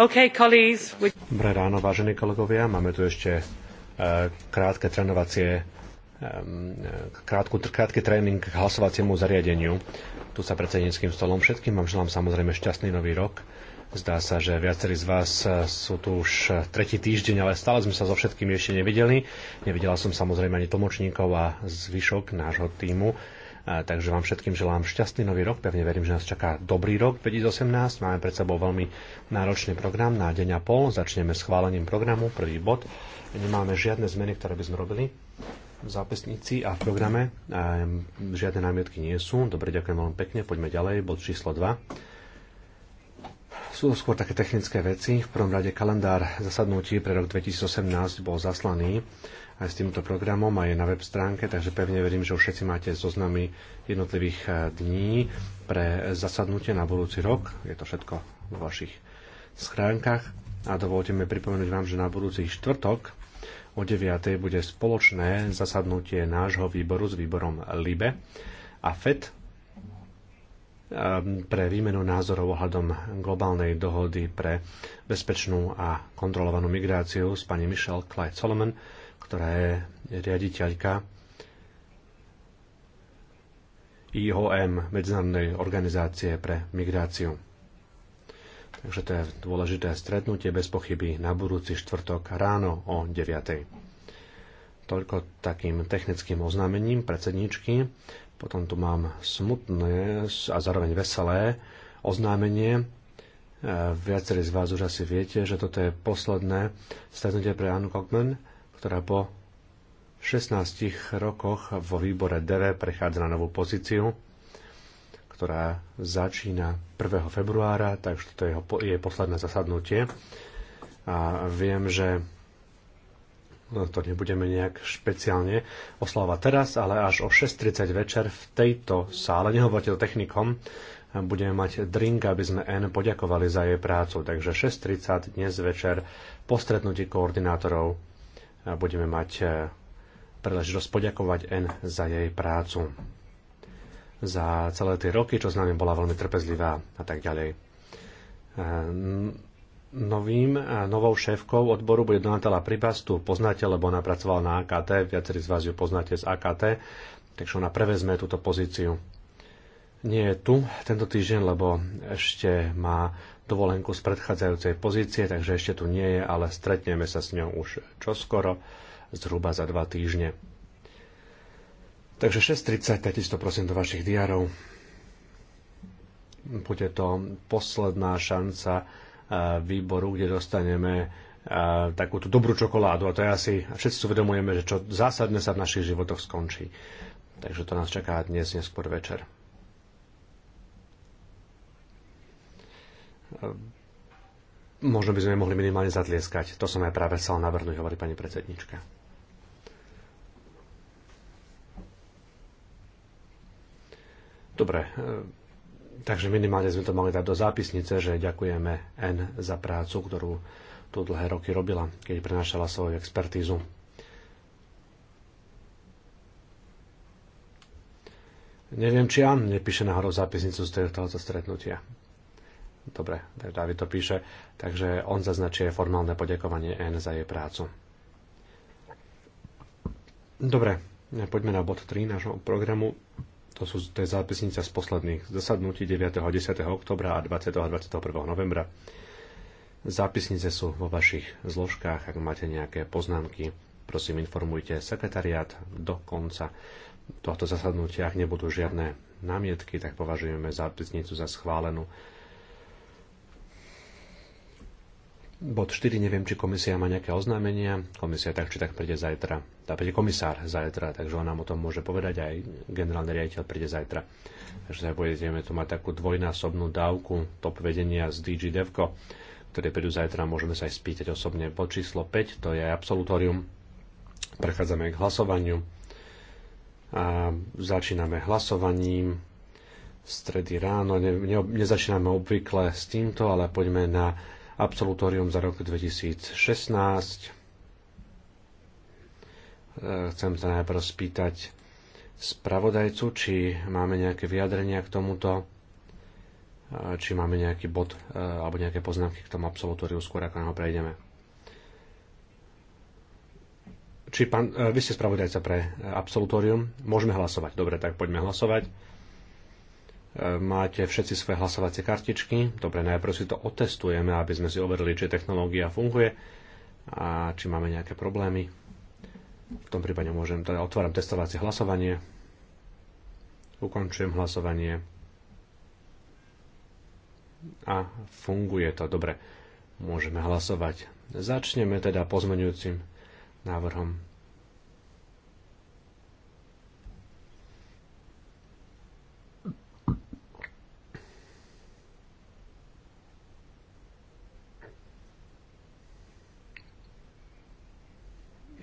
Dobré ráno, vážení kolegovia. Máme tu ešte eh, krátke trénovacie eh, krátku, krátky tréning k hlasovaciemu zariadeniu. Tu sa predsedníckým stolom všetkým vám želám samozrejme šťastný nový rok. Zdá sa, že viacerí z vás eh, sú tu už tretí týždeň, ale stále sme sa so všetkými ešte nevideli. Nevidela som samozrejme ani tlmočníkov a zvyšok nášho týmu Takže vám všetkým želám šťastný nový rok. Pevne verím, že nás čaká dobrý rok 2018. Máme pred sebou veľmi náročný program na deň a pol. Začneme s chválením programu, prvý bod. Nemáme žiadne zmeny, ktoré by sme robili v zápisnici a v programe. Žiadne námietky nie sú. Dobre, ďakujem veľmi pekne. Poďme ďalej. Bod číslo 2 sú to skôr také technické veci. V prvom rade kalendár zasadnutí pre rok 2018 bol zaslaný aj s týmto programom a je na web stránke, takže pevne verím, že už všetci máte zoznamy jednotlivých eh, dní pre zasadnutie na budúci rok. Je to všetko vo vašich schránkach a dovolte mi pripomenúť vám, že na budúci štvrtok o 9. bude spoločné zasadnutie nášho výboru s výborom LIBE a FED ehm, pre výmenu názorov ohľadom globálnej dohody pre bezpečnú a kontrolovanú migráciu s pani Michelle Clyde Solomon ktorá je riaditeľka IOM, Medzinárodnej organizácie pre migráciu. Takže to je dôležité stretnutie bez pochyby na budúci štvrtok ráno o 9. Toľko takým technickým oznámením predsedničky. Potom tu mám smutné a zároveň veselé oznámenie. E, viacerí z vás už asi viete, že toto je posledné stretnutie pre Annu Kokmen ktorá po 16 rokoch vo výbore DV prechádza na novú pozíciu, ktorá začína 1. februára, takže to je jej posledné zasadnutie. A viem, že to nebudeme nejak špeciálne oslavovať teraz, ale až o 6.30 večer v tejto sále, nehovorte to technikom, budeme mať drink, aby sme N poďakovali za jej prácu. Takže 6.30 dnes večer po stretnutí koordinátorov budeme mať e, príležitosť poďakovať N za jej prácu. Za celé tie roky, čo s nami bola veľmi trpezlivá a tak ďalej. E, novým, e, novou šéfkou odboru bude Donatela Pribastu. Poznáte, lebo ona pracovala na AKT, viacerí z vás ju poznáte z AKT, takže ona prevezme túto pozíciu nie je tu tento týždeň, lebo ešte má dovolenku z predchádzajúcej pozície, takže ešte tu nie je, ale stretneme sa s ňou už čoskoro, zhruba za dva týždne. Takže 6.30, takisto prosím do vašich diarov. Bude to posledná šanca eh, výboru, kde dostaneme eh, takúto dobrú čokoládu a to je asi, všetci si uvedomujeme, že čo zásadne sa v našich životoch skončí. Takže to nás čaká dnes neskôr večer. Ehm, možno by sme mohli minimálne zatlieskať. To som aj práve chcel navrhnúť, hovorí pani predsednička. Dobre, ehm, takže minimálne sme to mali dať do zápisnice, že ďakujeme N za prácu, ktorú tu dlhé roky robila, keď prenášala svoju expertízu. Neviem, či Ann nepíše náhodou zápisnicu z tohto stretnutia. Dobre, tak David to píše. Takže on zaznačuje formálne podiakovanie N za jej prácu. Dobre, poďme na bod 3 nášho programu. To, sú, to je zápisnica z posledných zasadnutí 9. 10. oktobra a 20. a 21. novembra. Zápisnice sú vo vašich zložkách. Ak máte nejaké poznámky, prosím informujte sekretariát do konca tohto zasadnutia. Ak nebudú žiadne námietky, tak považujeme zápisnicu za schválenú. Bod 4, neviem, či komisia má nejaké oznámenia. Komisia tak či tak príde zajtra. Tá príde komisár zajtra, takže on nám o tom môže povedať aj generálny riaditeľ príde zajtra. Takže sa budeme tu mať takú dvojnásobnú dávku top vedenia z DG Devco, ktoré prídu zajtra, môžeme sa aj spýtať osobne. Bod číslo 5, to je absolutorium. Prechádzame k hlasovaniu. A začíname hlasovaním stredy ráno. Ne, ne, nezačíname obvykle s týmto, ale poďme na absolutórium za rok 2016. E, chcem sa najprv spýtať spravodajcu, či máme nejaké vyjadrenia k tomuto, e, či máme nejaký bod e, alebo nejaké poznámky k tomu absolutóriu skôr, ako na ho prejdeme. Či pán, vy ste spravodajca pre absolutórium? Môžeme hlasovať. Dobre, tak poďme hlasovať máte všetci svoje hlasovacie kartičky. Dobre, najprv si to otestujeme, aby sme si overili, či technológia funguje a či máme nejaké problémy. V tom prípade môžem, teda otváram testovacie hlasovanie. Ukončujem hlasovanie. A funguje to. Dobre, môžeme hlasovať. Začneme teda pozmenujúcim návrhom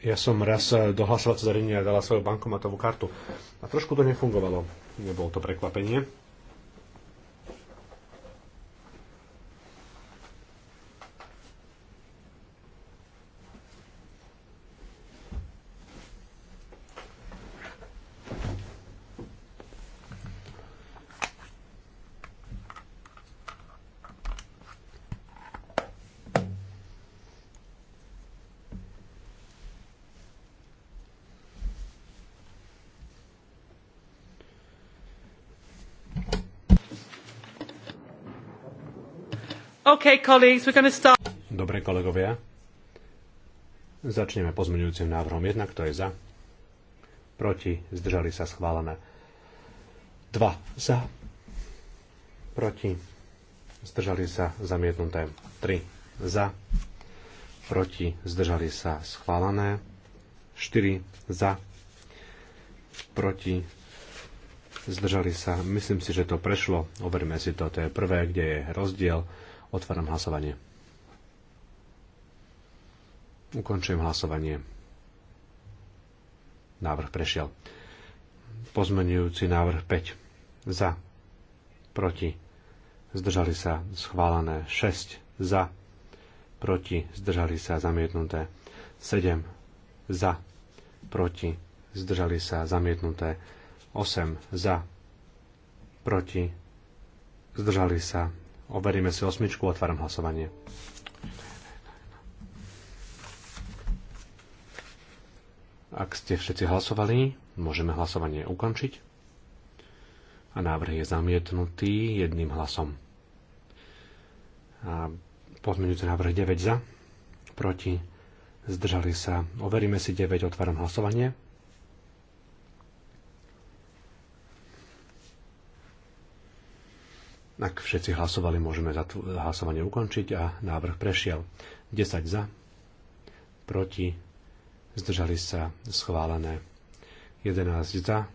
Ja som raz eh, do hlasovacieho zariadenia dala svoju bankomatovú kartu a trošku to nefungovalo. Nebolo to prekvapenie Okay, colleagues, we're going to start. Dobre, kolegovia. Začneme pozmeňujúcim návrhom 1, kto je za. Proti, zdržali sa schválené. 2 za. Proti, zdržali sa zamietnuté. 3 za. Proti, zdržali sa schválené. 4 za. Proti, zdržali sa. Myslím si, že to prešlo. Overíme si to. To je prvé, kde je rozdiel Otváram hlasovanie. Ukončujem hlasovanie. Návrh prešiel. Pozmenujúci návrh 5. Za. Proti. Zdržali sa schválené 6. Za. Proti. Zdržali sa zamietnuté 7. Za. Proti. Zdržali sa zamietnuté 8. Za. Proti. Zdržali sa Overíme si osmičku, otváram hlasovanie. Ak ste všetci hlasovali, môžeme hlasovanie ukončiť. A návrh je zamietnutý jedným hlasom. A pozmeňujúce návrh 9 za, proti, zdržali sa. Overíme si 9, otváram hlasovanie. Ak všetci hlasovali, môžeme hlasovanie ukončiť a návrh prešiel. 10 za, proti, zdržali sa schválené. 11 za,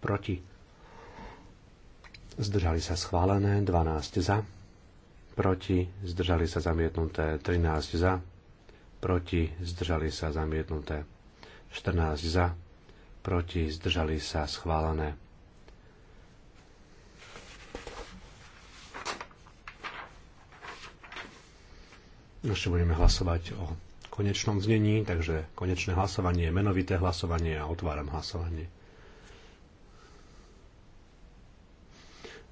proti, zdržali sa schválené. 12 za, proti, zdržali sa zamietnuté. 13 za, proti, zdržali sa zamietnuté. 14 za, proti, zdržali sa schválené. Ešte budeme hlasovať o konečnom znení, takže konečné hlasovanie je menovité hlasovanie a otváram hlasovanie.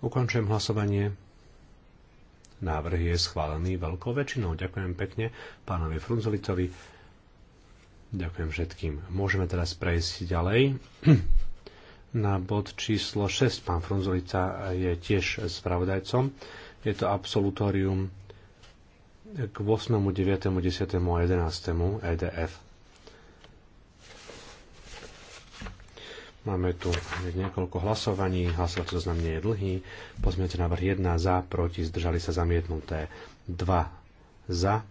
Ukončujem hlasovanie. Návrh je schválený veľkou väčšinou. Ďakujem pekne pánovi Frunzolitovi. Ďakujem všetkým. Môžeme teraz prejsť ďalej. Na bod číslo 6 pán Frunzolita je tiež spravodajcom. Je to absolutórium k 8., 9., 10. a 11. EDF. Máme tu niekoľko hlasovaní, hlasovací zoznam nie je dlhý. Pozmiete návrh 1 za, proti, zdržali sa zamietnuté. 2 za,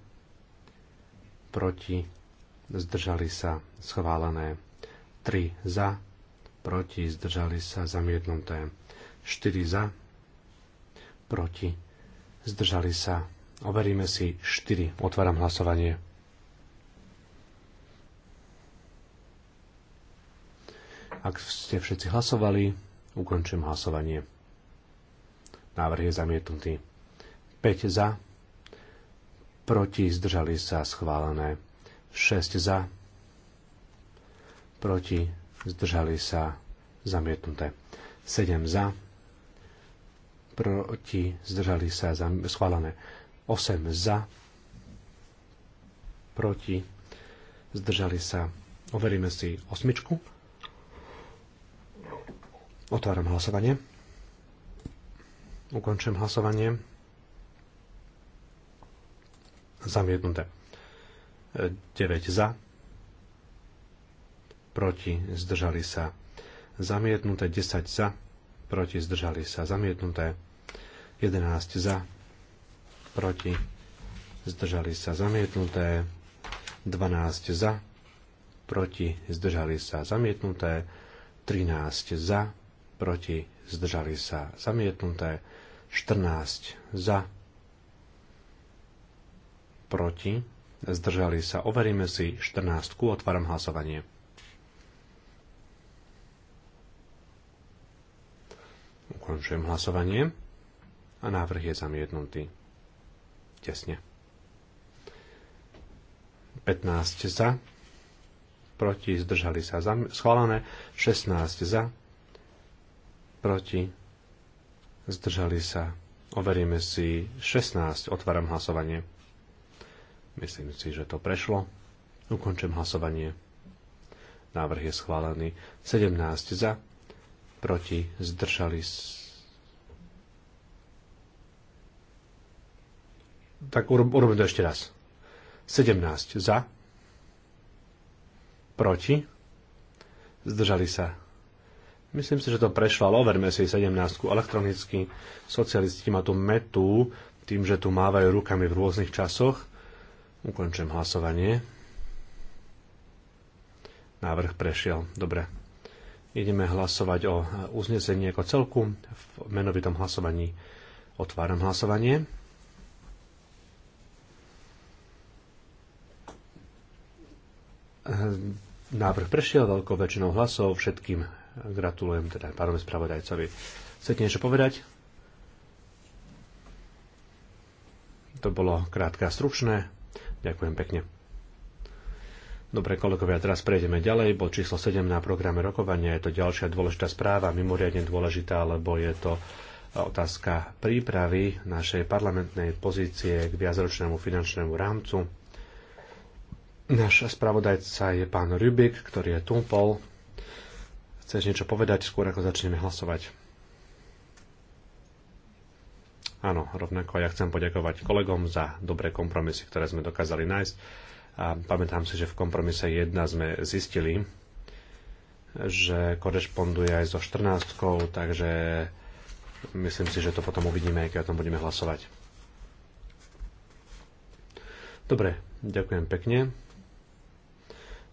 proti, zdržali sa schválené. 3 za, proti, zdržali sa zamietnuté. 4 za, proti, zdržali sa Overíme si 4. Otváram hlasovanie. Ak ste všetci hlasovali, ukončím hlasovanie. Návrh je zamietnutý. 5 za, proti zdržali sa schválené. 6 za, proti zdržali sa zamietnuté. 7 za, proti zdržali sa schválené. 8 za, proti, zdržali sa. Overíme si osmičku. Otváram hlasovanie. Ukončujem hlasovanie. Zamietnuté. 9 za. Proti zdržali sa. Zamietnuté 10 za. Proti zdržali sa. Zamietnuté 11 za proti, zdržali sa zamietnuté, 12 za, proti, zdržali sa zamietnuté, 13 za, proti, zdržali sa zamietnuté, 14 za, proti, zdržali sa, overíme si 14, otváram hlasovanie. Ukončujem hlasovanie a návrh je zamietnutý tesne. 15 za, proti, zdržali sa schválené, 16 za, proti, zdržali sa. Overíme si 16, otváram hlasovanie. Myslím si, že to prešlo. Ukončím hlasovanie. Návrh je schválený. 17 za, proti, zdržali sa tak urobím to ešte raz. 17 za, proti, zdržali sa. Myslím si, že to prešlo, ale overme si 17 elektronicky. Socialisti ma tu metú tým, že tu mávajú rukami v rôznych časoch. Ukončím hlasovanie. Návrh prešiel. Dobre. Ideme hlasovať o uznesení ako celku v menovitom hlasovaní. Otváram hlasovanie. Návrh prešiel veľkou väčšinou hlasov. Všetkým gratulujem teda pánovi spravodajcovi. Chcete niečo povedať? To bolo krátke a stručné. Ďakujem pekne. Dobre, kolegovia, teraz prejdeme ďalej. bo číslo 7 na programe rokovania je to ďalšia dôležitá správa, mimoriadne dôležitá, lebo je to otázka prípravy našej parlamentnej pozície k viacročnému finančnému rámcu Náš spravodajca je pán Rubik, ktorý je tumpol. Chceš niečo povedať skôr, ako začneme hlasovať? Áno, rovnako ja chcem poďakovať kolegom za dobré kompromisy, ktoré sme dokázali nájsť. A pamätám si, že v kompromise 1 sme zistili, že korešponduje aj so 14, takže myslím si, že to potom uvidíme, keď o tom budeme hlasovať. Dobre, ďakujem pekne.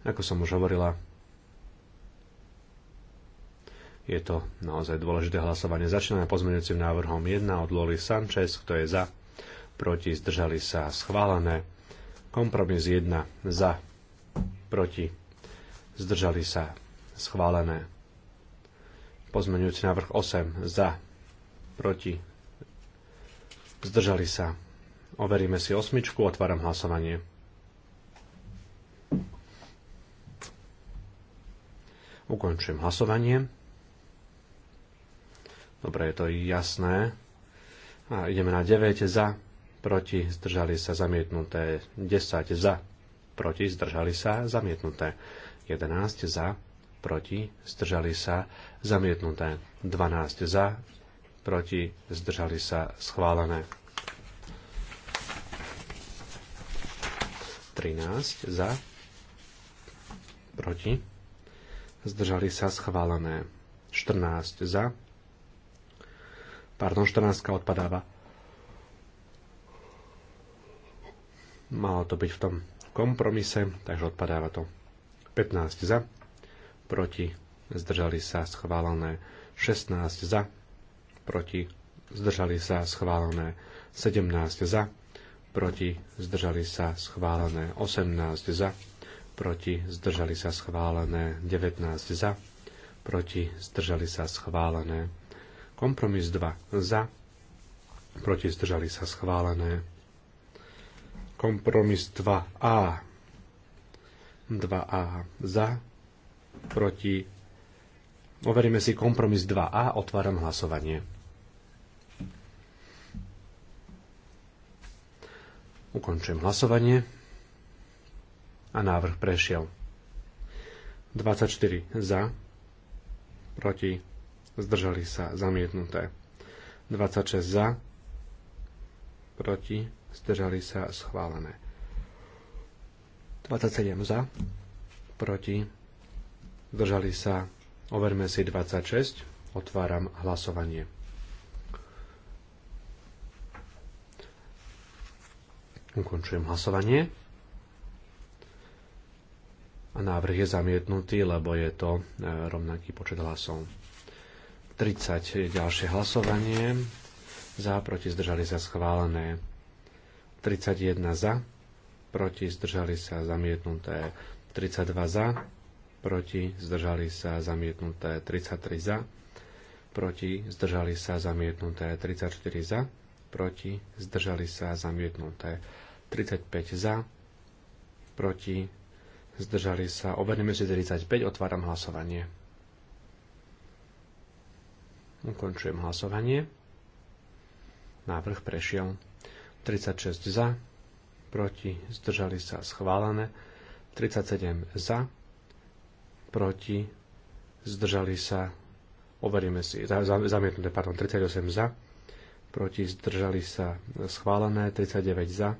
Ako som už hovorila, je to naozaj dôležité hlasovanie. Začíname pozmeňujúcim návrhom 1 od Loli Sanchez, kto je za, proti, zdržali sa, schválené. Kompromis 1 za, proti, zdržali sa, schválené. Pozmeňujúci návrh 8 za, proti, zdržali sa. Overíme si osmičku, otváram hlasovanie. Ukončujem hlasovanie. Dobre, je to jasné. A ideme na 9 za, proti, zdržali sa zamietnuté. 10 za, proti, zdržali sa zamietnuté. 11 za, proti, zdržali sa zamietnuté. 12 za, proti, zdržali sa schválené. 13 za, proti, zdržali sa schválené. 14 za, pardon, 14 odpadáva. Malo to byť v tom kompromise, takže odpadáva to. 15 za, proti, zdržali sa schválené. 16 za, proti, zdržali sa schválené. 17 za, proti, zdržali sa schválené. 18 za, proti zdržali sa schválené 19 za, proti zdržali sa schválené. Kompromis 2 za, proti zdržali sa schválené. Kompromis 2a 2a za, proti. Overíme si kompromis 2a, otváram hlasovanie. Ukončujem hlasovanie a návrh prešiel. 24 za, proti, zdržali sa zamietnuté. 26 za, proti, zdržali sa schválené. 27 za, proti, zdržali sa, overme si 26, otváram hlasovanie. Ukončujem hlasovanie. A Návrh je zamietnutý, lebo je to e, rovnaký počet hlasov. 30 je ďalšie hlasovanie. Za, proti, zdržali sa schválené. 31 za, proti, zdržali sa zamietnuté. 32 za, proti, zdržali sa zamietnuté. 33 za, proti, zdržali sa zamietnuté. 34 za, proti, zdržali sa zamietnuté. 35 za, proti, zdržali sa, overíme si 35, otváram hlasovanie. Ukončujem hlasovanie. Návrh prešiel. 36 za, proti, zdržali sa, schválené. 37 za, proti, zdržali sa, overíme si, zamietnuté, pardon, 38 za, proti, zdržali sa, schválené, 39 za,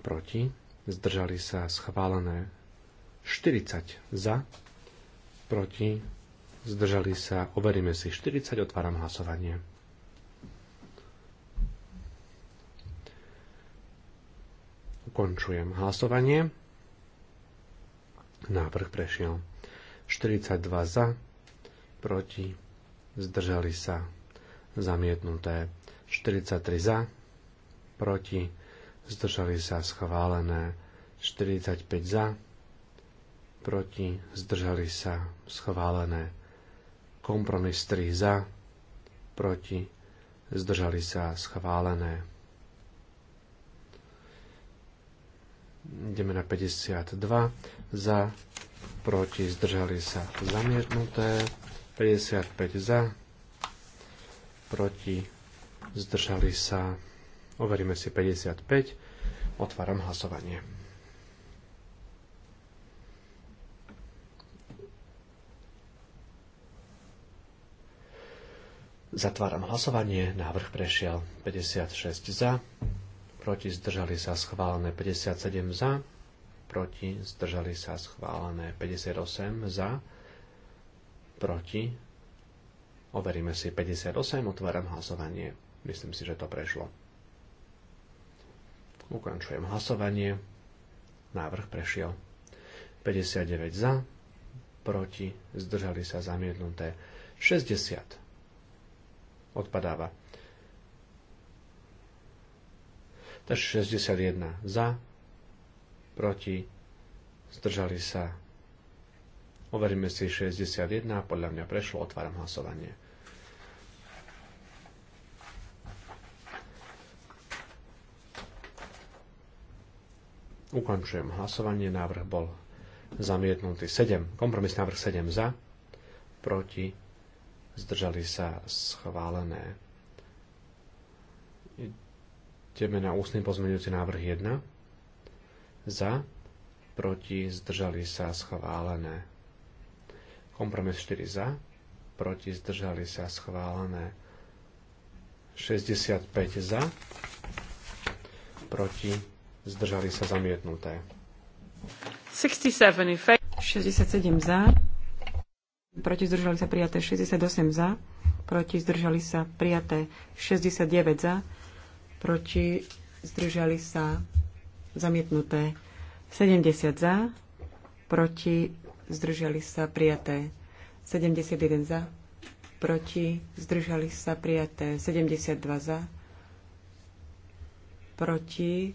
proti, zdržali sa, schválené, 40 za, proti, zdržali sa, overíme si 40, otváram hlasovanie. Ukončujem hlasovanie. Návrh prešiel. 42 za, proti, zdržali sa, zamietnuté. 43 za, proti, zdržali sa, schválené. 45 za, proti, zdržali sa, schválené. Kompromis 3 za, proti, zdržali sa, schválené. Ideme na 52 za, proti, zdržali sa, zamietnuté. 55 za, proti, zdržali sa. Overíme si 55. Otváram hlasovanie. Zatváram hlasovanie. Návrh prešiel 56 za, proti zdržali sa schválené 57 za, proti zdržali sa schválené 58 za, proti. Overíme si 58, otváram hlasovanie. Myslím si, že to prešlo. Ukončujem hlasovanie. Návrh prešiel. 59 za, proti, zdržali sa zamietnuté 60 odpadáva. Takže 61 za, proti, zdržali sa. Overíme si 61, podľa mňa prešlo, otváram hlasovanie. Ukončujem hlasovanie, návrh bol zamietnutý 7. kompromis návrh 7 za, proti, zdržali sa schválené. Ideme na ústny pozmeňujúci návrh 1. Za, proti, zdržali sa schválené. Kompromis 4 za, proti, zdržali sa schválené. 65 za, proti, zdržali sa zamietnuté. 67 za, Proti zdržali sa prijaté 68 za. Proti zdržali sa prijaté 69 za. Proti zdržali sa zamietnuté 70 za. Proti zdržali sa prijaté 71 za. Proti zdržali sa prijaté 72 za. Proti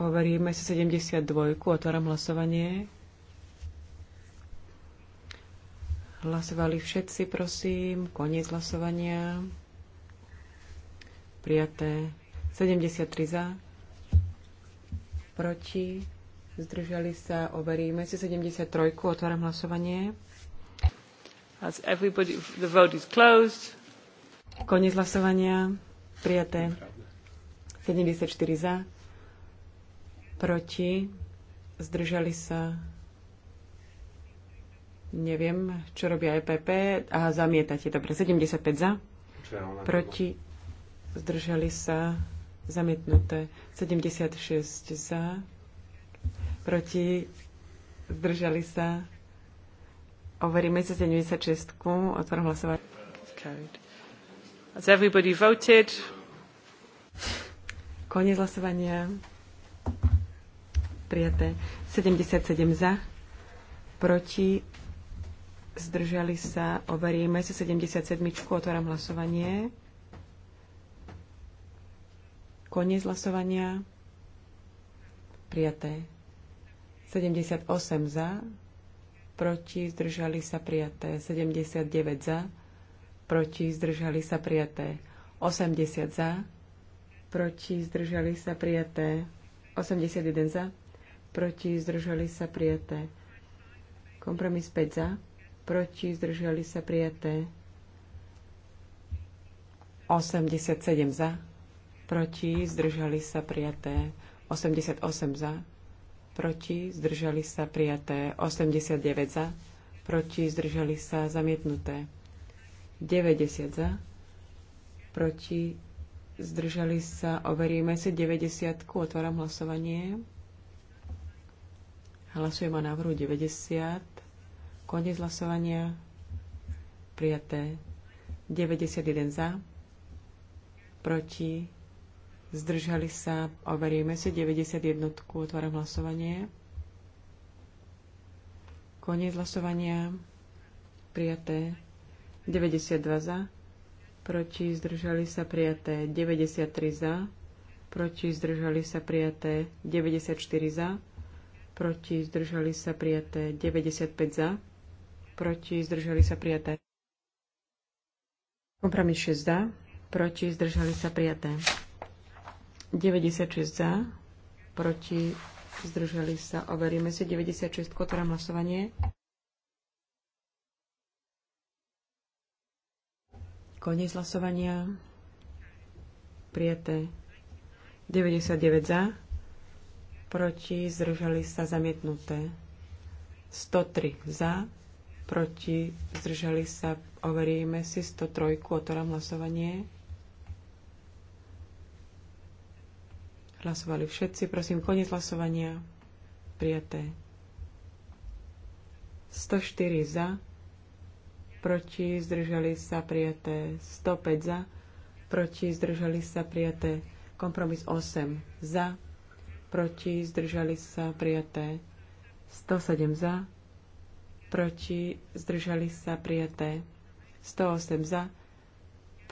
overíme sa 72. Otváram hlasovanie. Hlasovali všetci, prosím. Koniec hlasovania. Prijaté. 73 za. Proti. Zdržali sa. Overíme si 73. Otváram hlasovanie. As everybody, the vote is closed. Koniec hlasovania. Prijaté. 74 za. Proti. Zdržali sa. Neviem, čo robia EPP. A zamietate. Dobre, 75 za. Proti. Zdržali sa. Zamietnuté. 76 za. Proti. Zdržali sa. Overíme sa 76. Otvorím hlasovanie. Has everybody voted? Koniec hlasovania. Prijaté. 77 za. Proti zdržali sa, overíme sa 77. Otváram hlasovanie. Koniec hlasovania. Prijaté. 78 za, proti, zdržali sa prijaté. 79 za, proti, zdržali sa prijaté. 80 za, proti, zdržali sa prijaté. 81 za, proti, zdržali sa prijaté. Kompromis 5 za, proti, zdržali sa prijaté. 87 za, proti, zdržali sa prijaté. 88 za, proti, zdržali sa prijaté. 89 za, proti, zdržali sa zamietnuté. 90 za, proti, zdržali sa, overíme si 90, otváram hlasovanie. Hlasujem o návrhu 90. Konec hlasovania. Prijaté. 91 za. Proti. Zdržali sa. Overíme si 91. Otváram hlasovanie. Koniec hlasovania. Prijaté. 92 za. Proti. Zdržali sa. Prijaté. 93 za. Proti. Zdržali sa. Prijaté. 94 za. Proti. Zdržali sa. Prijaté. 95 za proti, zdržali sa prijaté. Kompromis 6 za, proti, zdržali sa prijaté. 96 za, proti, zdržali sa. Overíme si 96, ktorá hlasovanie. Koniec hlasovania. Prijaté. 99 za. Proti zdržali sa zamietnuté. 103 za proti, zdržali sa, overíme si 103, otváram hlasovanie. Hlasovali všetci, prosím, koniec hlasovania, prijaté. 104 za, proti, zdržali sa prijaté 105 za, proti, zdržali sa prijaté kompromis 8 za, proti, zdržali sa prijaté 107 za, proti, zdržali sa prijaté. 108 za,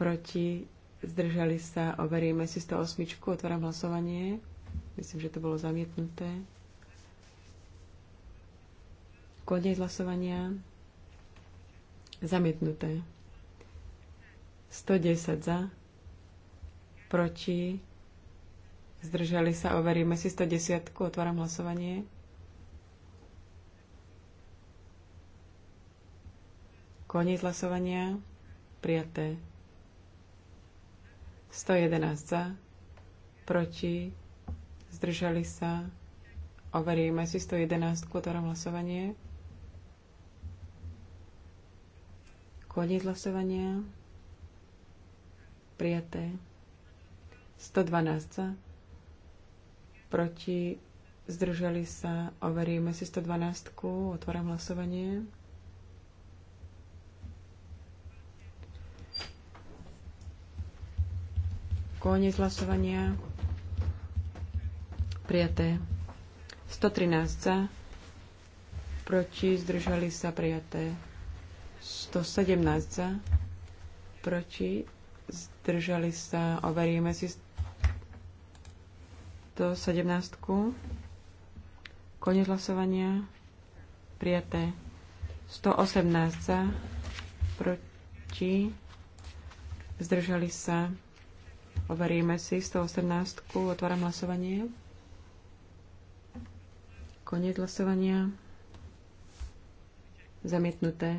proti, zdržali sa, overíme si 108, otváram hlasovanie. Myslím, že to bolo zamietnuté. Konec hlasovania. Zamietnuté. 110 za, proti, zdržali sa, overíme si 110, otváram hlasovanie. Koniec hlasovania. Prijaté. 111 za. Proti. Zdržali sa. Overíme si 111. Otváram hlasovanie. Koniec hlasovania. Prijaté. 112 za. Proti. Zdržali sa. Overíme si 112. Otváram hlasovanie. Koniec hlasovania. Prijaté. 113 za. Proti zdržali sa prijaté. 117 za. Proti zdržali sa. Overíme si 117. Koniec hlasovania. Prijaté. 118 za. Proti zdržali sa. Overíme si 118. Otváram hlasovanie. Koniec hlasovania. Zamietnuté.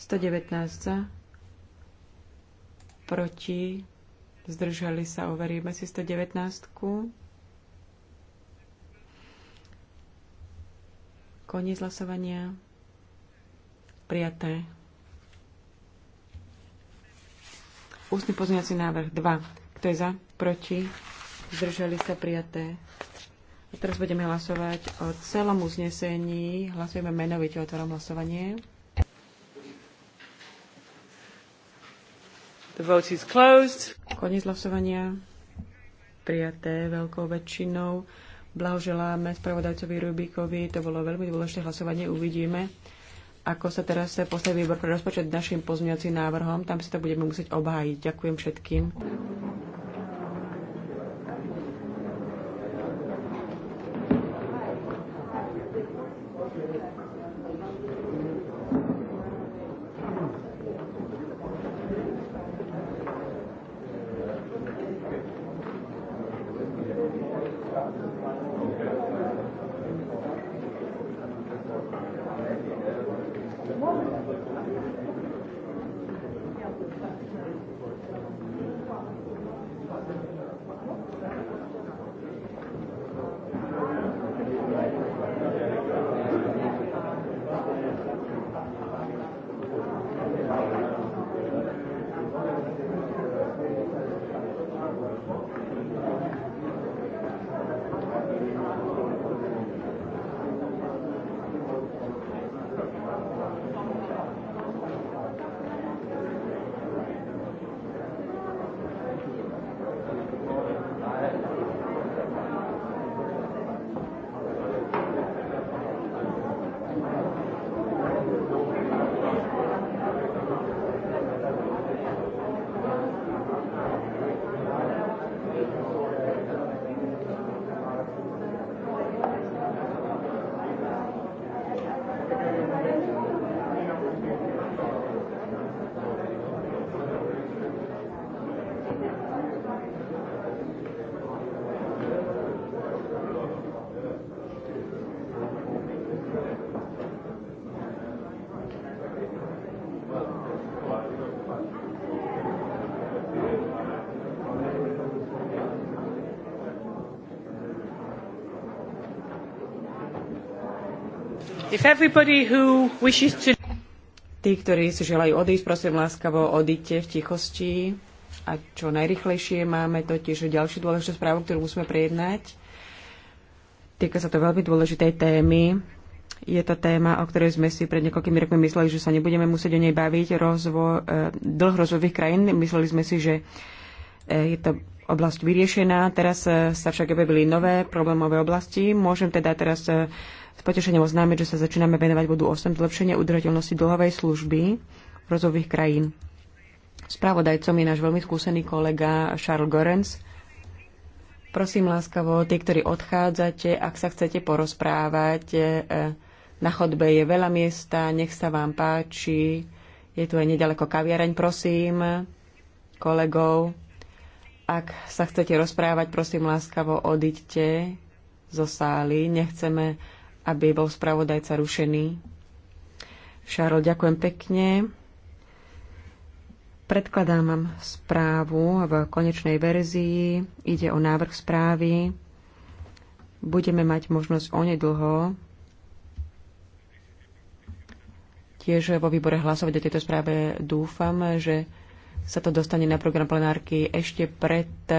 119 Proti. Zdržali sa. Overíme si 119. Koniec hlasovania. Prijaté. Ústny pozmeňovací návrh 2. Kto je za? Proti? Zdržali sa prijaté. A teraz budeme hlasovať o celom uznesení. Hlasujeme menovite, otváram hlasovanie. The vote is closed. Koniec hlasovania. Prijaté veľkou väčšinou. Blahoželáme spravodajcovi Rubíkovi. To bolo veľmi dôležité hlasovanie. Uvidíme ako sa teraz postaví výbor pre rozpočet našim pozmeňovacím návrhom. Tam si to budeme musieť obhájiť. Ďakujem všetkým. To... Tí, ktorí si želajú odísť, prosím láskavo, odíďte v tichosti. A čo najrychlejšie máme totiž ďalšiu dôležitú správu, ktorú musíme prejednať. Týka sa to veľmi dôležitej témy. Je to téma, o ktorej sme si pred niekoľkými rokmi mysleli, že sa nebudeme musieť o nej baviť. Rozvo, eh, dlh rozvojových krajín. Mysleli sme si, že eh, je to oblasť vyriešená. Teraz e, sa však objavili nové problémové oblasti. Môžem teda teraz e, s potešením oznámiť, že sa začíname venovať bodu 8 zlepšenie udržateľnosti dlhovej služby rozvojových krajín. Spravodajcom je náš veľmi skúsený kolega Charles Gorens. Prosím láskavo, tí, ktorí odchádzate, ak sa chcete porozprávať, e, na chodbe je veľa miesta, nech sa vám páči. Je tu aj nedaleko kaviareň, prosím kolegov ak sa chcete rozprávať, prosím láskavo odiďte zo sály. Nechceme, aby bol spravodajca rušený. Šarol, ďakujem pekne. Predkladám vám správu v konečnej verzii. Ide o návrh správy. Budeme mať možnosť onedlho tiež vo výbore hlasovať o tejto správe. Dúfam, že sa to dostane na program plenárky ešte pred e,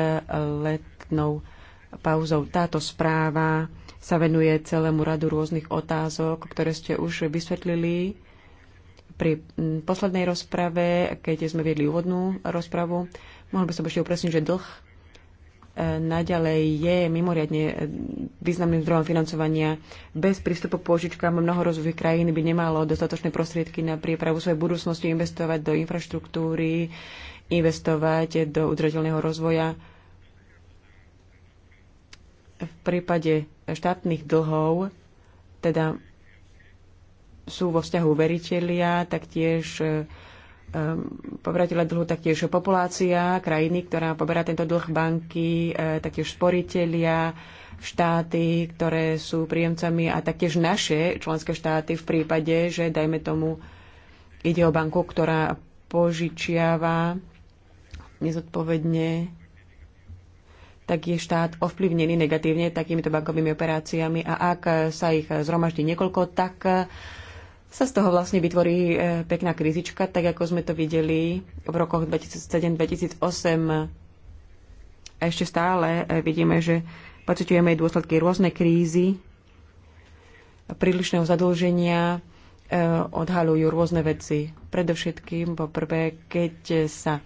letnou pauzou. Táto správa sa venuje celému radu rôznych otázok, ktoré ste už vysvetlili pri poslednej rozprave, keď sme viedli úvodnú rozpravu. Mohol by som ešte upresniť, že dlh naďalej je mimoriadne významným zdrojom financovania. Bez prístupu k pôžičkám mnoho rozvojových krajín by nemalo dostatočné prostriedky na prípravu svojej budúcnosti, investovať do infraštruktúry, investovať do udržateľného rozvoja. V prípade štátnych dlhov, teda sú vo vzťahu veriteľia, taktiež Ehm, poberateľa dlhu, taktiež populácia krajiny, ktorá poberá tento dlh banky, eh, taktiež sporiteľia, štáty, ktoré sú príjemcami a taktiež naše členské štáty v prípade, že dajme tomu ide o banku, ktorá požičiava nezodpovedne, tak je štát ovplyvnený negatívne takýmito bankovými operáciami a ak sa ich zhromaždí niekoľko, tak sa z toho vlastne vytvorí e, pekná krizička, tak ako sme to videli v rokoch 2007-2008. A ešte stále e, vidíme, že pociťujeme aj dôsledky rôzne krízy, prílišného zadlženia, e, odhaľujú rôzne veci. Predovšetkým, poprvé, keď sa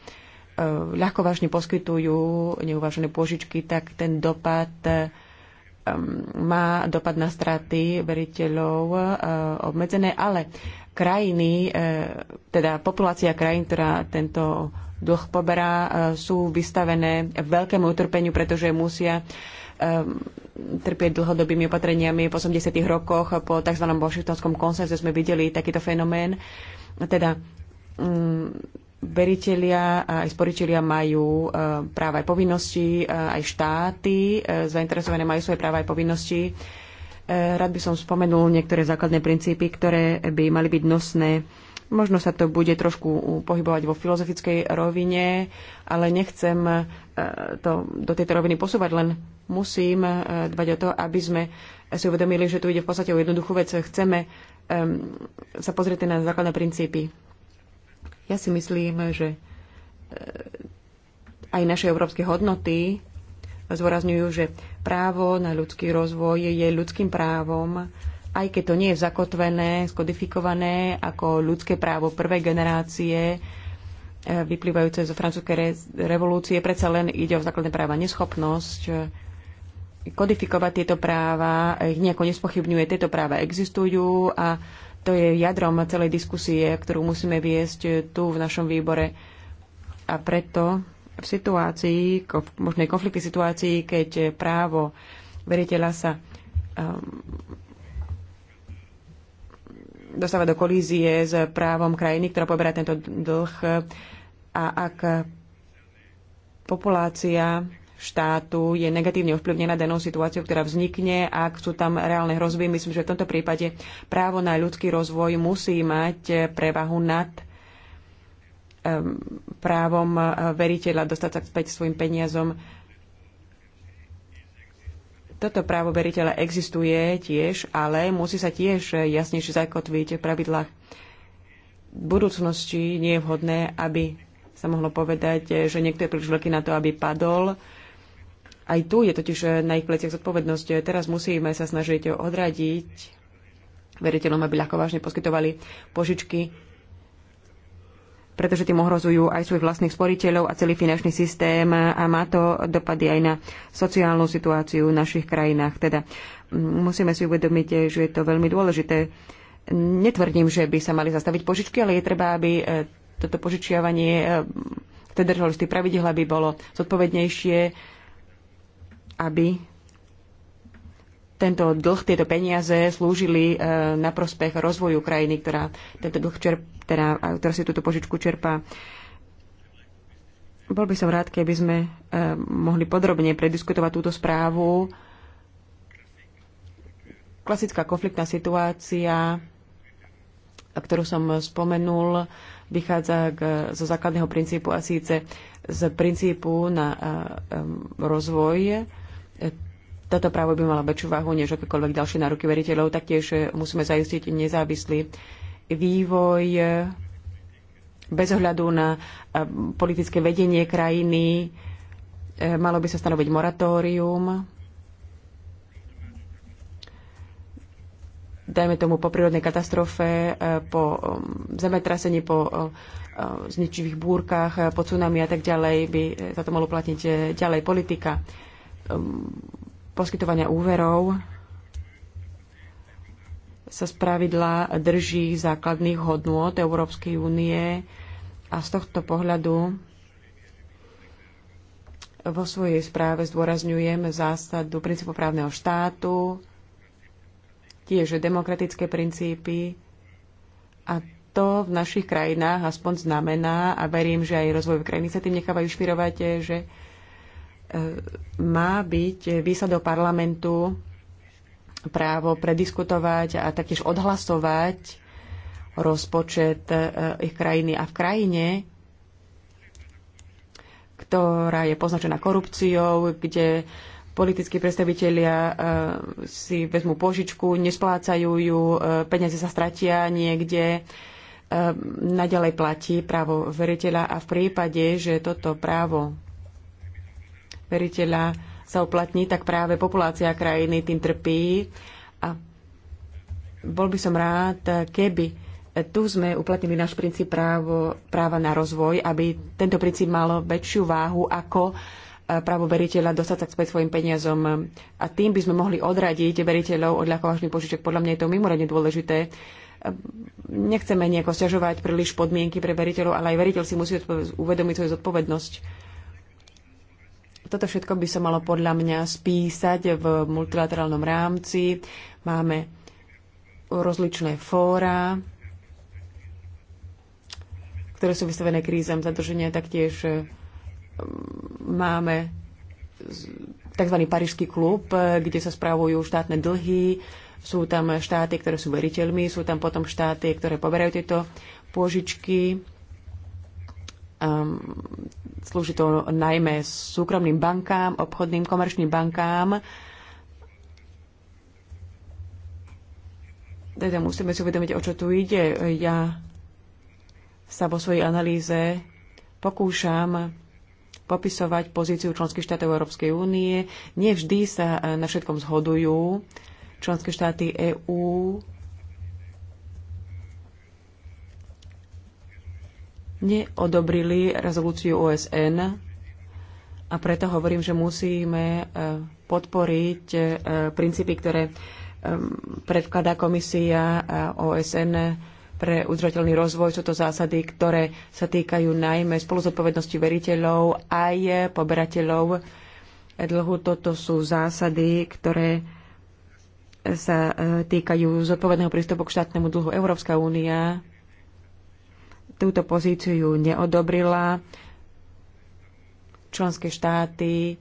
ľahko vážne poskytujú neuvážené pôžičky, tak ten dopad Um, má dopad na straty veriteľov uh, obmedzené, ale krajiny, uh, teda populácia krajín, ktorá tento dlh poberá, uh, sú vystavené veľkému utrpeniu, pretože musia um, trpieť dlhodobými opatreniami. V 80. rokoch po tzv. Washingtonskom konsenze sme videli takýto fenomén. Teda um, Veritelia a aj sporiteľia majú eh, práva aj povinnosti, eh, aj štáty eh, zainteresované majú svoje práva aj povinnosti. Rád by som spomenul niektoré základné princípy, ktoré by mali byť nosné Možno sa to bude trošku pohybovať vo filozofickej rovine, ale nechcem to do tejto roviny posúvať, len musím dbať o to, aby sme si uvedomili, že tu ide v podstate o jednoduchú vec. Chceme ehm, sa pozrieť na základné princípy. Ja si myslím, že e, aj naše európske hodnoty zvorazňujú, že právo na ľudský rozvoj je ľudským právom, aj keď to nie je zakotvené, skodifikované ako ľudské právo prvej generácie, e, vyplývajúce zo francúzskej revolúcie, predsa len ide o základné práva neschopnosť e, kodifikovať tieto práva, ich nejako nespochybňuje, tieto práva existujú a to je jadrom celej diskusie, ktorú musíme viesť tu v našom výbore. A preto v situácii, v možnej konfliktnej situácii, keď právo veriteľa sa ehm, dostáva do kolízie s právom krajiny, ktorá poberá tento dlh a ak populácia štátu je negatívne ovplyvnená danou situáciou, ktorá vznikne, ak sú tam reálne hrozby. Myslím, že v tomto prípade právo na ľudský rozvoj musí mať prevahu nad ehm, právom eh, veriteľa dostať sa späť svojim peniazom. Toto právo veriteľa existuje tiež, ale musí sa tiež jasnejšie zakotviť v pravidlách. V budúcnosti nie je vhodné, aby sa mohlo povedať, že niekto je príliš veľký na to, aby padol aj tu je totiž eh, na ich pleciach zodpovednosť. Eh, teraz musíme sa snažiť odradiť veriteľom, aby ľahko vážne poskytovali požičky, pretože tým ohrozujú aj svojich vlastných sporiteľov a celý finančný systém eh, a má to dopady aj na sociálnu situáciu v našich krajinách. Teda mm, musíme si uvedomiť, že je to veľmi dôležité. Netvrdím, že by sa mali zastaviť požičky, ale je treba, aby toto požičiavanie teda držalo z tých pravidel, aby bolo zodpovednejšie aby tento dlh, tieto peniaze slúžili e, na prospech rozvoju krajiny, ktorá, tento dlh čerp, teda, ktorá si túto požičku čerpá. Bol by som rád, keby sme e, mohli podrobne prediskutovať túto správu. Klasická konfliktná situácia, ktorú som spomenul, vychádza k, zo základného princípu a síce z princípu na e, rozvoj toto právo by malo väčšiu váhu než akékoľvek ďalšie nároky veriteľov. Taktiež eh, musíme zaistiť nezávislý vývoj eh, bez ohľadu na eh, politické vedenie krajiny. Malo by sa stanoviť moratórium. dajme tomu po prírodnej katastrofe, po zemetrasení, po zničivých búrkach, po tsunami a tak ďalej, by sa to malo platiť ďalej politika poskytovania úverov sa spravidla drží základných hodnôt Európskej únie a z tohto pohľadu vo svojej správe zdôrazňujem zásadu princípu právneho štátu, tiež demokratické princípy a to v našich krajinách aspoň znamená, a verím, že aj rozvoj krajiny sa tým nechávajú inšpirovať, že má byť výsadou parlamentu právo prediskutovať a taktiež odhlasovať rozpočet e, ich krajiny. A v krajine, ktorá je poznačená korupciou, kde politickí predstavitelia e, si vezmú požičku, nesplácajú ju, e, peniaze sa stratia niekde, naďalej platí právo veriteľa a v prípade, že toto právo veriteľa sa uplatní, tak práve populácia krajiny tým trpí. A bol by som rád, keby tu sme uplatnili náš princíp právo, práva na rozvoj, aby tento princíp mal väčšiu váhu ako e, právo veriteľa dostať sa späť svojim peniazom. A tým by sme mohli odradiť veriteľov od ľahkovážnych požiček. Podľa mňa je to mimoriadne dôležité. E, nechceme nejako sťažovať príliš podmienky pre veriteľov, ale aj veriteľ si musí uvedomiť svoju zodpovednosť. Toto všetko by sa malo podľa mňa spísať v multilaterálnom rámci. Máme rozličné fóra, ktoré sú vystavené krízam zadrženia, taktiež e, máme tzv. Parížský klub, e, kde sa spravujú štátne dlhy, sú tam štáty, ktoré sú veriteľmi, sú tam potom štáty, ktoré poberajú tieto pôžičky Um, slúži to najmä súkromným bankám, obchodným, komerčným bankám. Teda musíme si uvedomiť, o čo tu ide. Ja sa vo svojej analýze pokúšam popisovať pozíciu členských štátov Európskej únie. Nie vždy sa na všetkom zhodujú. Členské štáty EÚ neodobrili rezolúciu OSN a preto hovorím, že musíme e, podporiť e, princípy, ktoré e, predkladá komisia OSN pre udržateľný rozvoj. Sú to zásady, ktoré sa týkajú najmä spoluzodpovednosti veriteľov aj poberateľov dlhu. Toto sú zásady, ktoré sa týkajú zodpovedného prístupu k štátnemu dlhu. Európska únia túto pozíciu neodobrila. Členské štáty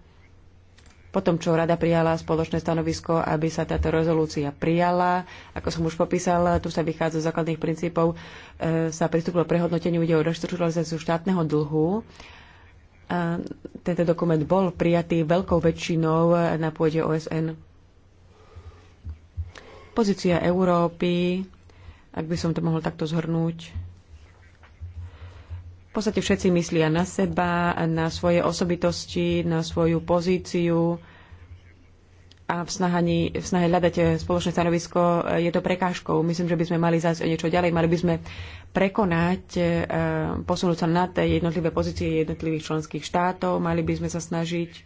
potom, čo rada prijala spoločné stanovisko, aby sa táto rezolúcia prijala, ako som už popísal, tu sa vychádza z základných princípov, e, sa pristúpilo prehodnoteniu ide o reštrukturalizáciu štátneho dlhu. A e, tento dokument bol prijatý veľkou väčšinou na pôde OSN. Pozícia Európy, ak by som to mohol takto zhrnúť, v podstate všetci myslia na seba, na svoje osobitosti, na svoju pozíciu a v, snahani, v snahe hľadať spoločné stanovisko je to prekážkou. Myslím, že by sme mali zájsť o niečo ďalej. Mali by sme prekonať, e, posunúť sa na tie jednotlivé pozície jednotlivých členských štátov. Mali by sme sa snažiť e,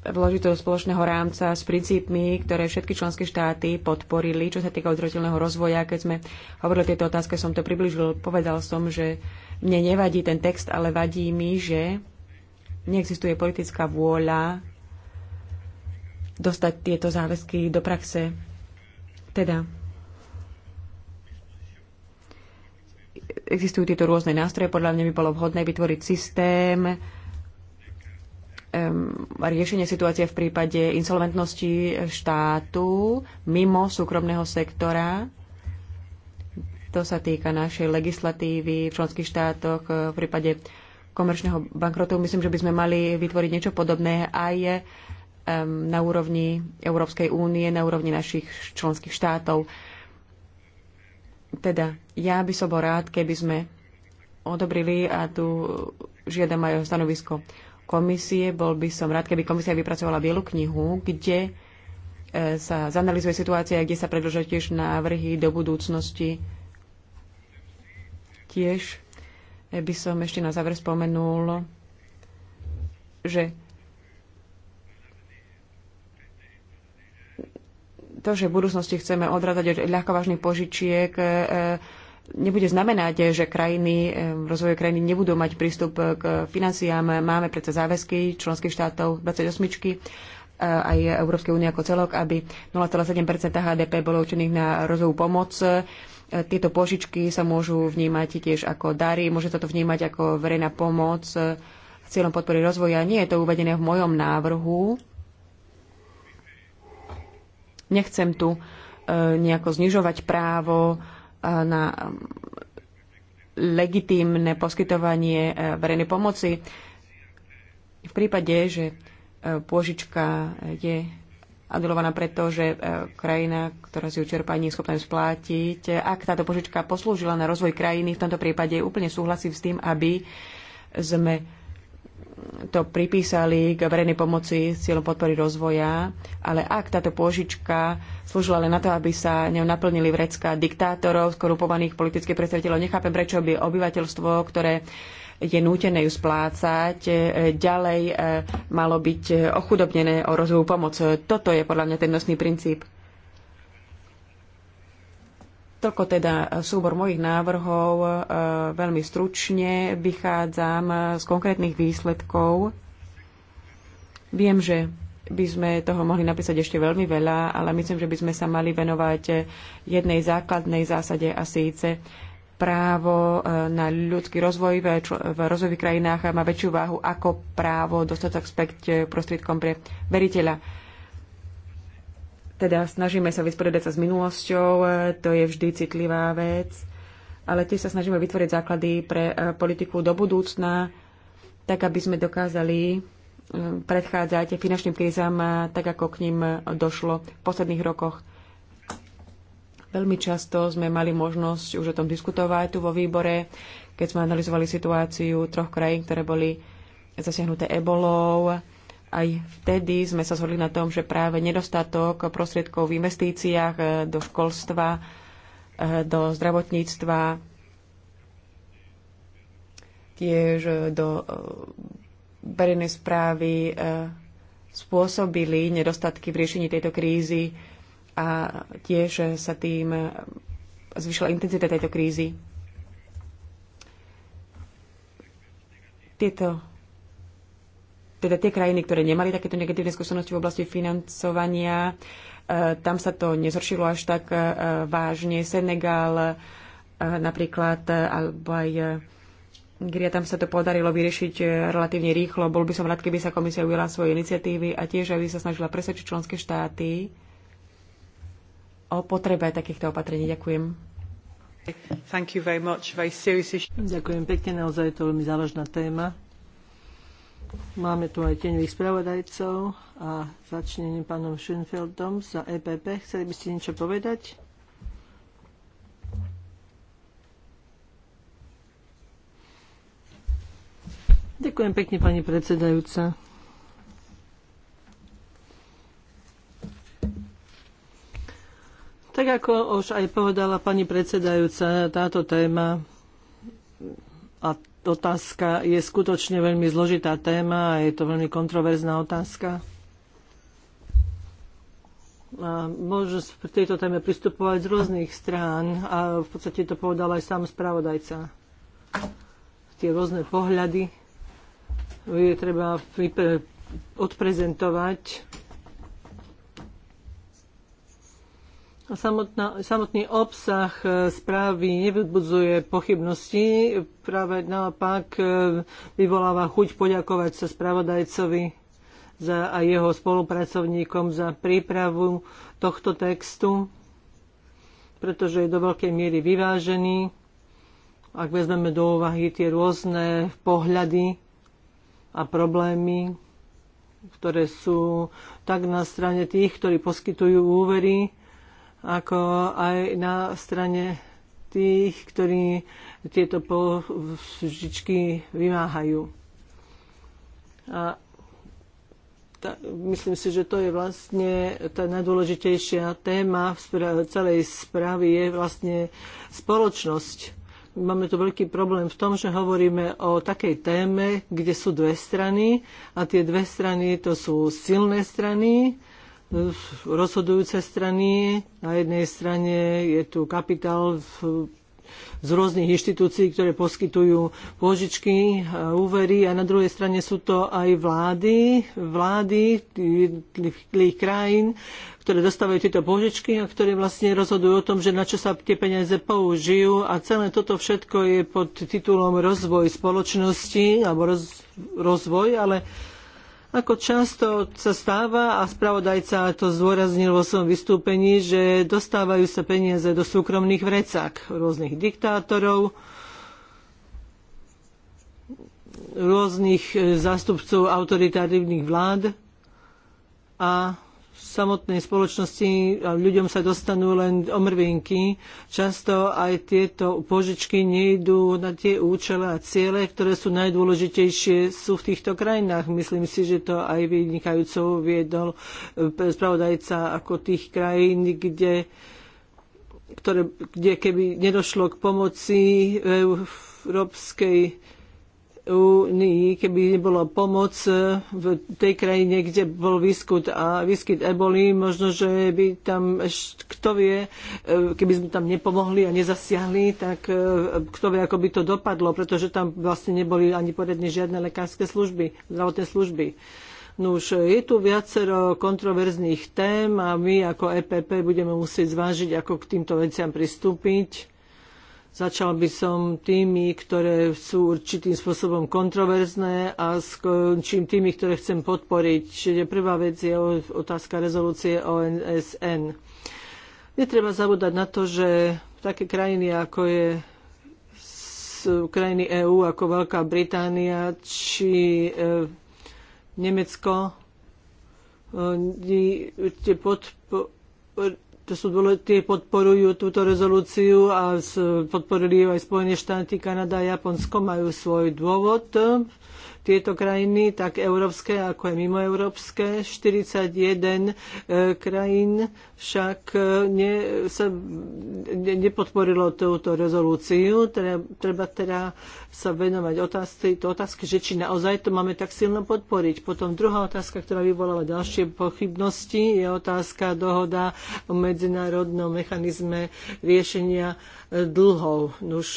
vložiť do spoločného rámca s princípmi, ktoré všetky členské štáty podporili, čo sa týka udržateľného rozvoja. Keď sme hovorili o tejto otázke, som to približil. Povedal som, že mne nevadí ten text, ale vadí mi, že neexistuje politická vôľa dostať tieto záväzky do praxe. Teda existujú tieto rôzne nástroje. Podľa mňa by bolo vhodné vytvoriť systém, riešenie situácie v prípade insolventnosti štátu mimo súkromného sektora. To sa týka našej legislatívy v členských štátoch e, v prípade komerčného bankrotu. Myslím, že by sme mali vytvoriť niečo podobné aj e, na úrovni Európskej únie, na úrovni našich členských štátov. Teda ja by som bol rád, keby sme odobrili a tu žiadam aj o stanovisko komisie. Bol by som rád, keby komisia vypracovala bielu knihu, kde e, sa zanalizuje situácia, kde sa predložia tiež návrhy do budúcnosti. Tiež e, by som ešte na záver spomenul, že to, že v budúcnosti chceme odradať od ľahkovážnych požičiek, e, nebude znamenať, že krajiny, eh, rozvoje krajiny nebudú mať prístup k financiám. Máme predsa záväzky členských štátov 28 eh, aj Európskej únie ako celok, aby 0,7 HDP bolo určených na rozvojú pomoc. Eh, tieto požičky sa môžu vnímať tiež ako dary, môže sa to vnímať ako verejná pomoc v cieľom podpory rozvoja. Nie je to uvedené v mojom návrhu. Nechcem tu nejako znižovať právo na um, legitímne poskytovanie e, verejnej pomoci. V prípade, že e, pôžička e, je adulovaná preto, že krajina, ktorá si ju čerpá, nie je schopná splátiť. Ak táto požička poslúžila na rozvoj krajiny, v tomto prípade úplne súhlasím s tým, aby sme to pripísali k verejnej pomoci s cieľom podpory rozvoja, ale ak táto pôžička slúžila len na to, aby sa ňou naplnili vrecka diktátorov, skorupovaných politických predstaviteľov, nechápem, prečo by obyvateľstvo, ktoré je nútené ju splácať, e, ďalej e, malo byť e, ochudobnené o rozvoju pomoc. Toto je podľa mňa ten nosný princíp. Toľko teda e, súbor mojich návrhov. E, veľmi stručne vychádzam e, z konkrétnych výsledkov. Viem, že by sme toho mohli napísať ešte veľmi veľa, ale myslím, že by sme sa mali venovať jednej základnej zásade a síce právo na ľudský rozvoj v, rozvojových krajinách má väčšiu váhu ako právo dostať sa späť prostriedkom pre veriteľa teda snažíme sa vysporiadať sa s minulosťou, e, to je vždy citlivá vec, ale tiež sa snažíme vytvoriť základy pre e, politiku do budúcna, tak aby sme dokázali e, predchádzať finančným krízam, tak ako k ním došlo v posledných rokoch. Veľmi často sme mali možnosť už o tom diskutovať tu vo výbore, keď sme analyzovali situáciu troch krajín, ktoré boli zasiahnuté ebolou. Aj vtedy sme sa zhodli na tom, že práve nedostatok prostriedkov v investíciách e, do školstva, e, do zdravotníctva, tiež e, do verejnej správy spôsobili nedostatky v riešení tejto krízy a tiež sa tým zvyšila intenzita tejto krízy. Tieto teda tie krajiny, ktoré nemali takéto negatívne skúsenosti v oblasti financovania, e, tam sa to nezhoršilo až tak e, vážne. Senegal e, napríklad, alebo aj Gria, tam sa to podarilo vyriešiť relatívne rýchlo. Bol by som rád, keby sa komisia ujela svoje iniciatívy a tiež, aby sa snažila presvedčiť členské štáty o potrebe takýchto opatrení. Ďakujem. Thank you very much. Very Ďakujem pekne, naozaj je to veľmi závažná téma. Máme tu aj teňových spravodajcov a začnem pánom Schönfeldom za EPP. Chceli by ste niečo povedať? Ďakujem pekne, pani predsedajúca. Tak ako už aj povedala pani predsedajúca, táto téma a otázka je skutočne veľmi zložitá téma a je to veľmi kontroverzná otázka. A môžu v tejto téme pristupovať z rôznych strán a v podstate to povedal aj sám spravodajca. Tie rôzne pohľady je treba odprezentovať Samotná, samotný obsah e, správy nevybudzuje pochybnosti, práve naopak e, vyvoláva chuť poďakovať sa spravodajcovi za, a jeho spolupracovníkom za prípravu tohto textu, pretože je do veľkej miery vyvážený, ak vezmeme do úvahy tie rôzne pohľady a problémy, ktoré sú tak na strane tých, ktorí poskytujú úvery, ako aj na strane tých, ktorí tieto požičky vymáhajú. A tá, myslím si, že to je vlastne tá najdôležitejšia téma v spra- celej správy je vlastne spoločnosť. Máme tu veľký problém v tom, že hovoríme o takej téme, kde sú dve strany a tie dve strany to sú silné strany rozhodujúce strany. Na jednej strane je tu kapitál z rôznych inštitúcií, ktoré poskytujú pôžičky, a úvery a na druhej strane sú to aj vlády, vlády jednotlivých krajín, ktoré dostávajú tieto pôžičky a ktoré vlastne rozhodujú o tom, že na čo sa tie peniaze použijú a celé toto všetko je pod titulom rozvoj spoločnosti alebo roz, rozvoj, ale ako často sa stáva, a spravodajca to zdôraznil vo svojom vystúpení, že dostávajú sa peniaze do súkromných vrecák rôznych diktátorov, rôznych eh, zástupcov autoritárnych vlád a samotnej spoločnosti a ľuďom sa dostanú len omrvinky. Často aj tieto požičky nejdú na tie účele a ciele, ktoré sú najdôležitejšie sú v týchto krajinách. Myslím si, že to aj vynikajúco viedol e, spravodajca ako tých krajín, kde, ktoré, kde keby nedošlo k pomoci e, európskej únii, keby nebolo pomoc e, v tej krajine, kde bol výskyt a výskyt eboli, možno, že by tam, kto vie, e, keby sme tam nepomohli a nezasiahli, tak e, kto vie, ako by to dopadlo, pretože tam vlastne neboli ani poriadne žiadne lekárske služby, zdravotné služby. No už je tu viacero kontroverzných tém a my ako EPP budeme musieť zvážiť, ako k týmto veciam pristúpiť Začal by som tými, ktoré sú určitým spôsobom kontroverzné a skončím tými, ktoré chcem podporiť. Čiže prvá vec je otázka rezolúcie ONSN. Netreba zabúdať na to, že také krajiny ako je z krajiny EÚ ako Veľká Británia či e, Nemecko tie to sú tie podporujú túto rezolúciu a podporili ju aj Spojené štáty, Kanada a Japonsko, majú svoj dôvod tieto krajiny, tak európske ako aj mimoeurópske. 41 e, krajín však e, ne, sa ne, nepodporilo túto rezolúciu. Treba, treba teda sa venovať otázky, to otázky, že či naozaj to máme tak silno podporiť. Potom druhá otázka, ktorá vyvoláva ďalšie pochybnosti, je otázka dohoda o medzinárodnom mechanizme riešenia e, dlhov. Už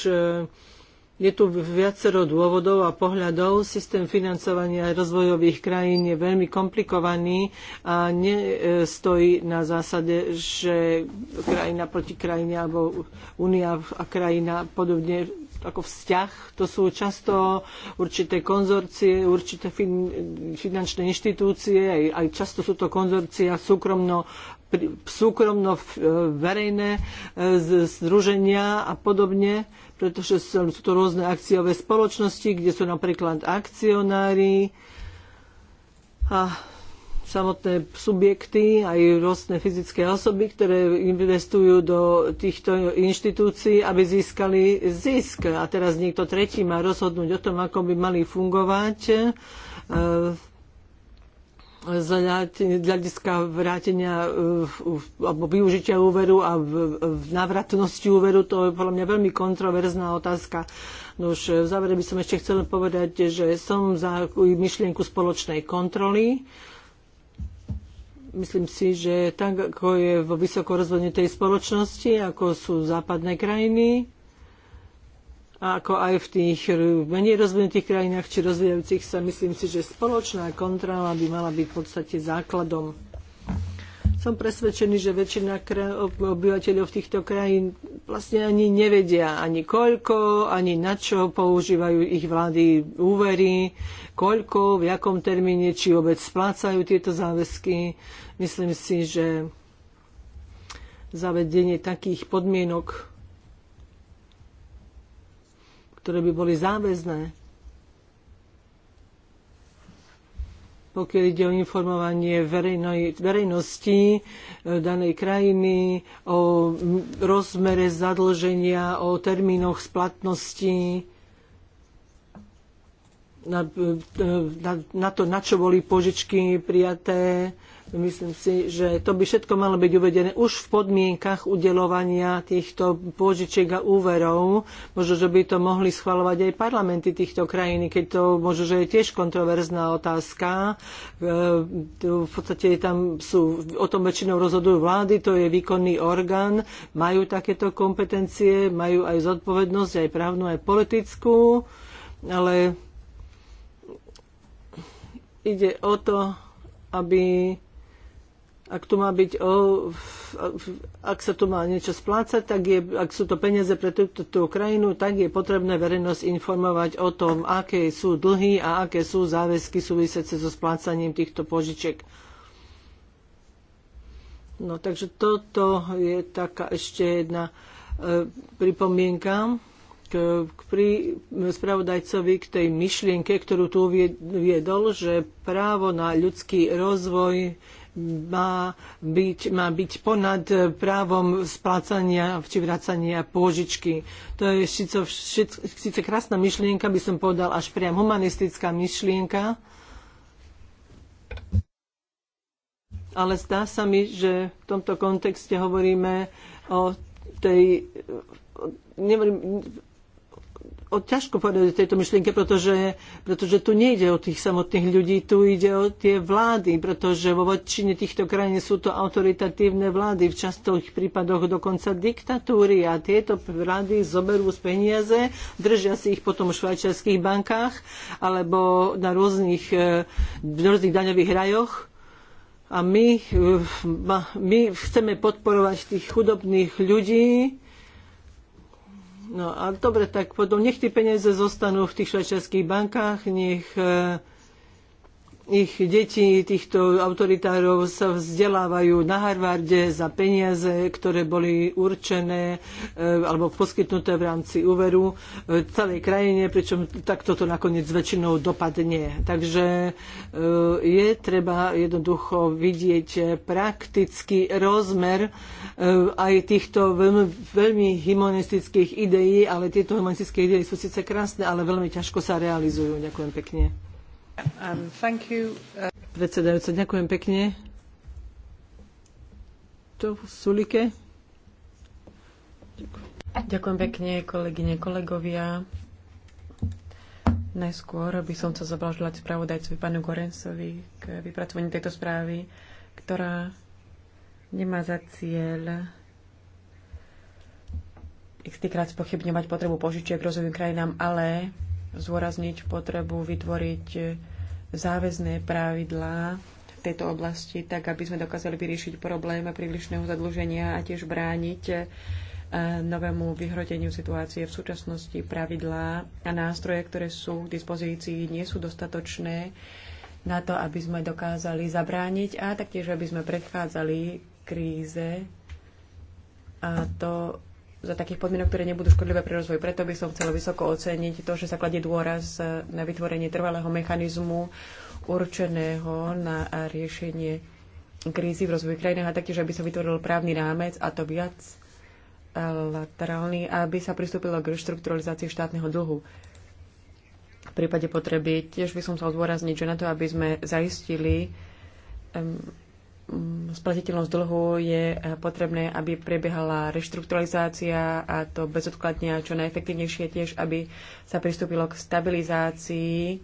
je tu viacero dôvodov a pohľadov. Systém financovania rozvojových krajín je veľmi komplikovaný a nestojí na zásade, že krajina proti krajine alebo únia a krajina podobne ako vzťah. To sú často určité konzorcie, určité fin, finančné inštitúcie, aj, aj často sú to konzorcia súkromno súkromno e, verejné e, združenia a podobne pretože sú to rôzne akciové spoločnosti, kde sú napríklad akcionári a samotné subjekty, aj rôzne fyzické osoby, ktoré investujú do týchto inštitúcií, aby získali zisk. A teraz niekto tretí má rozhodnúť o tom, ako by mali fungovať eh, z hľadiska vrátenia e, alebo využitia úveru a v, v návratnosti úveru, to je podľa mňa veľmi kontroverzná otázka. No už e, v závere by som ešte chcel povedať, že som za myšlienku spoločnej kontroly. Myslím si, že tak, ako je vo vysoko rozvinutej spoločnosti, ako sú západné krajiny, ako aj v tých menej rozvinutých krajinách či rozvíjajúcich sa. Myslím si, že spoločná kontrola by mala byť v podstate základom. Som presvedčený, že väčšina obyvateľov týchto krajín vlastne ani nevedia ani koľko, ani na čo používajú ich vlády úvery, koľko, v jakom termíne, či vôbec splácajú tieto záväzky. Myslím si, že zavedenie takých podmienok ktoré by boli záväzné. pokiaľ ide o informovanie verejnoj, verejnosti e, danej krajiny, o rozmere zadlženia, o termínoch splatnosti na, na, na to, na čo boli požičky prijaté. Myslím si, že to by všetko malo byť uvedené už v podmienkach udelovania týchto požičiek a úverov. Možno, že by to mohli schvalovať aj parlamenty týchto krajín, keď to možno, že je tiež kontroverzná otázka. E, v podstate tam sú, o tom väčšinou rozhodujú vlády, to je výkonný orgán, majú takéto kompetencie, majú aj zodpovednosť, aj právnu, aj politickú, ale ide o to, aby ak tu má byť, o, ak sa tu má niečo splácať, tak je, ak sú to peniaze pre túto tú krajinu, tak je potrebné verejnosť informovať o tom, aké sú dlhy a aké sú záväzky súvisiace so splácaním týchto požičiek. No takže toto je taká ešte jedna e, pripomienka k pri spravodajcovi k tej myšlienke, ktorú tu uviedol, že právo na ľudský rozvoj má byť, má byť ponad právom splácania či vracania pôžičky. To je síce, síce krásna myšlienka, by som povedal, až priam humanistická myšlienka, ale zdá sa mi, že v tomto kontexte hovoríme o tej... Nevorím, o, ťažko povedať o tejto myšlienke, pretože, pretože tu nejde o tých samotných ľudí, tu ide o tie vlády, pretože vo väčšine týchto krajín sú to autoritatívne vlády, v častých prípadoch dokonca diktatúry a tieto vlády zoberú z peniaze, držia si ich potom v švajčiarských bankách alebo na rôznych, e, v rôznych daňových rajoch a my, e, my chceme podporovať tých chudobných ľudí, No a dobre, tak potom nech tie peniaze zostanú v tých švajčiarských bankách, nech eh, ich deti týchto autoritárov sa vzdelávajú na Harvarde za peniaze, ktoré boli určené e, alebo poskytnuté v rámci úveru e, celej krajine, pričom takto to nakoniec väčšinou dopadne. Takže e, je treba jednoducho vidieť praktický rozmer aj týchto veľmi, veľmi humanistických ideí, ale tieto humanistické ideí sú síce krásne, ale veľmi ťažko sa realizujú. Ďakujem pekne. Um, uh, Predsedajúca, ďakujem pekne. To Sulike. Ďakujem. pekne, kolegyne, kolegovia. Najskôr by som chcel zablažovať spravodajcovi pánu Gorensovi k vypracovaní tejto správy, ktorá nemá za cieľ x tykrát spochybňovať potrebu požičiek rozvojovým krajinám, ale zdôrazniť potrebu vytvoriť záväzné pravidlá v tejto oblasti, tak aby sme dokázali vyriešiť problém prílišného zadlženia a tiež brániť e, novému vyhroteniu situácie. V súčasnosti pravidlá a nástroje, ktoré sú k dispozícii, nie sú dostatočné na to, aby sme dokázali zabrániť a taktiež, aby sme predchádzali kríze a to za takých podmienok, ktoré nebudú škodlivé pre rozvoj. Preto by som chcela vysoko oceniť to, že sa kladie dôraz na vytvorenie trvalého mechanizmu určeného na riešenie krízy v rozvoji krajinách a taktiež, aby sa vytvoril právny rámec a to viac laterálny, aby sa pristúpilo k reštrukturalizácii štátneho dlhu. V prípade potreby tiež by som sa odôrazniť, že na to, aby sme zaistili splatiteľnosť dlhu je potrebné, aby prebiehala reštrukturalizácia a to bezodkladne a čo najefektívnejšie tiež, aby sa pristúpilo k stabilizácii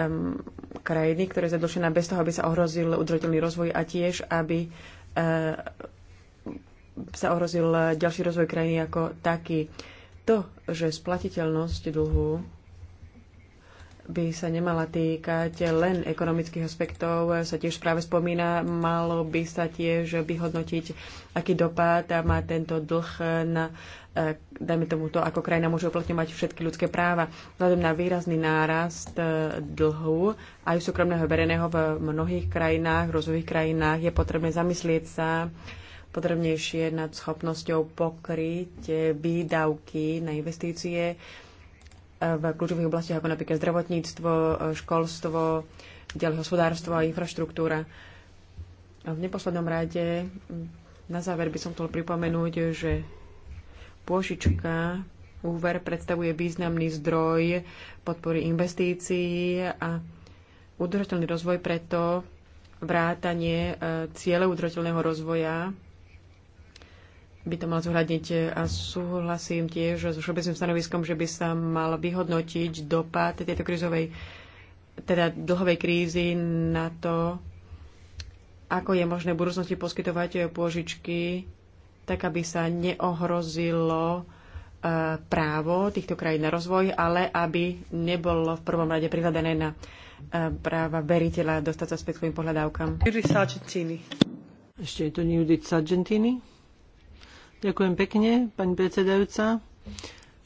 um, krajiny, ktorá je zadlžená bez toho, aby sa ohrozil udržateľný rozvoj a tiež, aby uh, sa ohrozil ďalší rozvoj krajiny ako taký. To, že splatiteľnosť dlhu by sa nemala týkať len ekonomických aspektov, sa tiež práve spomína, malo by sa tiež vyhodnotiť, aký dopad má tento dlh na, e, dajme tomu to, ako krajina môže uplatňovať všetky ľudské práva. Vzhľadom na výrazný nárast e, dlhu aj súkromného verejného v mnohých krajinách, rozvojových krajinách je potrebné zamyslieť sa potrebnejšie nad schopnosťou pokryť e, výdavky na investície v kľúčových oblastiach ako napríklad zdravotníctvo, školstvo, ďalej hospodárstvo a infraštruktúra. A v neposlednom rade na záver by som chcel pripomenúť, že pôžička, úver predstavuje významný zdroj podpory investícií a udržateľný rozvoj preto vrátanie e, cieľe udržateľného rozvoja by to mal zohľadniť a súhlasím tiež s všeobecným stanoviskom, že by sa mal vyhodnotiť dopad tejto krizovej, teda dlhovej krízy na to, ako je možné v budúcnosti poskytovať pôžičky, tak aby sa neohrozilo e, právo týchto krajín na rozvoj, ale aby nebolo v prvom rade prihľadané na e, práva veriteľa dostať sa späť svojim pohľadávkam. Ešte je to Judith Sargentini. Ďakujem pekne, pani predsedajúca.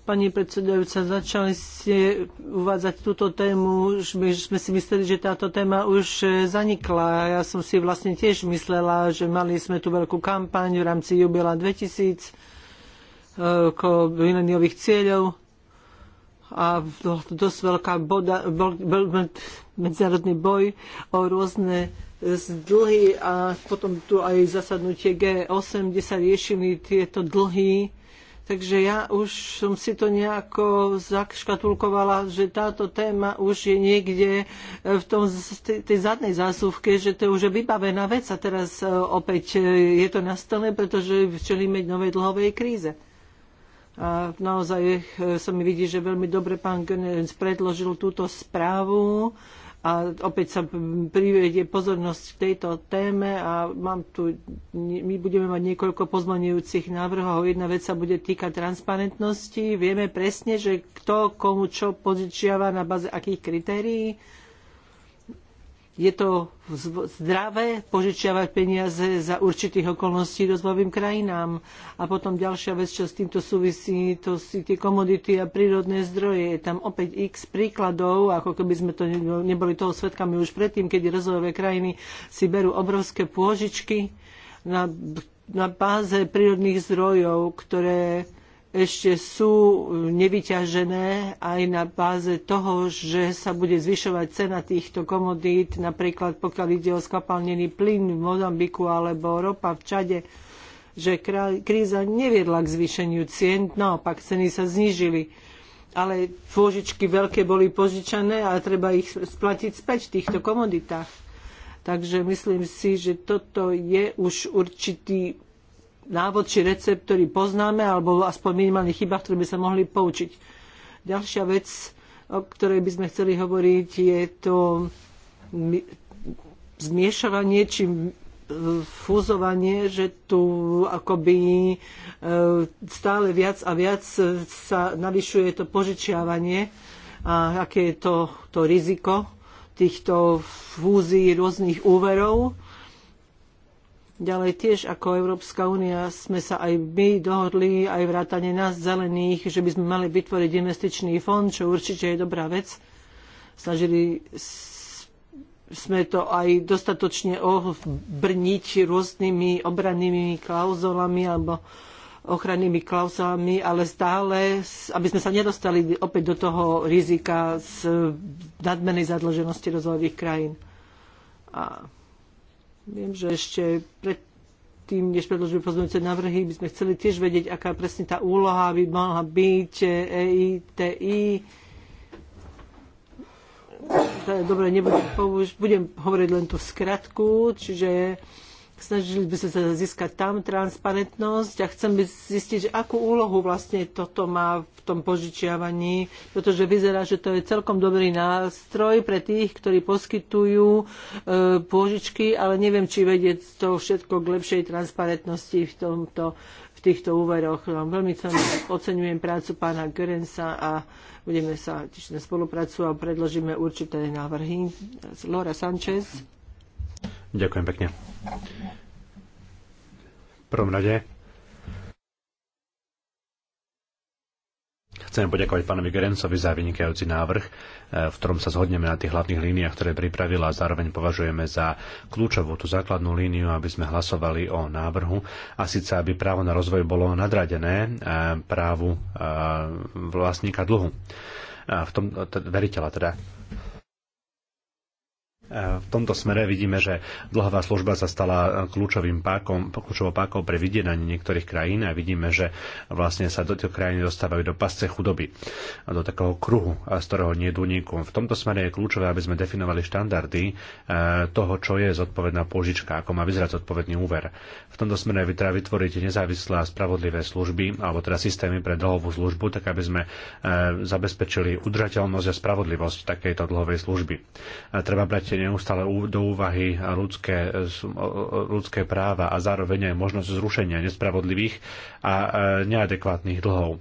Pani predsedajúca, začali ste uvádzať túto tému, už my sme si mysleli, že táto téma už e, zanikla. Ja som si vlastne tiež myslela, že mali sme tu veľkú kampaň v rámci jubila 2000 ako mileniových cieľov a no, dosť veľká boda, bol, bol, medzinárodný boj o rôzne dlhy a potom tu aj zasadnutie G8, kde sa riešili tieto dlhy. Takže ja už som si to nejako zaškatulkovala, že táto téma už je niekde v tom, tej zadnej zásuvke, že to už je vybavená vec a teraz e, opäť e, je to na stole, pretože čelíme novej dlhovej kríze. A naozaj eh, sa mi vidí, že veľmi dobre pán Gönens predložil túto správu a opäť sa privedie pozornosť k tejto téme a mám tu, my budeme mať niekoľko pozmenujúcich návrhov. Jedna vec sa bude týkať transparentnosti. Vieme presne, že kto komu čo požičiava na baze akých kritérií je to zdravé požičiavať peniaze za určitých okolností rozvojovým krajinám. A potom ďalšia vec, čo s týmto súvisí, to sú tie komodity a prírodné zdroje. Je tam opäť x príkladov, ako keby sme to neboli toho svetkami už predtým, keď rozvojové krajiny si berú obrovské pôžičky na, na báze prírodných zdrojov, ktoré ešte sú nevyťažené aj na báze toho, že sa bude zvyšovať cena týchto komodít, napríklad pokiaľ ide o skapalnený plyn v Mozambiku alebo ropa v Čade, že kríza neviedla k zvýšeniu cien, naopak ceny sa znížili. Ale pôžičky veľké boli požičané a treba ich splatiť späť v týchto komoditách. Takže myslím si, že toto je už určitý návod či recept, ktorý poznáme, alebo aspoň minimálnych chyba, ktoré by sa mohli poučiť. Ďalšia vec, o ktorej by sme chceli hovoriť, je to zmiešovanie či fúzovanie, že tu akoby e, stále viac a viac sa navyšuje to požičiavanie a aké je to, to riziko týchto fúzií rôznych úverov Ďalej tiež ako Európska únia sme sa aj my dohodli, aj vrátane nás zelených, že by sme mali vytvoriť investičný fond, čo určite je dobrá vec. Snažili sme to aj dostatočne obrniť rôznymi obrannými klauzolami alebo ochrannými klauzulami, ale stále, aby sme sa nedostali opäť do toho rizika z nadmenej zadlženosti rozvojových krajín. A Viem, že ešte predtým, než predložíme pozmeňujúce návrhy, by sme chceli tiež vedieť, aká presne tá úloha by mohla byť EITI. Eh, e Dobre, nebudem, budem hovoriť len tú skratku, čiže snažili by sme sa získať tam transparentnosť a chcem by zistiť, akú úlohu vlastne toto má v tom požičiavaní, pretože vyzerá, že to je celkom dobrý nástroj pre tých, ktorí poskytujú e, požičky, ale neviem, či vedie to všetko k lepšej transparentnosti v, tomto, v týchto úveroch. No, veľmi som oceňujem prácu pána Gerensa a budeme sa tešiť na spoluprácu a predložíme určité návrhy. Laura Sanchez. Ďakujem pekne. V prvom rade Chcem poďakovať pánovi Gerencovi za vynikajúci návrh, e, v ktorom sa zhodneme na tých hlavných líniách, ktoré pripravila a zároveň považujeme za kľúčovú tú základnú líniu, aby sme hlasovali o návrhu a síce, aby právo na rozvoj bolo nadradené e, právu e, vlastníka dlhu, v tom, veriteľa teda v tomto smere vidíme, že dlhová služba sa stala kľúčovým pákom, kľúčovou pákom pre vydenanie niektorých krajín a vidíme, že vlastne sa do tých krajín dostávajú do pasce chudoby, do takého kruhu, z ktorého nie je V tomto smere je kľúčové, aby sme definovali štandardy e, toho, čo je zodpovedná požička, ako má vyzerať zodpovedný úver. V tomto smere vy treba vytvoriť nezávislé a spravodlivé služby, alebo teda systémy pre dlhovú službu, tak aby sme e, zabezpečili udržateľnosť a spravodlivosť takejto dlhovej služby. Treba brať neustále do úvahy ľudské, ľudské práva a zároveň aj možnosť zrušenia nespravodlivých a e, neadekvátnych dlhov.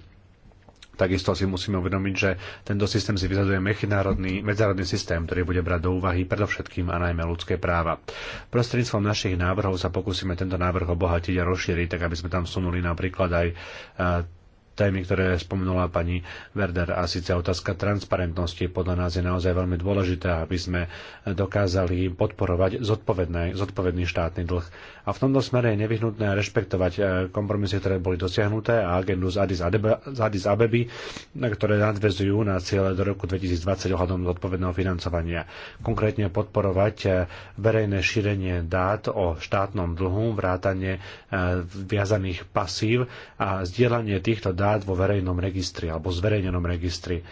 Takisto si musíme uvedomiť, že tento systém si vyzaduje medzinárodný, medzinárodný systém, ktorý bude brať do úvahy predovšetkým a najmä ľudské práva. Prostredníctvom našich návrhov sa pokúsime tento návrh obohatiť a rozšíriť, tak aby sme tam sunuli napríklad aj e, témy, ktoré spomenula pani Werder a síce otázka transparentnosti podľa nás je naozaj veľmi dôležitá, aby sme dokázali podporovať zodpovedný štátny dlh. A v tomto smere je nevyhnutné rešpektovať e, kompromisy, ktoré boli dosiahnuté a agendu z Addis, Adeba, z Addis Abeby, ktoré nadvezujú na ciele do roku 2020 ohľadom zodpovedného financovania. Konkrétne podporovať e, verejné šírenie dát o štátnom dlhu, vrátanie e, viazaných pasív a zdieľanie týchto dát rád vo verejnom registri alebo zverejnenom registri.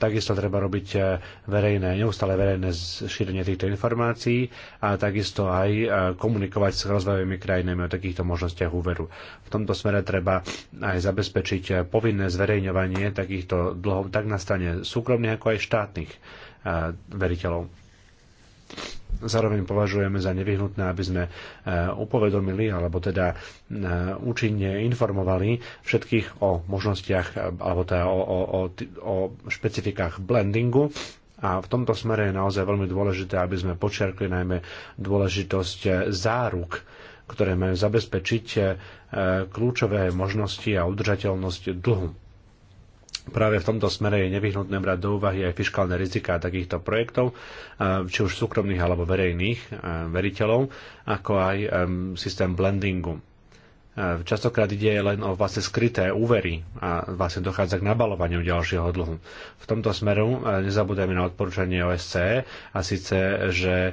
Takisto treba robiť eh, verejné, neustále verejné šírenie týchto informácií a takisto aj eh, komunikovať s rozvojovými krajinami o takýchto možnostiach úveru. V tomto smere treba aj zabezpečiť eh, povinné zverejňovanie takýchto dlhov tak na strane súkromných ako aj štátnych veriteľov. Zároveň považujeme za nevyhnutné, aby sme e, upovedomili alebo teda e, účinne informovali všetkých o možnostiach alebo teda o, o, o, o špecifikách blendingu a v tomto smere je naozaj veľmi dôležité, aby sme počiarkli najmä dôležitosť e, záruk, ktoré majú zabezpečiť kľúčové možnosti a udržateľnosť dlhu Práve v tomto smere je nevyhnutné brať do úvahy aj fiskálne riziká takýchto projektov, či už súkromných alebo verejných veriteľov, ako aj systém blendingu. Častokrát ide len o vlastne skryté úvery a vlastne dochádza k nabalovaniu ďalšieho dlhu. V tomto smeru nezabudajme na odporúčanie OSCE a síce, že e,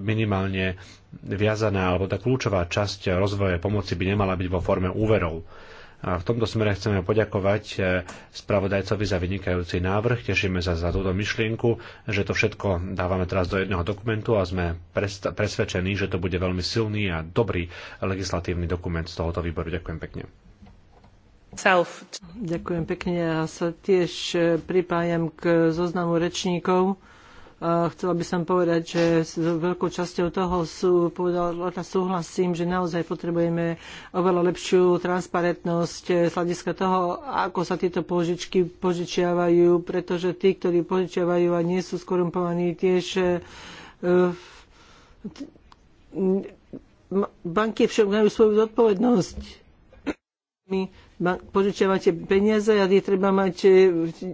minimálne viazaná alebo tá kľúčová časť rozvoja pomoci by nemala byť vo forme úverov a v tomto smere chceme poďakovať e, spravodajcovi za vynikajúci návrh. Tešíme sa za túto myšlienku, že to všetko dávame teraz do jedného dokumentu a sme presvedčení, že to bude veľmi silný a dobrý legislatívny dokument z tohoto výboru. Ďakujem pekne. Self. Ďakujem pekne. Ja sa tiež e, pripájam k zoznamu rečníkov chcela by som povedať, že s veľkou časťou toho sú, povedala, teda súhlasím, že naozaj potrebujeme oveľa lepšiu transparentnosť eh, z hľadiska toho, ako sa tieto požičky požičiavajú, pretože tí, ktorí požičiavajú a nie sú skorumpovaní, tiež eh, eh, banky však majú svoju zodpovednosť. My požičiavate peniaze a je treba mať e,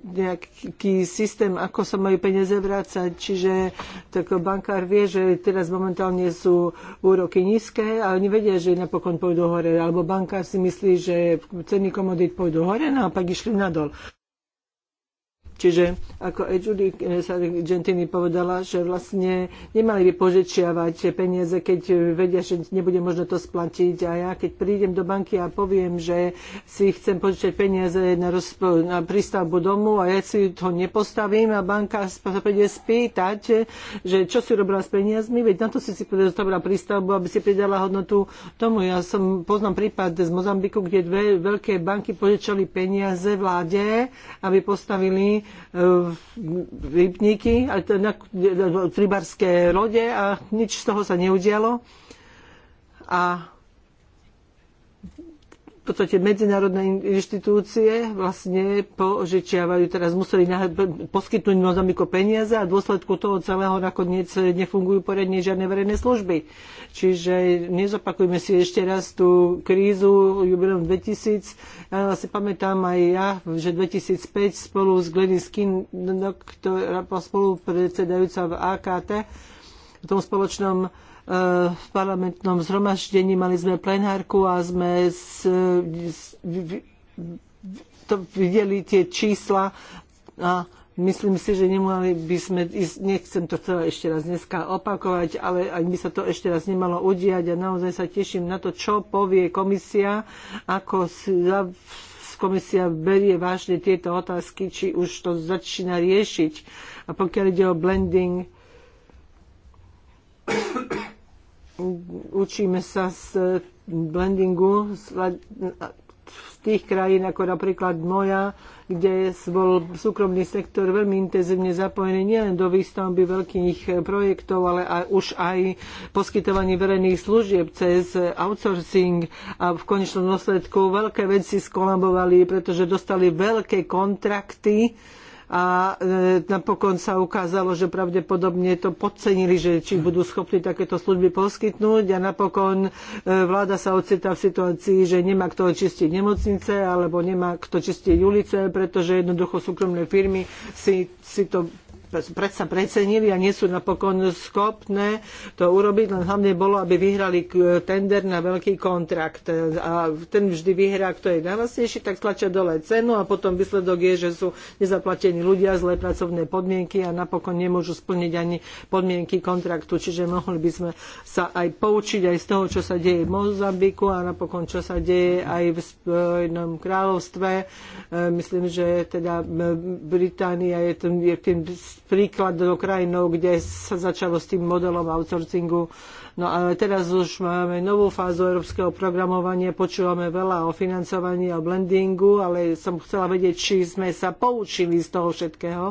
nejaký systém, ako sa majú peniaze vrácať. Čiže tak bankár vie, že teraz momentálne sú úroky nízke a oni vedia, že napokon pôjdu hore. Alebo bankár si myslí, že ceny komodít pôjdu hore no a pak išli nadol. Čiže ako Judy Gentini povedala, že vlastne nemali by požičiavať peniaze, keď vedia, že nebude možno to splatiť. A ja keď prídem do banky a poviem, že si chcem požičať peniaze na, rozpo- na prístavbu domu a ja si to nepostavím a banka sa príde spýtať, že čo si robila s peniazmi, veď na to si si dostavila prístavbu, aby si pridala hodnotu tomu. Ja som poznám prípad z Mozambiku, kde dve veľké banky požičali peniaze vláde, aby postavili E, rybníky, rybarské lode a nič z toho sa neudialo. A podstate medzinárodné inštitúcie vlastne požičiavajú, teraz museli poskytnúť Mozambiku peniaze a v dôsledku toho celého nakoniec nefungujú poriadne žiadne verejné služby. Čiže nezopakujme si ešte raz tú krízu jubilom 2000. Ja si pamätám aj ja, že 2005 spolu s Glenny Skin, ktorá spolupredsedajúca v AKT, v tom spoločnom v parlamentnom zhromaždení, mali sme plenárku a sme s, to videli tie čísla a myslím si, že nemali by sme ísť, nechcem to celé ešte raz dneska opakovať, ale aj by sa to ešte raz nemalo udiať a naozaj sa teším na to, čo povie komisia, ako komisia berie vážne tieto otázky, či už to začína riešiť. A pokiaľ ide o blending, učíme sa z eh, blendingu z tých krajín, ako napríklad moja, kde bol súkromný sektor veľmi intenzívne zapojený nielen do výstavby veľkých eh, projektov, ale aj, už aj poskytovanie verejných služieb cez outsourcing a v konečnom dôsledku veľké veci skolabovali, pretože dostali veľké kontrakty, a e, napokon sa ukázalo, že pravdepodobne to podcenili, že či hmm. budú schopní takéto služby poskytnúť a napokon e, vláda sa ocitá v situácii, že nemá kto čistiť nemocnice alebo nemá kto čistiť ulice, pretože jednoducho súkromné firmy si, si to predsa precenili a nie sú napokon schopné to urobiť, len hlavne bolo, aby vyhrali tender na veľký kontrakt. A ten vždy vyhrá, kto je najvlastnejší, tak tlačia dole cenu a potom výsledok je, že sú nezaplatení ľudia, zlé pracovné podmienky a napokon nemôžu splniť ani podmienky kontraktu. Čiže mohli by sme sa aj poučiť aj z toho, čo sa deje v Mozambiku a napokon, čo sa deje aj v Spojenom kráľovstve. E, myslím, že teda Británia je tým, je tým do krajinov, kde sa začalo s tým modelom outsourcingu. No ale teraz už máme novú fázu európskeho programovania, počúvame veľa o financovaní a blendingu, ale som chcela vedieť, či sme sa poučili z toho všetkého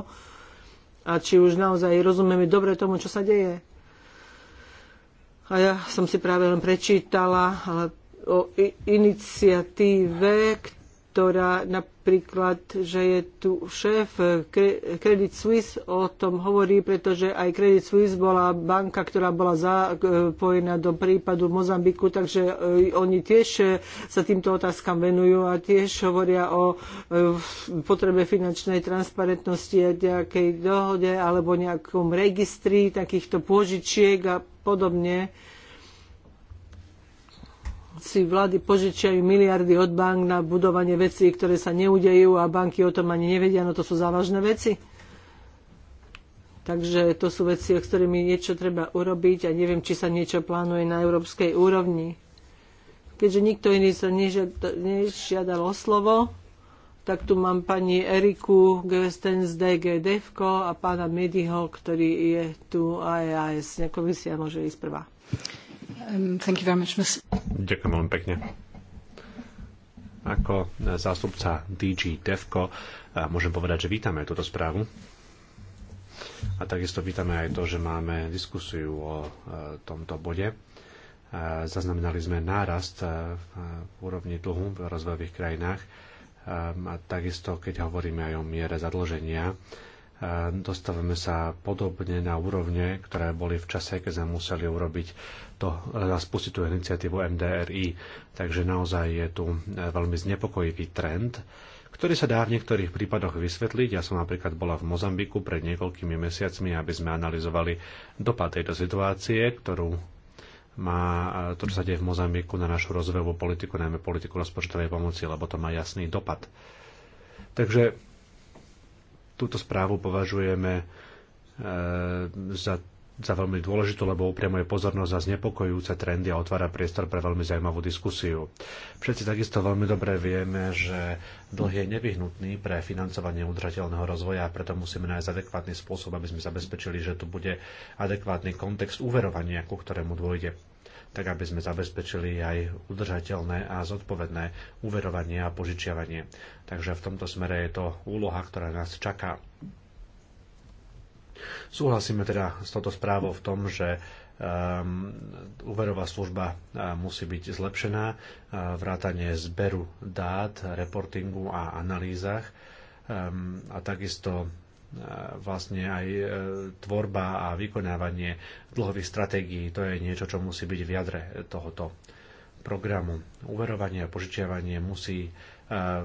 a či už naozaj rozumieme dobre tomu, čo sa deje. A ja som si práve len prečítala o iniciatíve, ktorá na príklad, že je tu šéf Credit Suisse o tom hovorí, pretože aj Credit Suisse bola banka, ktorá bola zapojená e, do prípadu Mozambiku, takže e, oni tiež sa týmto otázkam venujú a tiež hovoria o e, potrebe finančnej transparentnosti a nejakej dohode alebo nejakom registri takýchto pôžičiek a podobne si vlády požičiajú miliardy od bank na budovanie vecí, ktoré sa neudejú a banky o tom ani nevedia, no to sú závažné veci. Takže to sú veci, s ktorými niečo treba urobiť a neviem, či sa niečo plánuje na európskej úrovni. Keďže nikto iný sa nežiadal o slovo, tak tu mám pani Eriku Gevesten z DG a pána Mediho, ktorý je tu aj AS. vysia môže ísť prvá. Um, much, Ďakujem veľmi pekne. Ako zástupca DG DEFCO eh, môžem povedať, že vítame túto správu. A takisto vítame aj to, že máme diskusiu o eh, tomto bode. Eh, zaznamenali sme nárast v úrovni dlhu v rozvojových krajinách a takisto, keď hovoríme aj o miere zadlženia, dostávame sa podobne na úrovne, ktoré boli v čase, keď sme museli urobiť to, spustiť tú iniciatívu MDRI. Takže naozaj je tu e, veľmi znepokojivý trend, ktorý sa dá v niektorých prípadoch vysvetliť. Ja som napríklad bola v Mozambiku pred niekoľkými mesiacmi, aby sme analyzovali dopad tejto situácie, ktorú má e, to, čo sa deje v Mozambiku na našu rozvojovú politiku, najmä politiku rozpočtovej pomoci, lebo to má jasný dopad. Takže Túto správu považujeme e, za, za veľmi dôležitú, lebo upriamuje pozornosť na znepokojujúce trendy a otvára priestor pre veľmi zaujímavú diskusiu. Všetci takisto veľmi dobre vieme, že dlh je nevyhnutný pre financovanie udržateľného rozvoja a preto musíme nájsť adekvátny spôsob, aby sme zabezpečili, že tu bude adekvátny kontext úverovania, ku ktorému dôjde tak aby sme zabezpečili aj udržateľné a zodpovedné uverovanie a požičiavanie. Takže v tomto smere je to úloha, ktorá nás čaká. Súhlasíme teda s touto správou v tom, že um, úverová služba e, musí byť zlepšená, e, vrátanie zberu dát, reportingu a analýzach um, a takisto vlastne aj e, tvorba a vykonávanie dlhových stratégií, to je niečo, čo musí byť v jadre tohoto programu. Uverovanie a požičiavanie musí e,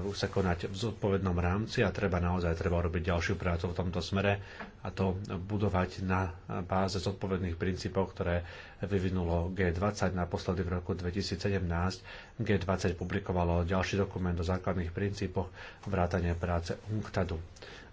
sa konať v zodpovednom rámci a treba naozaj treba robiť ďalšiu prácu v tomto smere a to budovať na báze zodpovedných princípov, ktoré vyvinulo G20 naposledy v roku 2017. G20 publikovalo ďalší dokument o základných princípoch vrátania práce UNCTADu.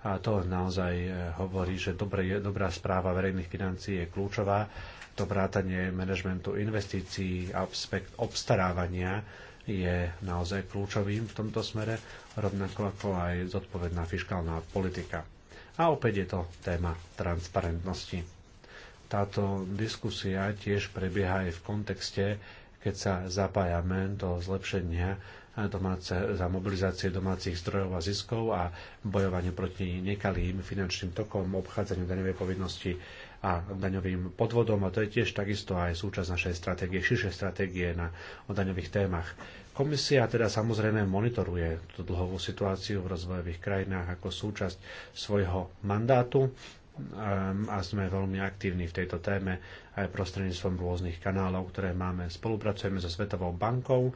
A to naozaj e, hovorí, že dobré, dobrá správa verejných financií je kľúčová. To vrátanie manažmentu investícií a aspekt obstarávania je naozaj kľúčovým v tomto smere, rovnako ako aj zodpovedná fiskálna politika. A opäť je to téma transparentnosti. Táto diskusia tiež prebieha aj v kontexte, keď sa zapájame do zlepšenia domáce, za mobilizácie domácich zdrojov a ziskov a bojovanie proti nekalým finančným tokom, obchádzaniu daňovej povinnosti a daňovým podvodom a to je tiež takisto aj súčasť našej stratégie, širšej stratégie na, o daňových témach. Komisia teda samozrejme monitoruje tú dlhovú situáciu v rozvojových krajinách ako súčasť svojho mandátu ehm, a sme veľmi aktívni v tejto téme aj prostredníctvom rôznych kanálov, ktoré máme. Spolupracujeme so Svetovou bankou,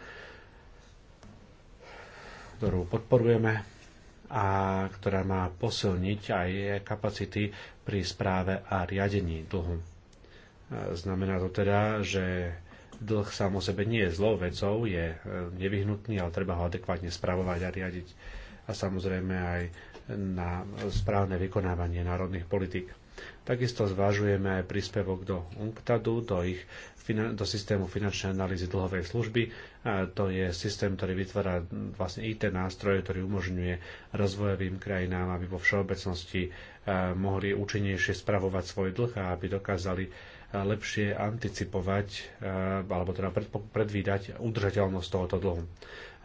ktorú podporujeme a ktorá má posilniť aj kapacity pri správe a riadení dlhu. Znamená to teda, že dlh sám o sebe nie je zlou vecou, je e, nevyhnutný, ale treba ho adekvátne spravovať a riadiť a samozrejme aj na správne vykonávanie národných politik. Takisto zvážujeme aj príspevok do UNCTADu, do, ich, do systému finančnej analýzy dlhovej služby. A to je systém, ktorý vytvára vlastne IT nástroje, ktorý umožňuje rozvojovým krajinám, aby vo všeobecnosti e, mohli účinnejšie spravovať svoj dlh a aby dokázali e, lepšie anticipovať e, alebo teda predvídať udržateľnosť tohoto dlhu.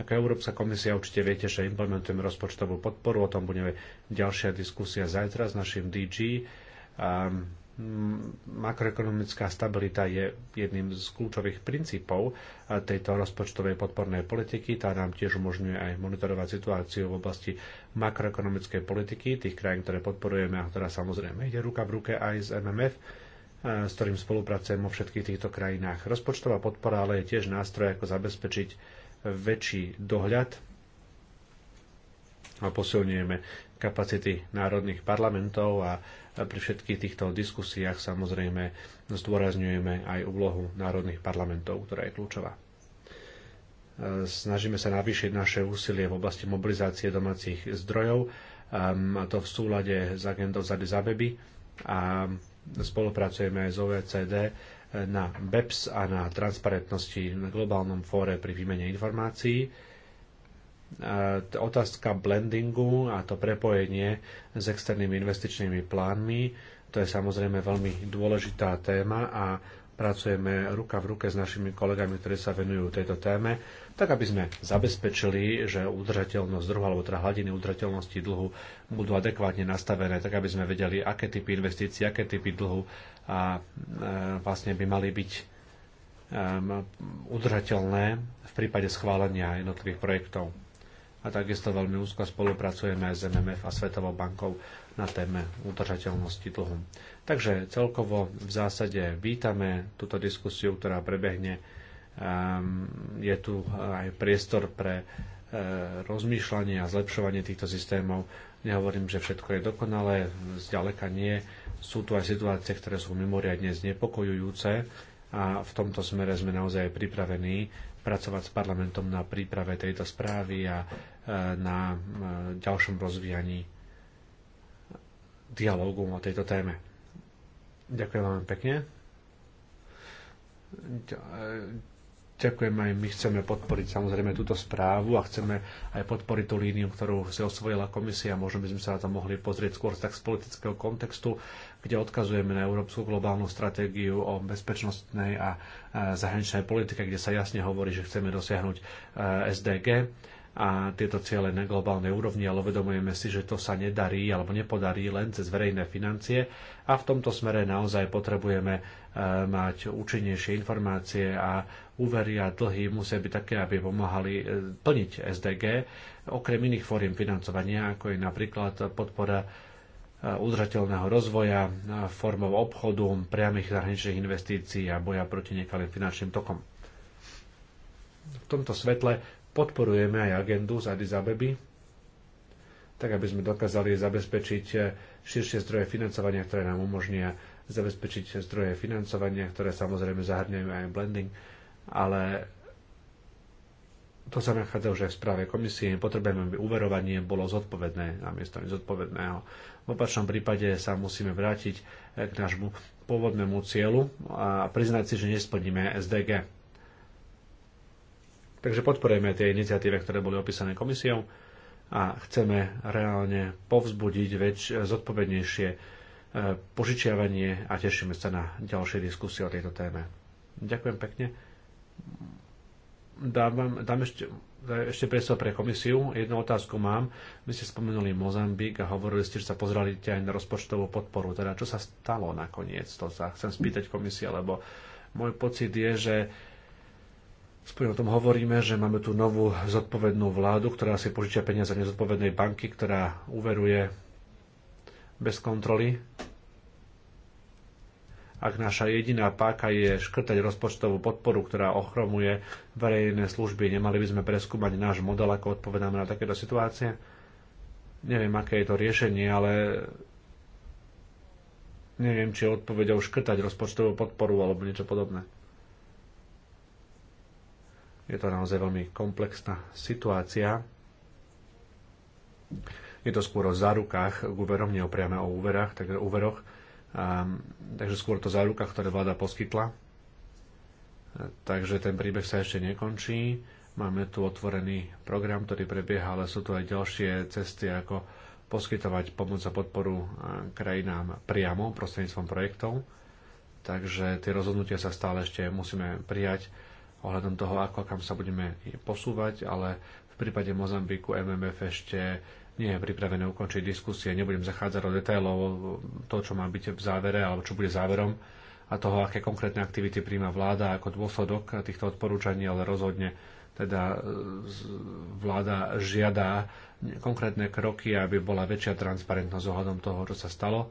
Ako Európska komisia určite viete, že implementujeme rozpočtovú podporu, o tom bude ďalšia diskusia zajtra s našim DG Ehm, makroekonomická stabilita je jedným z kľúčových princípov e, tejto rozpočtovej podpornej politiky. Tá nám tiež umožňuje aj monitorovať situáciu v oblasti makroekonomickej politiky tých krajín, ktoré podporujeme a ktorá samozrejme ide ruka v ruke aj z MMF, e, s ktorým spolupracujeme vo všetkých týchto krajinách. Rozpočtová podpora ale je tiež nástroj, ako zabezpečiť väčší dohľad a posilňujeme kapacity národných parlamentov a pri všetkých týchto diskusiách samozrejme zdôrazňujeme aj úlohu národných parlamentov, ktorá je kľúčová. E, snažíme sa navýšiť naše úsilie v oblasti mobilizácie domácich zdrojov, um, a to v súlade s agendou Zady Zabeby a spolupracujeme aj s OECD e, na BEPS a na transparentnosti na globálnom fóre pri výmene informácií E, otázka blendingu a to prepojenie s externými investičnými plánmi, to je samozrejme veľmi dôležitá téma a pracujeme ruka v ruke s našimi kolegami, ktorí sa venujú tejto téme, tak aby sme zabezpečili, že udržateľnosť druhu alebo teda hladiny udržateľnosti dlhu budú adekvátne nastavené, tak aby sme vedeli, aké typy investícií, aké typy dlhu a e, vlastne by mali byť e, udržateľné v prípade schválenia jednotlivých projektov a takisto veľmi úzko spolupracujeme s MMF a Svetovou bankou na téme udržateľnosti dlhu. Takže celkovo v zásade vítame túto diskusiu, ktorá prebehne. Ehm, je tu aj priestor pre e, rozmýšľanie a zlepšovanie týchto systémov. Nehovorím, že všetko je dokonalé, zďaleka nie. Sú tu aj situácie, ktoré sú mimoriadne znepokojujúce a v tomto smere sme naozaj pripravení pracovať s parlamentom na príprave tejto správy a e, na e, ďalšom rozvíjaní dialógu o tejto téme. Ďakujem vám pekne. E, ďakujem aj my chceme podporiť samozrejme túto správu a chceme aj podporiť tú líniu, ktorú si osvojila komisia. Možno by sme sa na to mohli pozrieť skôr tak z politického kontextu kde odkazujeme na Európsku globálnu stratégiu o bezpečnostnej a zahraničnej politike, kde sa jasne hovorí, že chceme dosiahnuť e, SDG a tieto ciele na globálnej úrovni, ale uvedomujeme si, že to sa nedarí alebo nepodarí len cez verejné financie a v tomto smere naozaj potrebujeme e, mať účinnejšie informácie a úvery a dlhy musia byť také, aby pomáhali e, plniť SDG, okrem iných fóriem financovania, ako je napríklad podpora udržateľného rozvoja formou obchodu, priamých zahraničných investícií a boja proti nekalým finančným tokom. V tomto svetle podporujeme aj agendu z Addis Abeby, tak aby sme dokázali zabezpečiť širšie zdroje financovania, ktoré nám umožnia zabezpečiť zdroje financovania, ktoré samozrejme zahrňajú aj blending, ale to sa nachádza už aj v správe komisie. Potrebujeme, aby uverovanie bolo zodpovedné namiesto nezodpovedného. V opačnom prípade sa musíme vrátiť eh, k nášmu pôvodnému cieľu a priznať si, že nesplníme SDG. Takže podporujeme tie iniciatíve, ktoré boli opísané komisiou a chceme reálne povzbudiť väč, zodpovednejšie eh, požičiavanie a tešíme sa na ďalšie diskusie o tejto téme. Ďakujem pekne. Dám, dám ešte ešte priestor pre komisiu. Jednu otázku mám. My ste spomenuli Mozambik a hovorili ste, že sa pozerali aj na rozpočtovú podporu. Teda čo sa stalo nakoniec? To sa chcem spýtať komisie, lebo môj pocit je, že Spôr o tom hovoríme, že máme tu novú zodpovednú vládu, ktorá si požičia peniaze nezodpovednej banky, ktorá uveruje bez kontroly ak naša jediná páka je škrtať rozpočtovú podporu, ktorá ochromuje verejné služby, nemali by sme preskúmať náš model, ako odpovedáme na takéto situácie? Neviem, aké je to riešenie, ale neviem, či je odpovedou škrtať rozpočtovú podporu alebo niečo podobné. Je to naozaj veľmi komplexná situácia. Je to skôr o zárukách úverom, nie o priame o úverách, takže úveroch takže skôr to záruka, ktoré vláda poskytla. Takže ten príbeh sa ešte nekončí. Máme tu otvorený program, ktorý prebieha, ale sú tu aj ďalšie cesty, ako poskytovať pomoc a podporu krajinám priamo prostredníctvom projektov. Takže tie rozhodnutia sa stále ešte musíme prijať ohľadom toho, ako kam sa budeme posúvať, ale v prípade Mozambiku MMF ešte nie je pripravené ukončiť diskusie. Nebudem zachádzať do detailov to, čo má byť v závere alebo čo bude záverom a toho, aké konkrétne aktivity príjma vláda ako dôsledok týchto odporúčaní, ale rozhodne teda e, vláda žiada konkrétne kroky, aby bola väčšia transparentnosť ohľadom toho, čo sa stalo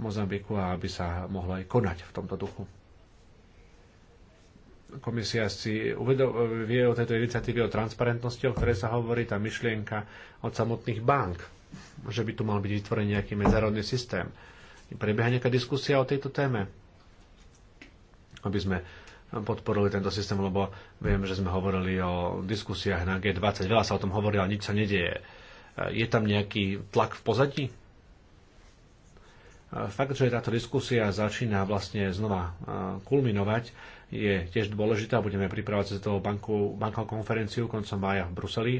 v Mozambiku a aby sa mohlo aj konať v tomto duchu. Komisia si uvedo- vie o tejto iniciatíve o transparentnosti, o ktorej sa hovorí, tá myšlienka od samotných bank, že by tu mal byť vytvorený nejaký medzárodný systém. Prebieha nejaká diskusia o tejto téme, aby sme podporili tento systém, lebo viem, že sme hovorili o diskusiách na G20, veľa sa o tom hovorí, ale nič sa nedieje. Je tam nejaký tlak v pozadí? Fakt, že táto diskusia začína vlastne znova eh, kulminovať, je tiež dôležitá. Budeme pripravať sa toho bankovú konferenciu koncom mája v Bruseli.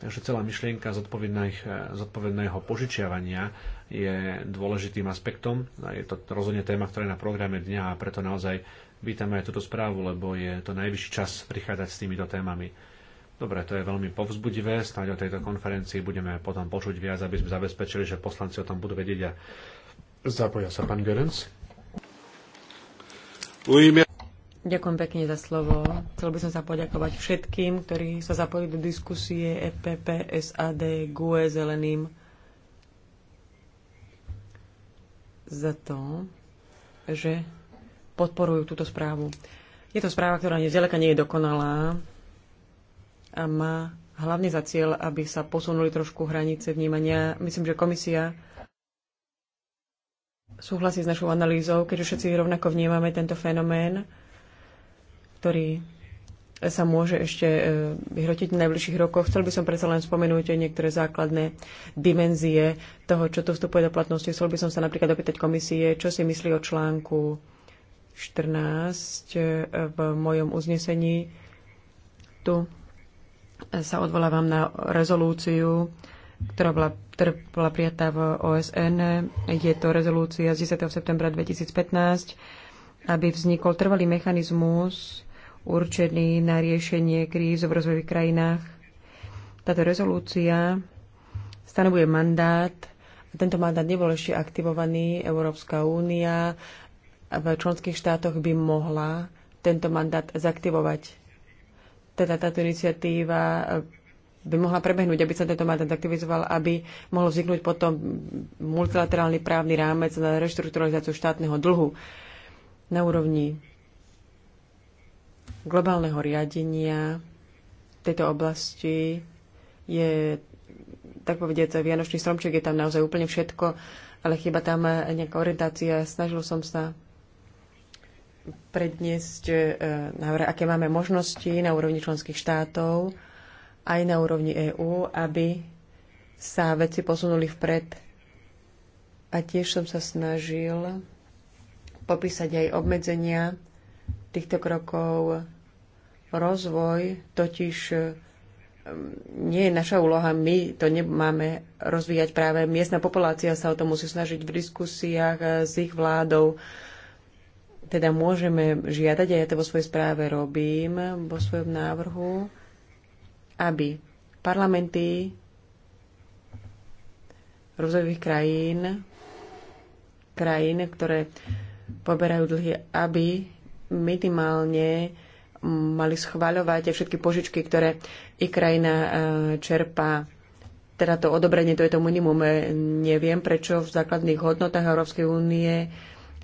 Takže celá myšlienka eh, zodpovedného požičiavania je dôležitým aspektom. Je to rozhodne téma, ktorá je na programe dňa a preto naozaj vítame aj túto správu, lebo je to najvyšší čas prichádzať s týmito témami. Dobre, to je veľmi povzbudivé. Snáď o tejto konferencii budeme potom počuť viac, aby sme zabezpečili, že poslanci o tom budú vedieť a zapoja sa pán Görens. Ďakujem pekne za slovo. Chcel by som sa poďakovať všetkým, ktorí sa zapojili do diskusie EPP, SAD, GUE, Zeleným za to, že podporujú túto správu. Je to správa, ktorá nezďaleka nie je dokonalá a má hlavne za cieľ, aby sa posunuli trošku hranice vnímania. Myslím, že komisia súhlasí s našou analýzou, keďže všetci rovnako vnímame tento fenomén, ktorý sa môže ešte e, vyhrotiť v najbližších rokoch. Chcel by som predsa len spomenúť aj niektoré základné dimenzie toho, čo tu vstupuje do platnosti. Chcel by som sa napríklad opýtať komisie, čo si myslí o článku 14 e, v mojom uznesení. Tu sa odvolávam na rezolúciu ktorá bola, ktorá bola prijatá v OSN. Je to rezolúcia z 10. septembra 2015, aby vznikol trvalý mechanizmus určený na riešenie kríz v rozvojových krajinách. Táto rezolúcia stanovuje mandát. Tento mandát nebol ešte aktivovaný. Európska únia v členských štátoch by mohla tento mandát zaktivovať. Teda táto iniciatíva by mohla prebehnúť, aby sa tento mandát aktivizoval, aby mohol vzniknúť potom multilaterálny právny rámec na reštrukturalizáciu štátneho dlhu na úrovni globálneho riadenia tejto oblasti je tak povediať, Vianočný stromček je tam naozaj úplne všetko, ale chyba tam nejaká orientácia. Snažil som sa predniesť, eh, aké máme možnosti na úrovni členských štátov aj na úrovni EÚ, aby sa veci posunuli vpred. A tiež som sa snažil popísať aj obmedzenia týchto krokov. Rozvoj totiž um, nie je naša úloha, my to nemáme rozvíjať práve. Miestna populácia sa o to musí snažiť v diskusiách s ich vládou. Teda môžeme žiadať, a ja to vo svojej správe robím, vo svojom návrhu, aby parlamenty rozvojových krajín, krajín, ktoré poberajú dlhy, aby minimálne mali schváľovať všetky požičky, ktoré ich krajina e, čerpá. Teda to odobrenie, to je to minimum. Neviem, prečo v základných hodnotách Európskej únie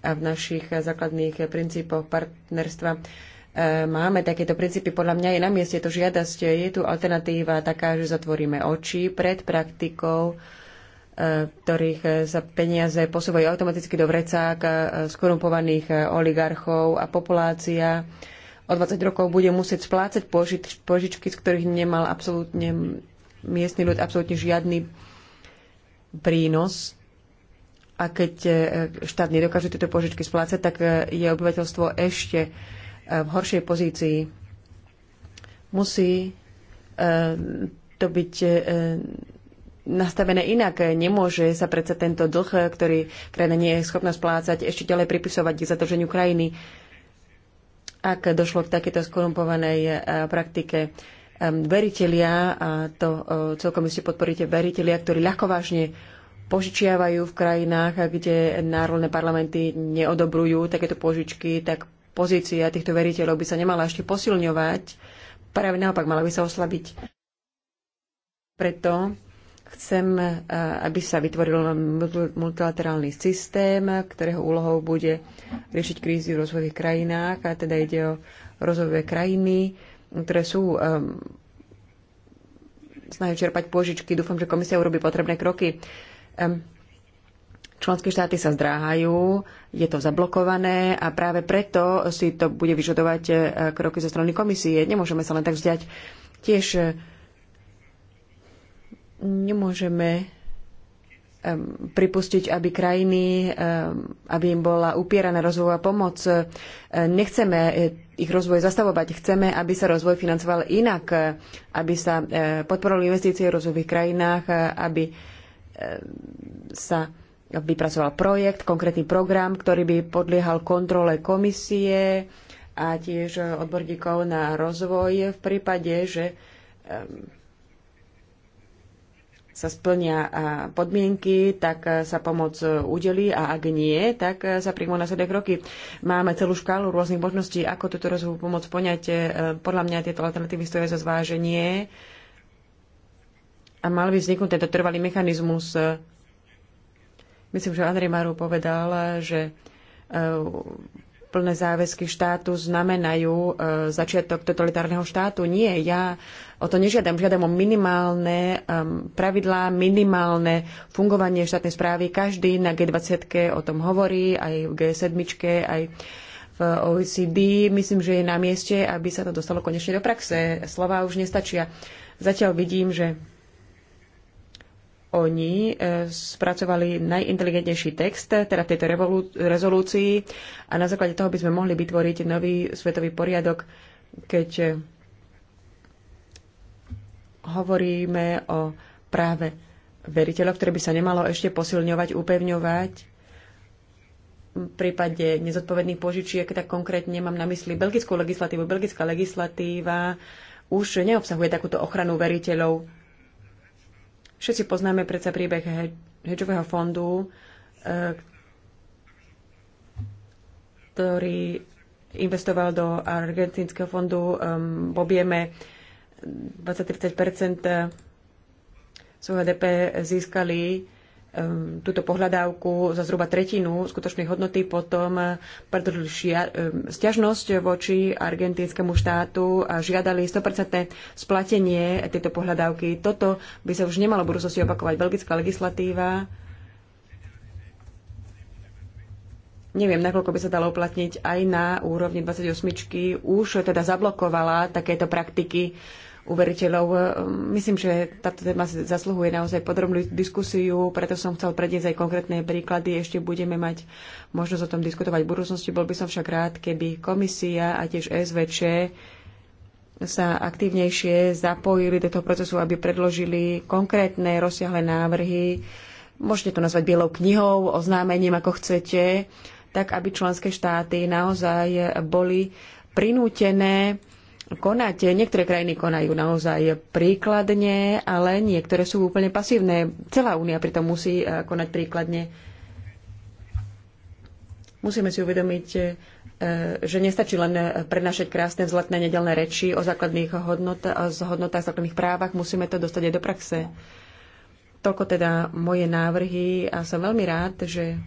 a v našich základných princípoch partnerstva E, máme takéto princípy, podľa mňa je na mieste to žiadosť. Je tu alternatíva taká, že zatvoríme oči pred praktikou, e, ktorých sa peniaze posúvajú automaticky do vrecák e, skorumpovaných oligarchov a populácia o 20 rokov bude musieť splácať požičky, z ktorých nemal absolútne miestny ľud absolútne žiadny prínos. A keď štát nedokáže tieto požičky splácať, tak je obyvateľstvo ešte v horšej pozícii. Musí eh, to byť eh, nastavené inak. Nemôže sa predsa tento dlh, ktorý krajina nie je schopná splácať, ešte ďalej pripisovať k zadlženiu krajiny, ak došlo k takéto skorumpovanej eh, praktike. Ehm, veritelia, a to celkom si podporíte, veritelia, ktorí vážne požičiavajú v krajinách, kde národné parlamenty neodobrujú takéto požičky, tak pozícia týchto veriteľov by sa nemala ešte posilňovať, práve naopak mala by sa oslabiť. Preto chcem, eh, aby sa vytvoril multilaterálny systém, ktorého úlohou bude riešiť krízy v rozvojových krajinách, a teda ide o rozvojové krajiny, ktoré sú um, snahy čerpať pôžičky. Dúfam, že komisia urobí potrebné kroky. Um, Členské štáty sa zdráhajú, je to zablokované a práve preto si to bude vyžadovať e, kroky zo strany komisie. Nemôžeme sa len tak vzdať. Tiež e, nemôžeme pripustiť, aby krajiny, aby im bola upieraná rozvojová pomoc. E, nechceme ich rozvoj zastavovať, chceme, aby sa rozvoj financoval inak, aby sa podporovali investície v rozvojových krajinách, aby sa vypracoval projekt, konkrétny program, ktorý by podliehal kontrole komisie a tiež odborníkov na rozvoj v prípade, že sa splnia podmienky, tak e, sa pomoc udelí a ak nie, tak sa e, príjmú následné kroky. Máme celú škálu rôznych možností, ako túto rozvojovú pomoc poňať. E, podľa mňa tieto alternatívy stojí za zváženie a mal by vzniknúť tento trvalý mechanizmus Myslím, že Andrej Maru povedal, že e, plné záväzky štátu znamenajú e, začiatok totalitárneho štátu. Nie, ja o to nežiadam. Žiadam o minimálne pravidlá, minimálne fungovanie štátnej správy. Každý na G20 o tom hovorí, aj v G7, aj v OECD. Myslím, že je na mieste, aby sa to dostalo konečne do praxe. Slova už nestačia. Zatiaľ vidím, že oni e, spracovali najinteligentnejší text, teda tejto rezolúcii a na základe toho by sme mohli vytvoriť nový svetový poriadok, keď e, hovoríme o práve veriteľov, ktoré by sa nemalo ešte posilňovať, upevňovať. V prípade nezodpovedných požičiek, tak konkrétne mám na mysli belgickú legislatívu. Belgická legislatíva už neobsahuje takúto ochranu veriteľov Všetci poznáme predsa príbeh hedžového fondu, e, ktorý investoval do argentínskeho fondu v objeme 20-30 svojho DP získali túto pohľadávku za zhruba tretinu skutočnej hodnoty, potom eh, predložili stiažnosť voči argentínskemu štátu a žiadali 100% splatenie tejto pohľadávky. Toto by sa už nemalo v budúcnosti opakovať. Belgická legislatíva neviem, nakoľko by sa dalo uplatniť aj na úrovni 28. už teda zablokovala takéto praktiky uveriteľov. Ehm, myslím, že táto téma zasluhuje naozaj podrobnú diskusiu, preto som chcel predniesť aj konkrétne príklady. Ešte budeme mať možnosť o tom diskutovať v budúcnosti. Bol by som však rád, keby komisia a tiež SVČ sa aktívnejšie zapojili do toho procesu, aby predložili konkrétne rozsiahle návrhy. Môžete to nazvať bielou knihou, oznámením, ako chcete, tak aby členské štáty naozaj boli prinútené konať. Niektoré krajiny konajú naozaj príkladne, ale niektoré sú úplne pasívne. Celá únia pritom musí eh, konať príkladne. Musíme si uvedomiť, eh, že nestačí len eh, prednášať krásne vzletné nedelné reči o základných hodnot, hodnotách, základných právach, musíme to dostať aj do praxe. Toľko teda moje návrhy a som veľmi rád, že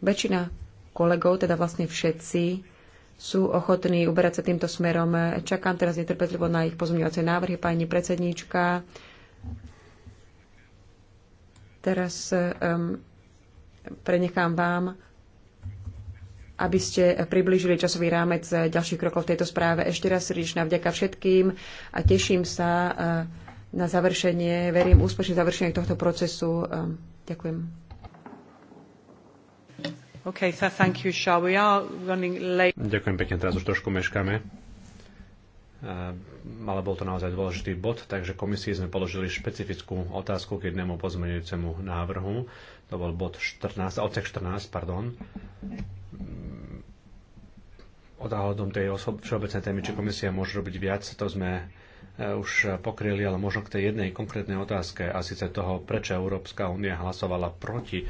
väčšina kolegov, teda vlastne všetci, sú ochotní uberať sa týmto smerom. Čakám teraz netrpezlivo na ich pozmeňovacie návrhy, pani predsedníčka. Teraz um, prenechám vám, aby ste priblížili časový rámec ďalších krokov v tejto správe. Ešte raz srdečná vďaka všetkým a teším sa eh, na završenie, verím úspešne završenie tohto procesu. Ďakujem. Okay, so thank you, Shah. We are running late. Ďakujem pekne, teraz už trošku meškáme. Ale bol to naozaj dôležitý bod, takže komisii sme položili špecifickú otázku k jednému pozmeňujúcemu návrhu. To bol bod 14, odsek 14, pardon Odáhodom tej osob, všeobecnej témy, či komisia môže robiť viac, to sme Eh, už pokryli, ale možno k tej jednej konkrétnej otázke a síce toho, prečo Európska únia hlasovala proti eh,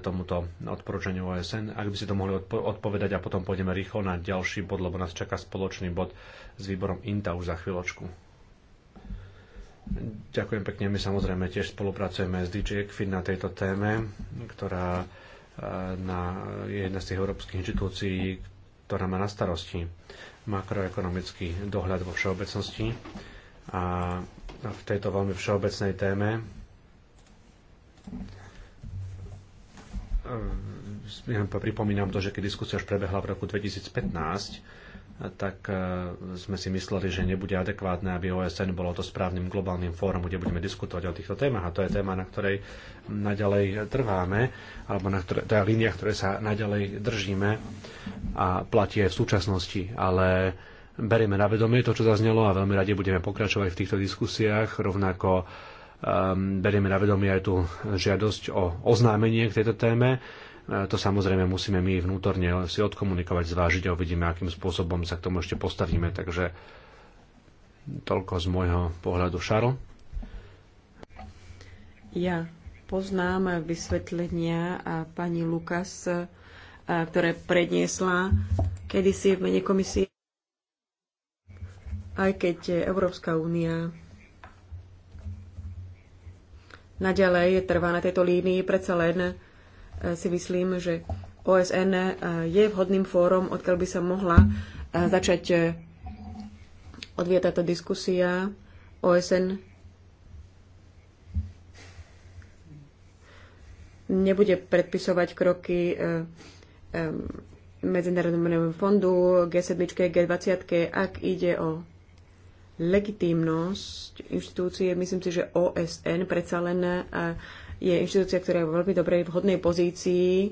tomuto odporúčaniu OSN. Ak by ste to mohli odpo- odpovedať a potom pôjdeme rýchlo na ďalší bod, lebo nás čaká spoločný bod s výborom INTA už za chvíľočku. Ďakujem pekne. My samozrejme tiež spolupracujeme s DJ Ekfin na tejto téme, ktorá eh, na, je jedna z tých európskych inštitúcií, ktorá má na starosti makroekonomický dohľad vo všeobecnosti a v tejto veľmi všeobecnej téme ehm, ja pripomínam to, že keď diskusia už prebehla v roku 2015, tak e, sme si mysleli, že nebude adekvátne, aby OSN bolo to správnym globálnym fórum, kde budeme diskutovať o týchto témach. A to je téma, na ktorej naďalej trváme, alebo na ktoré, je línia, ktoré sa naďalej držíme a platí aj v súčasnosti. Ale uh, berieme na vedomie to, čo zaznelo a veľmi radi budeme pokračovať v týchto diskusiách. Rovnako um, berieme na vedomie aj tú žiadosť o oznámenie k tejto téme. E, to samozrejme musíme my vnútorne si odkomunikovať, zvážiť a uvidíme, akým spôsobom sa k tomu ešte postavíme. Takže toľko z môjho pohľadu. Šaro? Ja poznám vysvetlenia a pani Lukas, e, ktoré predniesla kedysi v menej komisie aj keď Európska únia naďalej trvá na tejto línii, predsa len e, si myslím, že OSN e, je vhodným fórom, odkiaľ by sa mohla e, začať odvieť táto diskusia. OSN nebude predpisovať kroky Medzinárodnému fondu, G7, G20, ak ide o legitímnosť inštitúcie, myslím si, že OSN predsa len e, je inštitúcia, ktorá je vo veľmi dobrej vhodnej pozícii.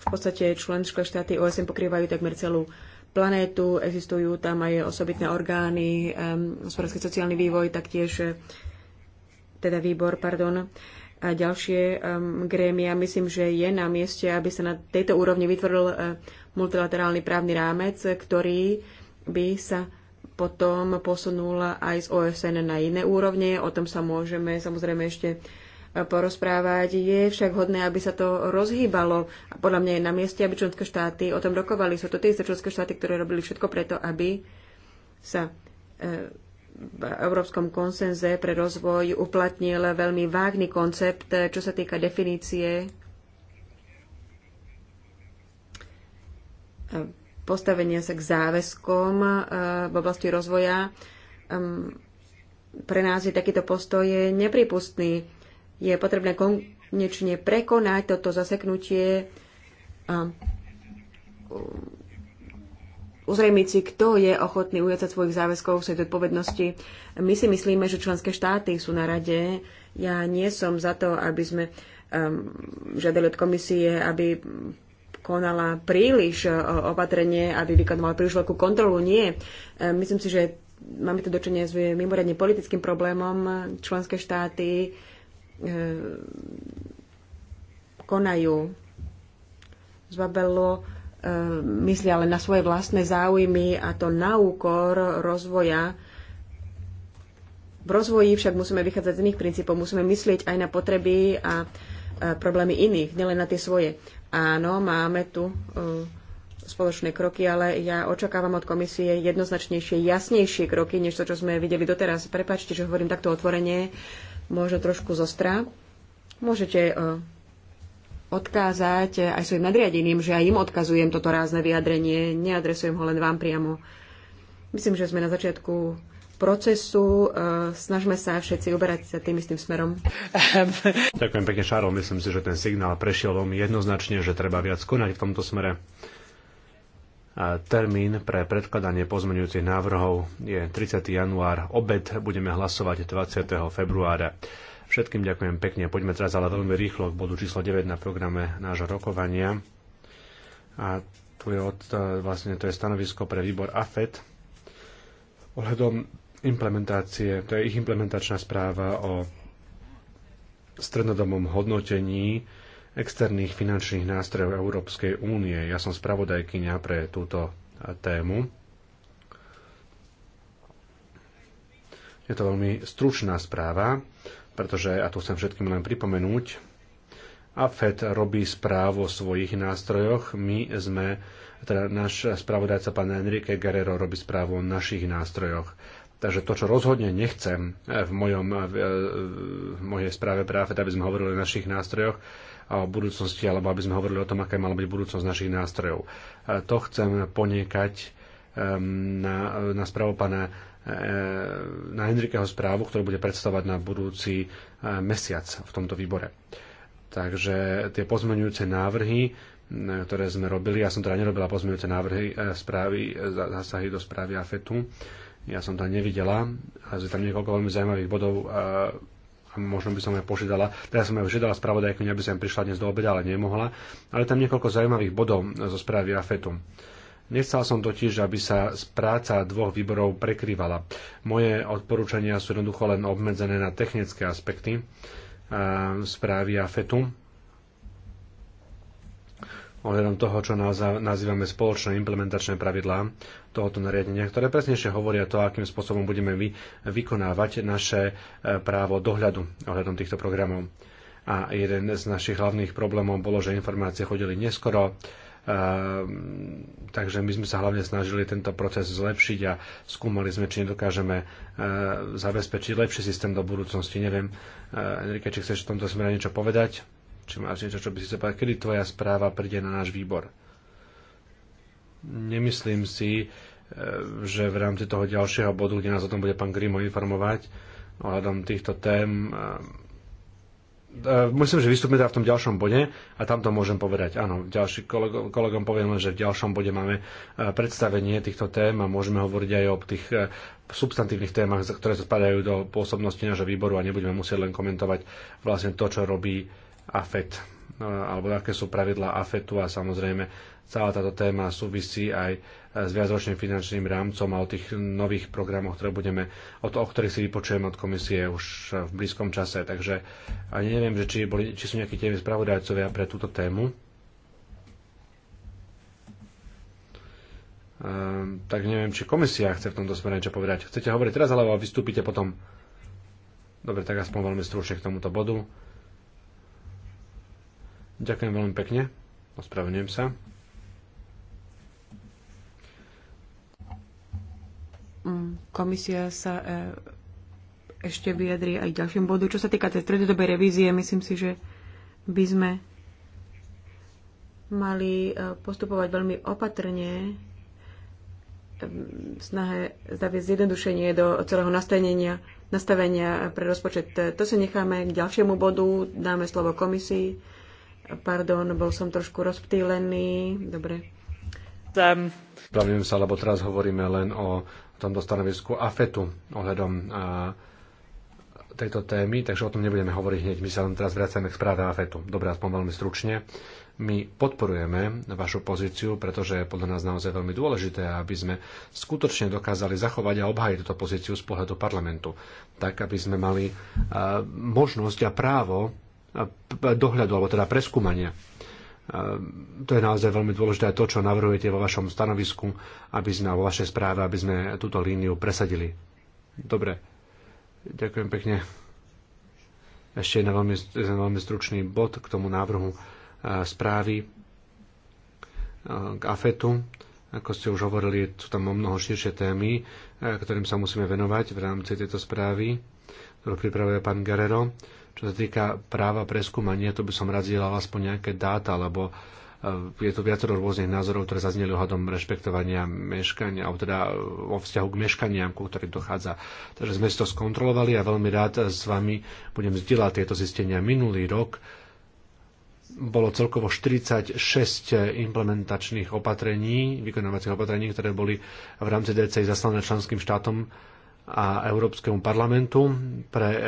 V podstate členské štáty OSN pokrývajú takmer celú planétu, existujú tam aj osobitné orgány, e, hospodársky sociálny vývoj, taktiež e, teda výbor, pardon, a ďalšie um, grémia. Myslím, že je na mieste, aby sa na tejto úrovni vytvoril uh, multilaterálny právny rámec, ktorý uh, by sa potom posunula aj z OSN na iné úrovne. O tom sa môžeme samozrejme ešte e, porozprávať. Je však hodné, aby sa to rozhýbalo. A podľa mňa je na mieste, aby členské štáty o tom rokovali. Sú to tie isté členské štáty, ktoré robili všetko preto, aby sa e, v európskom konsenze pre rozvoj uplatnil veľmi vágny koncept, e, čo sa týka definície postavenia sa k záväzkom e, v oblasti rozvoja. Pre nás je takýto postoj nepripustný. Je potrebné konečne prekonať toto zaseknutie a uzrejmiť si, kto je ochotný ujať sa svojich záväzkov, v svojej odpovednosti. My si myslíme, že členské štáty sú na rade. Ja nie som za to, aby sme um, žiadali od komisie, aby konala príliš e, opatrenie, aby vykonovala príliš veľkú kontrolu. Nie. E, myslím si, že máme to dočenie s mimoriadne politickým problémom. Členské štáty e, konajú z Babelu, myslia len na svoje vlastné záujmy a to na úkor rozvoja. V rozvoji však musíme vychádzať z iných princípov, musíme myslieť aj na potreby a problémy iných, nielen na tie svoje. Áno, máme tu e, spoločné kroky, ale ja očakávam od komisie jednoznačnejšie, jasnejšie kroky, než to, čo sme videli doteraz. Prepačte, že hovorím takto otvorene, možno trošku zostra. Môžete e, odkázať aj svojim nadriadeným, že aj im odkazujem toto rázne vyjadrenie, neadresujem ho len vám priamo. Myslím, že sme na začiatku procesu. E, snažme sa všetci uberať sa tým istým smerom. Ďakujem pekne, Šarol. Myslím si, že ten signál prešiel veľmi jednoznačne, že treba viac konať v tomto smere. A termín pre predkladanie pozmenujúcich návrhov je 30. január. Obed budeme hlasovať 20. februára. Všetkým ďakujem pekne. Poďme teraz ale veľmi rýchlo k bodu číslo 9 na programe nášho rokovania. A tu je od, vlastne to je stanovisko pre výbor AFET ohľadom implementácie, to je ich implementačná správa o strednodobom hodnotení externých finančných nástrojov Európskej únie. Ja som spravodajkyňa pre túto tému. Je to veľmi stručná správa, pretože, a tu chcem všetkým len pripomenúť, AFED robí správu o svojich nástrojoch, my sme, teda náš spravodajca pán Enrique Guerrero robí správu o našich nástrojoch. Takže to, čo rozhodne nechcem e, v, mojom, e, e, v mojej správe práve, aby sme hovorili o našich nástrojoch a o budúcnosti, alebo aby sme hovorili o tom, aká mala byť budúcnosť našich nástrojov. To chcem poniekať na, na správu pána na Henrikeho správu, ktorú bude predstavovať na budúci mesiac v tomto výbore. Takže tie pozmeňujúce návrhy, ktoré sme robili, ja som teda nerobila pozmeňujúce návrhy správy, zásahy do správy AFETu, ja som to nevidela, ale je tam niekoľko veľmi zaujímavých bodov a možno by som aj požiadala, Teraz som aj žiadala spravodajku, aby som prišla dnes do obeda, ale nemohla, ale tam niekoľko zaujímavých bodov zo správy AFETu. Nechcel som totiž, aby sa práca dvoch výborov prekrývala. Moje odporúčania sú jednoducho len obmedzené na technické aspekty správy AFETu ohľadom toho, čo nazývame spoločné implementačné pravidlá tohoto nariadenia, ktoré presnejšie hovoria to, akým spôsobom budeme vy, vykonávať naše e, právo dohľadu ohľadom týchto programov. A jeden z našich hlavných problémov bolo, že informácie chodili neskoro, e, takže my sme sa hlavne snažili tento proces zlepšiť a skúmali sme, či nedokážeme e, zabezpečiť lepší systém do budúcnosti. Neviem, Enrique, či chceš v tomto smere niečo povedať? Či máš niečo, čo by si chcel kedy tvoja správa príde na náš výbor? Nemyslím si, e, že v rámci toho ďalšieho bodu, kde nás o tom bude pán Grimo informovať, ohľadom týchto tém, e, e, myslím, že vystúpime teda v tom ďalšom bode a tam to môžem povedať. Áno, ďalší kolegom, kolegom poviem len, že v ďalšom bode máme predstavenie týchto tém a môžeme hovoriť aj o tých substantívnych témach, ktoré sa spadajú do pôsobnosti nášho výboru a nebudeme musieť len komentovať vlastne to, čo robí AFET, no, alebo aké sú pravidlá AFETu a samozrejme celá táto téma súvisí aj e, s viacročným finančným rámcom a o tých nových programoch, ktoré budeme, o, to, o ktorých si vypočujeme od komisie už e, v blízkom čase. Takže a neviem, že či, boli, či sú nejakí tie spravodajcovia pre túto tému. Um, tak neviem, či komisia chce v tomto smere niečo povedať. Chcete hovoriť teraz, alebo vystúpite potom? Dobre, tak aspoň veľmi stručne k tomuto bodu. Ďakujem veľmi pekne. Ospravedlňujem sa. Mm, komisia sa e, ešte vyjadri aj ďalším bodu. Čo sa týka tej stredodobej revízie, myslím si, že by sme mali e, postupovať veľmi opatrne e, v snahe zaviesť zjednodušenie do celého nastavenia, nastavenia pre rozpočet. To sa necháme k ďalšiemu bodu, dáme slovo komisii Pardon, bol som trošku rozptýlený. Dobre. Tam. Pravím sa, lebo teraz hovoríme len o tomto stanovisku AFETu ohľadom a, tejto témy, takže o tom nebudeme hovoriť hneď. My sa len teraz vraciame k správe AFETu. Dobre, aspoň veľmi stručne. My podporujeme vašu pozíciu, pretože je podľa nás naozaj veľmi dôležité, aby sme skutočne dokázali zachovať a obhájiť túto pozíciu z pohľadu parlamentu. Tak, aby sme mali a, možnosť a právo dohľadu, alebo teda preskúmania. To je naozaj veľmi dôležité to, čo navrhujete vo vašom stanovisku, aby sme, vo vašej správe, aby sme túto líniu presadili. Dobre, ďakujem pekne. Ešte jeden veľmi, jeden veľmi stručný bod k tomu návrhu e, správy e, k AFETu. Ako ste už hovorili, sú tam o mnoho širšie témy, e, ktorým sa musíme venovať v rámci tejto správy, ktorú pripravuje pán Guerrero čo sa týka práva preskúmania, to by som rád zdieľal aspoň nejaké dáta, lebo e, je tu viacero rôznych názorov, ktoré zazneli ohľadom rešpektovania meškania, alebo teda vo e, vzťahu k meškaniam, ku ktorým dochádza. Takže sme si to skontrolovali a veľmi rád s vami budem zdieľať tieto zistenia. Minulý rok bolo celkovo 46 implementačných opatrení, vykonávacích opatrení, ktoré boli v rámci DCI zaslané členským štátom a Európskemu parlamentu pre e,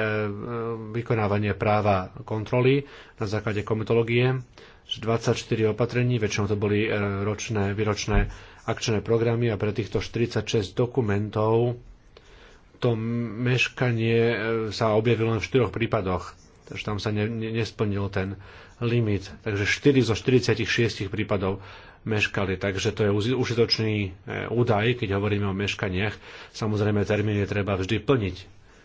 vykonávanie práva kontroly na základe komitológie. 24 opatrení, väčšinou to boli e, ročné, výročné akčné programy a pre týchto 46 dokumentov to meškanie e, sa objavilo len v 4 prípadoch, takže tam sa ne, ne, nesplnil ten limit. Takže 4 zo 46 prípadov meškali. Takže to je užitočný e, údaj, keď hovoríme o meškaniach. Samozrejme, termíny treba vždy plniť.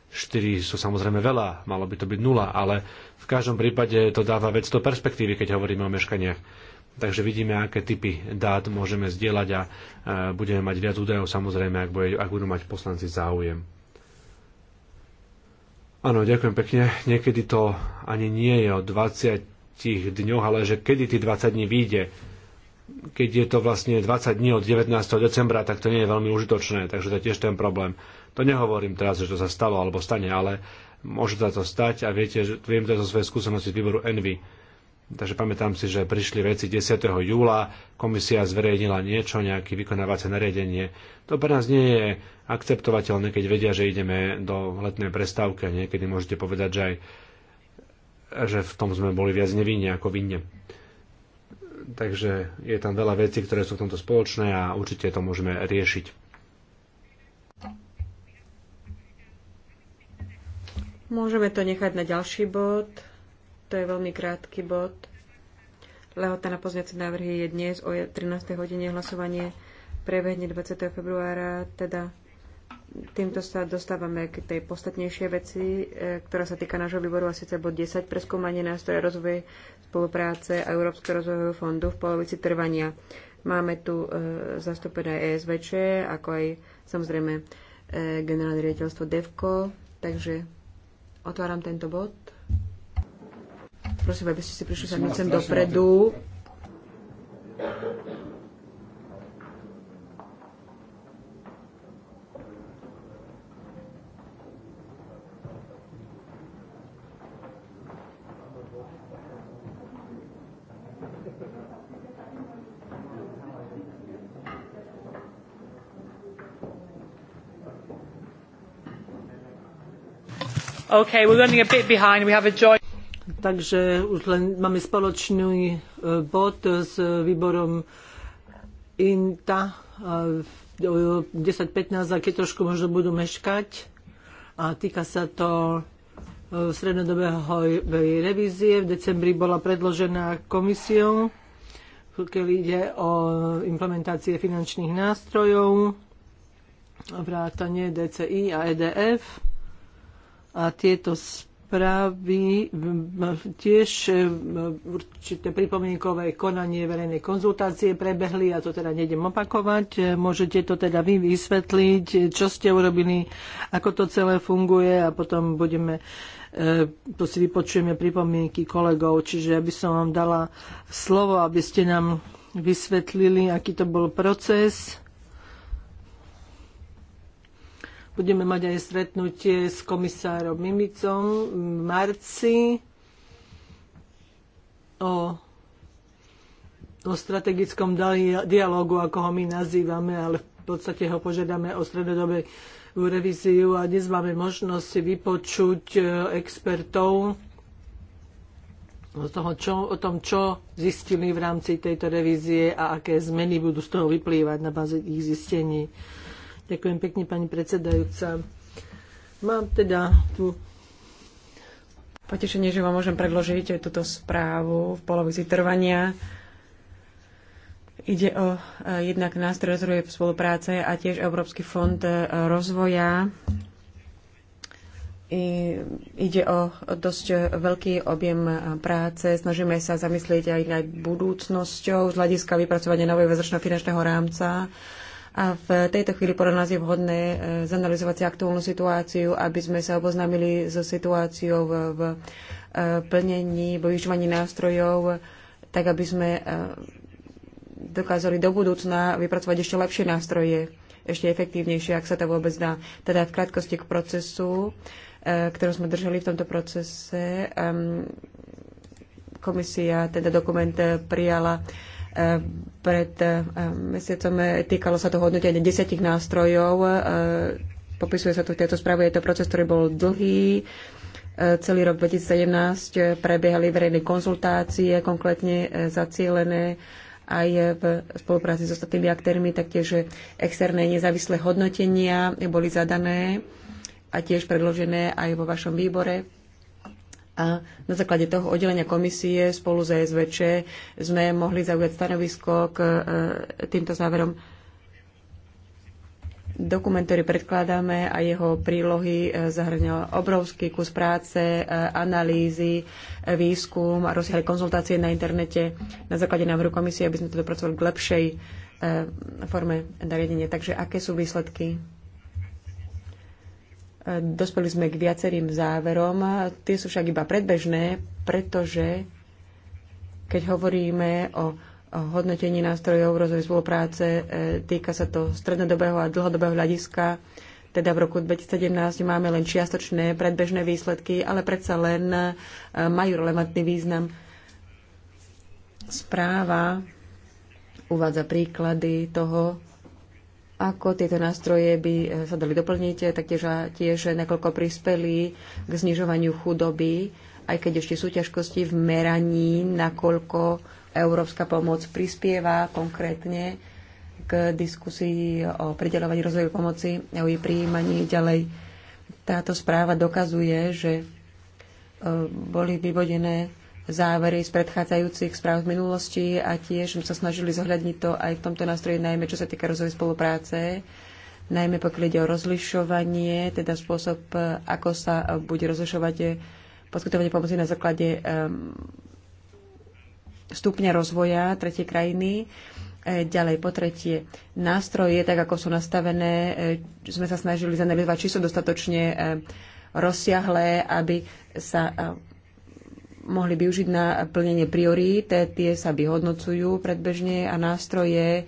4 sú samozrejme veľa, malo by to byť nula, ale v každom prípade to dáva vec do perspektívy, keď hovoríme o meškaniach. Takže vidíme, aké typy dát môžeme zdieľať a e, budeme mať viac údajov, samozrejme, ak, bude, ak budú mať poslanci záujem. Áno, ďakujem pekne. Niekedy to ani nie je o 20 dňoch, ale že kedy tých 20 dní vyjde keď je to vlastne 20 dní od 19. decembra, tak to nie je veľmi užitočné, takže to je tiež ten problém. To nehovorím teraz, že to sa stalo alebo stane, ale môže sa to stať a viete, že, viem to zo svojej skúsenosti z výboru Envy. Takže pamätám si, že prišli veci 10. júla, komisia zverejnila niečo, nejaké vykonávacie nariadenie. To pre nás nie je akceptovateľné, keď vedia, že ideme do letnej prestávky a niekedy môžete povedať, že aj že v tom sme boli viac nevinne ako vinne takže je tam veľa vecí, ktoré sú v tomto spoločné a určite to môžeme riešiť. Môžeme to nechať na ďalší bod. To je veľmi krátky bod. Lehota na pozniace návrhy je dnes o 13. hodine hlasovanie prebehne 20. februára, teda Týmto sa dostávame k tej podstatnejšej veci, e, ktorá sa týka nášho výboru a síce bod 10, preskúmanie nástroja rozvoje spolupráce a Európskeho rozvojového fondu v polovici trvania. Máme tu e, zastúpené ESVČ, ako aj samozrejme e, generálne riaditeľstvo DEVKO, takže otváram tento bod. Prosím, aby ste si prišli sa sem dopredu. Okay, we're running a bit behind. We have a joint... Takže už len máme spoločný e, bod s výborom INTA 10.15, e, keď trošku možno budú meškať. A týka sa to e, strednodobého revízie. V decembri bola predložená komisiou, keď ide o implementácie finančných nástrojov, vrátanie DCI a EDF a tieto správy tiež e, určité pripomienkové konanie verejnej konzultácie prebehli, a to teda nejdem opakovať. E, môžete to teda vy vysvetliť, čo ste urobili, ako to celé funguje a potom budeme e, to si vypočujeme pripomienky kolegov, čiže aby som vám dala slovo, aby ste nám vysvetlili, aký to bol proces Budeme mať aj stretnutie s komisárom Mimicom v marci o, o strategickom dialogu, ako ho my nazývame, ale v podstate ho požiadame o stredodobej revíziu a dnes máme možnosť si vypočuť e, expertov o, toho, čo, o tom, čo zistili v rámci tejto revízie a aké zmeny budú z toho vyplývať na báze ich zistení. Ďakujem pekne, pani predsedajúca. Mám teda tu potešenie, že vám môžem predložiť túto správu v polovici trvania. Ide o e, jednak nástroj rozvoje spolupráce a tiež Európsky fond e, rozvoja. I ide o dosť veľký objem e, práce. Snažíme sa zamyslieť aj nad budúcnosťou z hľadiska vypracovania nového väzročno finančného rámca a v tejto chvíli podľa nás je vhodné e, zanalizovať si aktuálnu situáciu, aby sme sa oboznámili so situáciou v, v e, plnení, využívaní nástrojov, tak aby sme e, dokázali do budúcna vypracovať ešte lepšie nástroje, ešte efektívnejšie, ak sa to vôbec dá. Teda v krátkosti k procesu, ktorú sme držali v tomto procese, komisia teda dokument prijala Eh, pred eh, mesiacom eh, týkalo sa to hodnotenia desiatich nástrojov. Popisuje sa to v tejto správe. Je to proces, ktorý bol dlhý. Celý rok 2017 prebiehali verejné konzultácie, konkrétne zacielené aj v spolupráci s ostatnými aktérmi, taktiež externé nezávislé hodnotenia boli zadané a tiež predložené aj vo vašom výbore. A na základe toho oddelenia komisie spolu s SVČ sme mohli zaujať stanovisko k e, týmto záverom. Dokument, ktorý predkladáme a jeho prílohy e, zahrňal obrovský kus práce, e, analýzy, výskum a rozsiahle konzultácie na internete na základe návrhu komisie, aby sme to dopracovali k lepšej forme nariadenia. Takže aké sú výsledky? Dospeli sme k viacerým záverom. Tie sú však iba predbežné, pretože keď hovoríme o hodnotení nástrojov rozvoj spolupráce, e, týka sa to strednodobého a dlhodobého hľadiska. Teda v roku 2017 máme len čiastočné predbežné výsledky, ale predsa len e, majú relevantný význam. Správa uvádza príklady toho, ako tieto nástroje by e, sa dali doplniť, e, taktiež tiež nakoľko prispeli k znižovaniu chudoby, aj keď ešte sú ťažkosti v meraní, nakoľko európska pomoc prispieva konkrétne k diskusii o predeľovaní rozvoju pomoci a o jej prijímaní ďalej. Táto správa dokazuje, že e, boli vyvodené závery z predchádzajúcich správ z minulosti a tiež sme sa snažili zohľadniť to aj v tomto nástroji, najmä čo sa týka rozvoj spolupráce, najmä pokiaľ ide o rozlišovanie, teda spôsob, ako sa bude rozlišovať eh, poskytovanie pomoci na základe stupňa rozvoja tretej krajiny. E, ďalej, po tretie, nástroje, tak ako sú nastavené, e, sme sa snažili zanalizovať, či sú dostatočne rozsiahlé, aby sa mohli využiť na plnenie priorít. Tie sa vyhodnocujú predbežne a nástroje,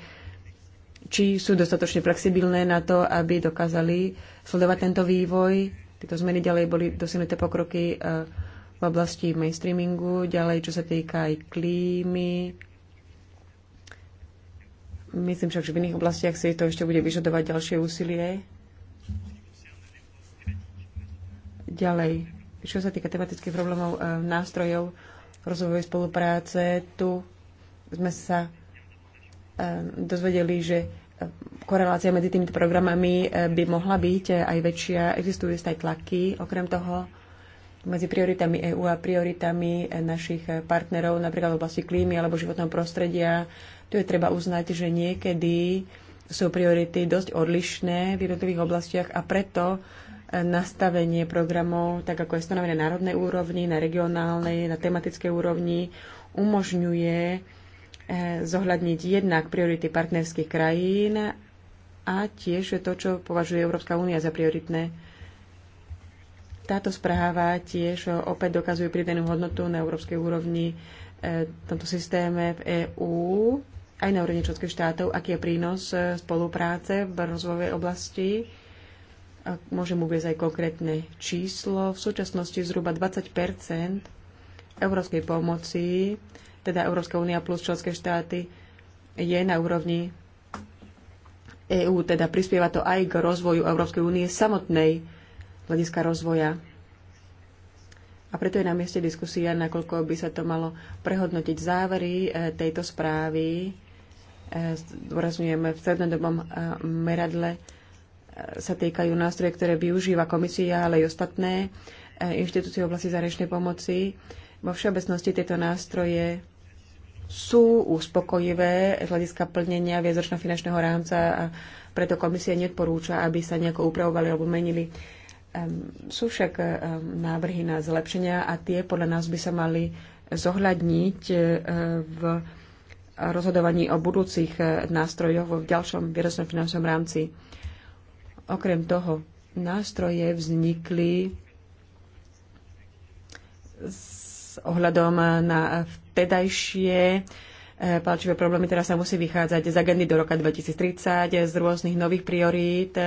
či sú dostatočne flexibilné na to, aby dokázali sledovať tento vývoj. Tieto zmeny ďalej boli dosiahnuté pokroky eh, v oblasti mainstreamingu, ďalej čo sa týka aj klímy. Myslím však, že v iných oblastiach si to ešte bude vyžadovať ďalšie úsilie. Ďalej čo sa týka tematických problémov e, nástrojov rozvojovej spolupráce, tu sme sa e, dozvedeli, že e, korelácia medzi týmito programami by mohla byť aj väčšia. Existujú isté tlaky, okrem toho, medzi prioritami EÚ a prioritami našich partnerov, napríklad v oblasti klímy alebo životného prostredia. Tu je treba uznať, že niekedy sú priority dosť odlišné v jednotlivých oblastiach a preto nastavenie programov, tak ako je stanovené na národnej úrovni, na regionálnej, na tematickej úrovni, umožňuje eh, zohľadniť jednak priority partnerských krajín a tiež to, čo považuje Európska únia za prioritné. Táto správa tiež opäť dokazuje pridanú hodnotu na európskej úrovni eh, v tomto systéme v EÚ aj na úrovni členských štátov, aký je prínos eh, spolupráce v rozvojovej oblasti a môžem uvieť aj konkrétne číslo, v súčasnosti zhruba 20 európskej pomoci, teda Európska únia plus členské štáty, je na úrovni EÚ, teda prispieva to aj k rozvoju Európskej únie samotnej hľadiska rozvoja. A preto je na mieste diskusia, nakoľko by sa to malo prehodnotiť závery e, tejto správy. E, Zdôrazňujeme v strednodobom e, meradle sa týkajú nástroje, ktoré využíva komisia, ale aj ostatné e, inštitúcie v oblasti zahraničnej pomoci. Vo všeobecnosti tieto nástroje sú uspokojivé z hľadiska plnenia viacročného finančného rámca a preto komisia neodporúča, aby sa nejako upravovali alebo menili. Ehm, sú však ehm, návrhy na zlepšenia a tie podľa nás by sa mali zohľadniť e, v rozhodovaní o budúcich e, nástrojoch v ďalšom výročnom finančnom rámci. Okrem toho, nástroje vznikli s ohľadom na vtedajšie eh, palčivé problémy. Teraz sa musí vychádzať z agendy do roka 2030, z rôznych nových priorít.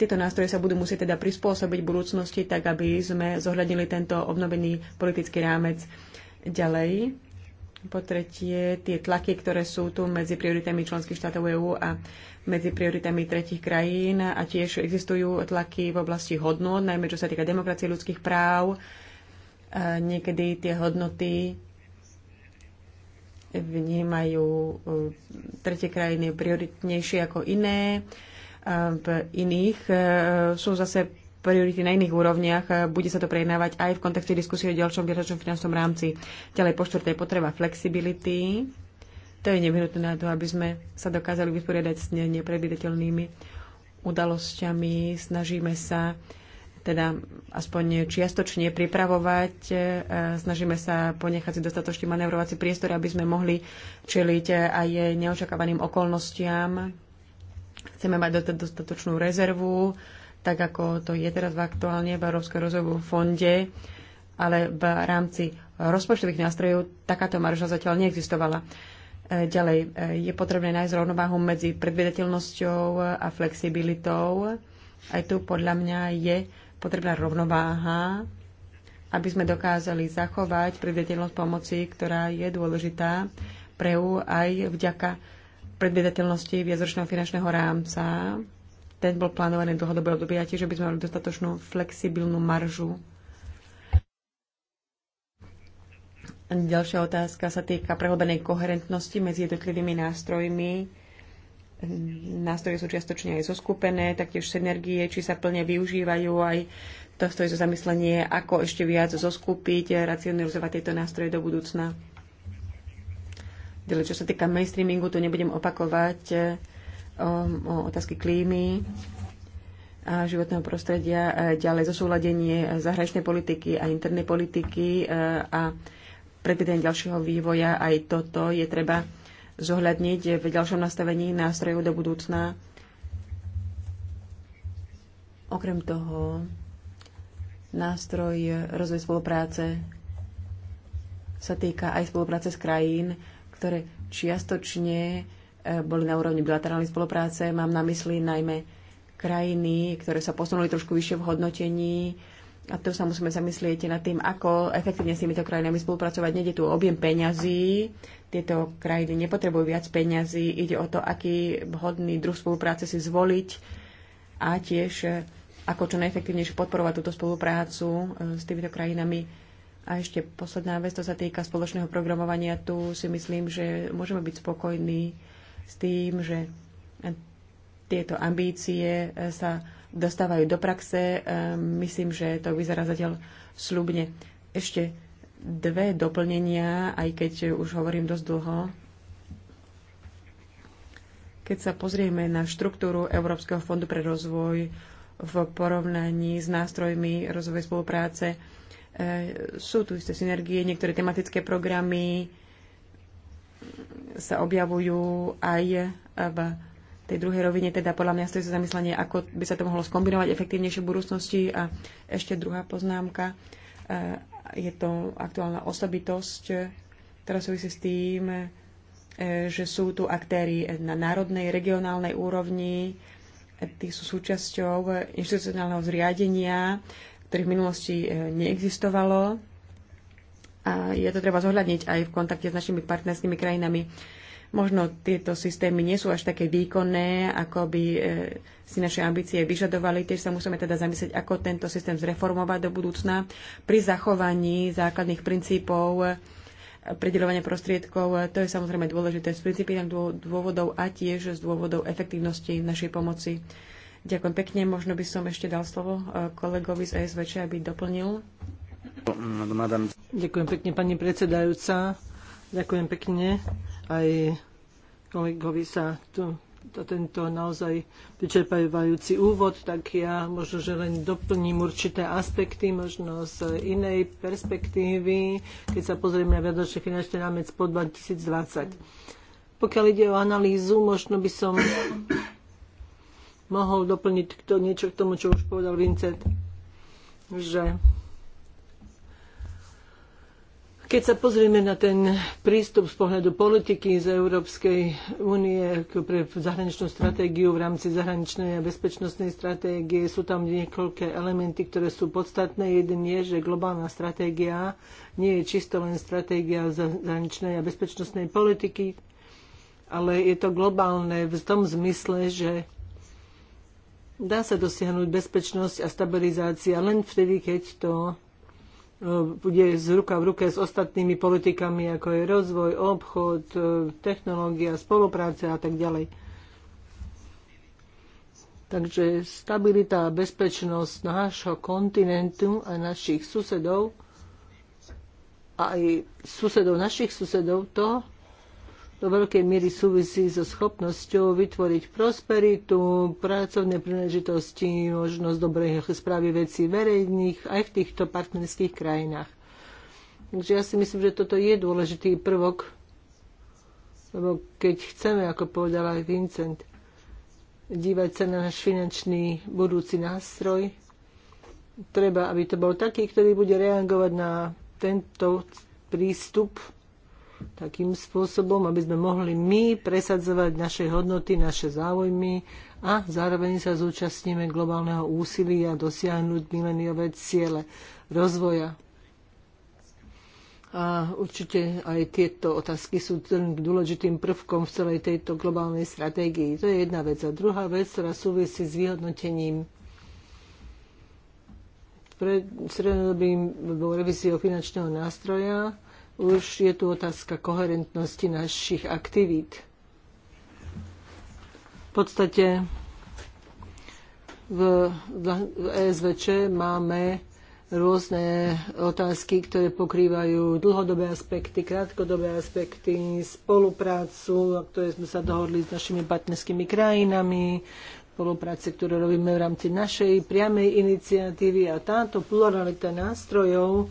tieto nástroje sa budú musieť teda prispôsobiť v budúcnosti, tak aby sme zohľadnili tento obnovený politický rámec ďalej. Po tretie, tie tlaky, ktoré sú tu medzi prioritami členských štátov EÚ a medzi prioritami tretich krajín a tiež existujú tlaky v oblasti hodnot, najmä čo sa týka demokracie ľudských práv. E, niekedy tie hodnoty vnímajú e, tretie krajiny prioritnejšie ako iné. E, v iných sú zase priority na iných úrovniach. Bude sa to prejednávať aj v kontexte diskusie o ďalšom výročnom finančnom rámci. Ďalej po štvrté potreba flexibility to je nevyhnutné na to, aby sme sa dokázali vysporiadať s nepredvidateľnými udalosťami. Snažíme sa teda aspoň čiastočne pripravovať, e, snažíme sa ponechať si dostatočne manevrovací priestor, aby sme mohli čeliť aj neočakávaným okolnostiam. Chceme mať dostatočnú rezervu, tak ako to je teraz v aktuálne v Európskej rozvojovom fonde, ale v rámci rozpočtových nástrojov takáto marža zatiaľ neexistovala. Ďalej, eh, je potrebné nájsť rovnováhu medzi predvedateľnosťou a flexibilitou. Aj tu podľa mňa je potrebná rovnováha, aby sme dokázali zachovať predvedateľnosť pomoci, ktorá je dôležitá pre EU aj vďaka predvedateľnosti viacročného finančného rámca. Ten bol plánovaný dlhodobé obdobie a tiež, sme mali dostatočnú flexibilnú maržu Ďalšia otázka sa týka prehlbenej koherentnosti medzi jednotlivými nástrojmi. Nástroje sú čiastočne aj zoskupené, taktiež synergie, či sa plne využívajú aj to stojí za zamyslenie, ako ešte viac zoskupiť, racionalizovať tieto nástroje do budúcna. Ďalej, čo sa týka mainstreamingu, tu nebudem opakovať o, um, o otázky klímy a životného prostredia, ďalej zosúladenie zahraničnej politiky a internej politiky e, a, a predvídanie ďalšieho vývoja. Aj toto je treba zohľadniť v ďalšom nastavení nástrojov do budúcna. Okrem toho, nástroj rozvoj spolupráce sa týka aj spolupráce s krajín, ktoré čiastočne e, boli na úrovni bilaterálnej spolupráce. Mám na mysli najmä krajiny, ktoré sa posunuli trošku vyššie v hodnotení a tu sa musíme zamyslieť nad tým, ako efektívne s týmito krajinami spolupracovať. Nede tu objem peňazí, tieto krajiny nepotrebujú viac peňazí, ide o to, aký vhodný druh spolupráce si zvoliť a tiež eh, ako čo najefektívnejšie podporovať túto spoluprácu eh, s týmito krajinami. A ešte posledná vec, to sa týka spoločného programovania. Tu si myslím, že môžeme byť spokojní s tým, že eh, tieto ambície sa dostávajú do praxe. Ehm, myslím, že to vyzerá zatiaľ slubne. Ešte dve doplnenia, aj keď už hovorím dosť dlho. Keď sa pozrieme na štruktúru Európskeho fondu pre rozvoj v porovnaní s nástrojmi rozvojovej spolupráce, ehm, sú tu isté synergie, niektoré tematické programy sa objavujú aj v tej druhej rovine teda podľa mňa stojí za zamyslenie, ako by sa to mohlo skombinovať efektívnejšie v budúcnosti. A ešte druhá poznámka, eh, je to aktuálna osobitosť, ktorá súvisí s tým, eh, že sú tu aktéry na národnej, regionálnej úrovni, eh, tí sú súčasťou inštitucionálneho zriadenia, ktorých v minulosti neexistovalo. A je to treba zohľadniť aj v kontakte s našimi partnerskými krajinami. Možno tieto systémy nie sú až také výkonné, ako by e, si naše ambície vyžadovali. Tiež sa musíme teda zamyslieť, ako tento systém zreformovať do budúcna pri zachovaní základných princípov e, prideľovania prostriedkov. E, to je samozrejme dôležité z principiálnych dôvodov a tiež z dôvodov efektívnosti našej pomoci. Ďakujem pekne. Možno by som ešte dal slovo kolegovi z ESVČ, aby doplnil. Ďakujem pekne, pani predsedajúca. Ďakujem pekne. Aj kolegovi sa tu tento naozaj vyčerpajúci úvod, tak ja možno, že len doplním určité aspekty, možno z inej perspektívy, keď sa pozrieme na viadočný finančný rámec po 2020. Pokiaľ ide o analýzu, možno by som mohol doplniť to, niečo k tomu, čo už povedal Vincent, že keď sa pozrieme na ten prístup z pohľadu politiky z Európskej únie pre zahraničnú stratégiu v rámci zahraničnej a bezpečnostnej stratégie, sú tam niekoľké elementy, ktoré sú podstatné. Jeden je, že globálna stratégia nie je čisto len stratégia zahraničnej a bezpečnostnej politiky, ale je to globálne v tom zmysle, že dá sa dosiahnuť bezpečnosť a stabilizácia len vtedy, keď to bude z ruka v ruke s ostatnými politikami, ako je rozvoj, obchod, e, technológia, spolupráca a tak ďalej. Takže stabilita a bezpečnosť nášho kontinentu a našich susedov a aj susedov našich susedov, to do veľkej miery súvisí so schopnosťou vytvoriť prosperitu, pracovné príležitosti, možnosť dobrej správy vecí verejných aj v týchto partnerských krajinách. Takže ja si myslím, že toto je dôležitý prvok, lebo keď chceme, ako povedal aj Vincent, dívať sa na náš finančný budúci nástroj, treba, aby to bol taký, ktorý bude reagovať na tento prístup takým spôsobom, aby sme mohli my presadzovať naše hodnoty, naše záujmy a zároveň sa zúčastníme globálneho úsilia dosiahnuť mileniové ciele rozvoja. A určite aj tieto otázky sú dôležitým prvkom v celej tejto globálnej stratégii. To je jedna vec. A druhá vec, ktorá súvisí s vyhodnotením pred srednodobým revíziou finančného nástroja, už je tu otázka koherentnosti našich aktivít. V podstate v, v ESVČ máme rôzne otázky, ktoré pokrývajú dlhodobé aspekty, krátkodobé aspekty, spoluprácu, o ktorej sme sa dohodli s našimi partnerskými krajinami, spolupráce, ktoré robíme v rámci našej priamej iniciatívy a táto pluralita nástrojov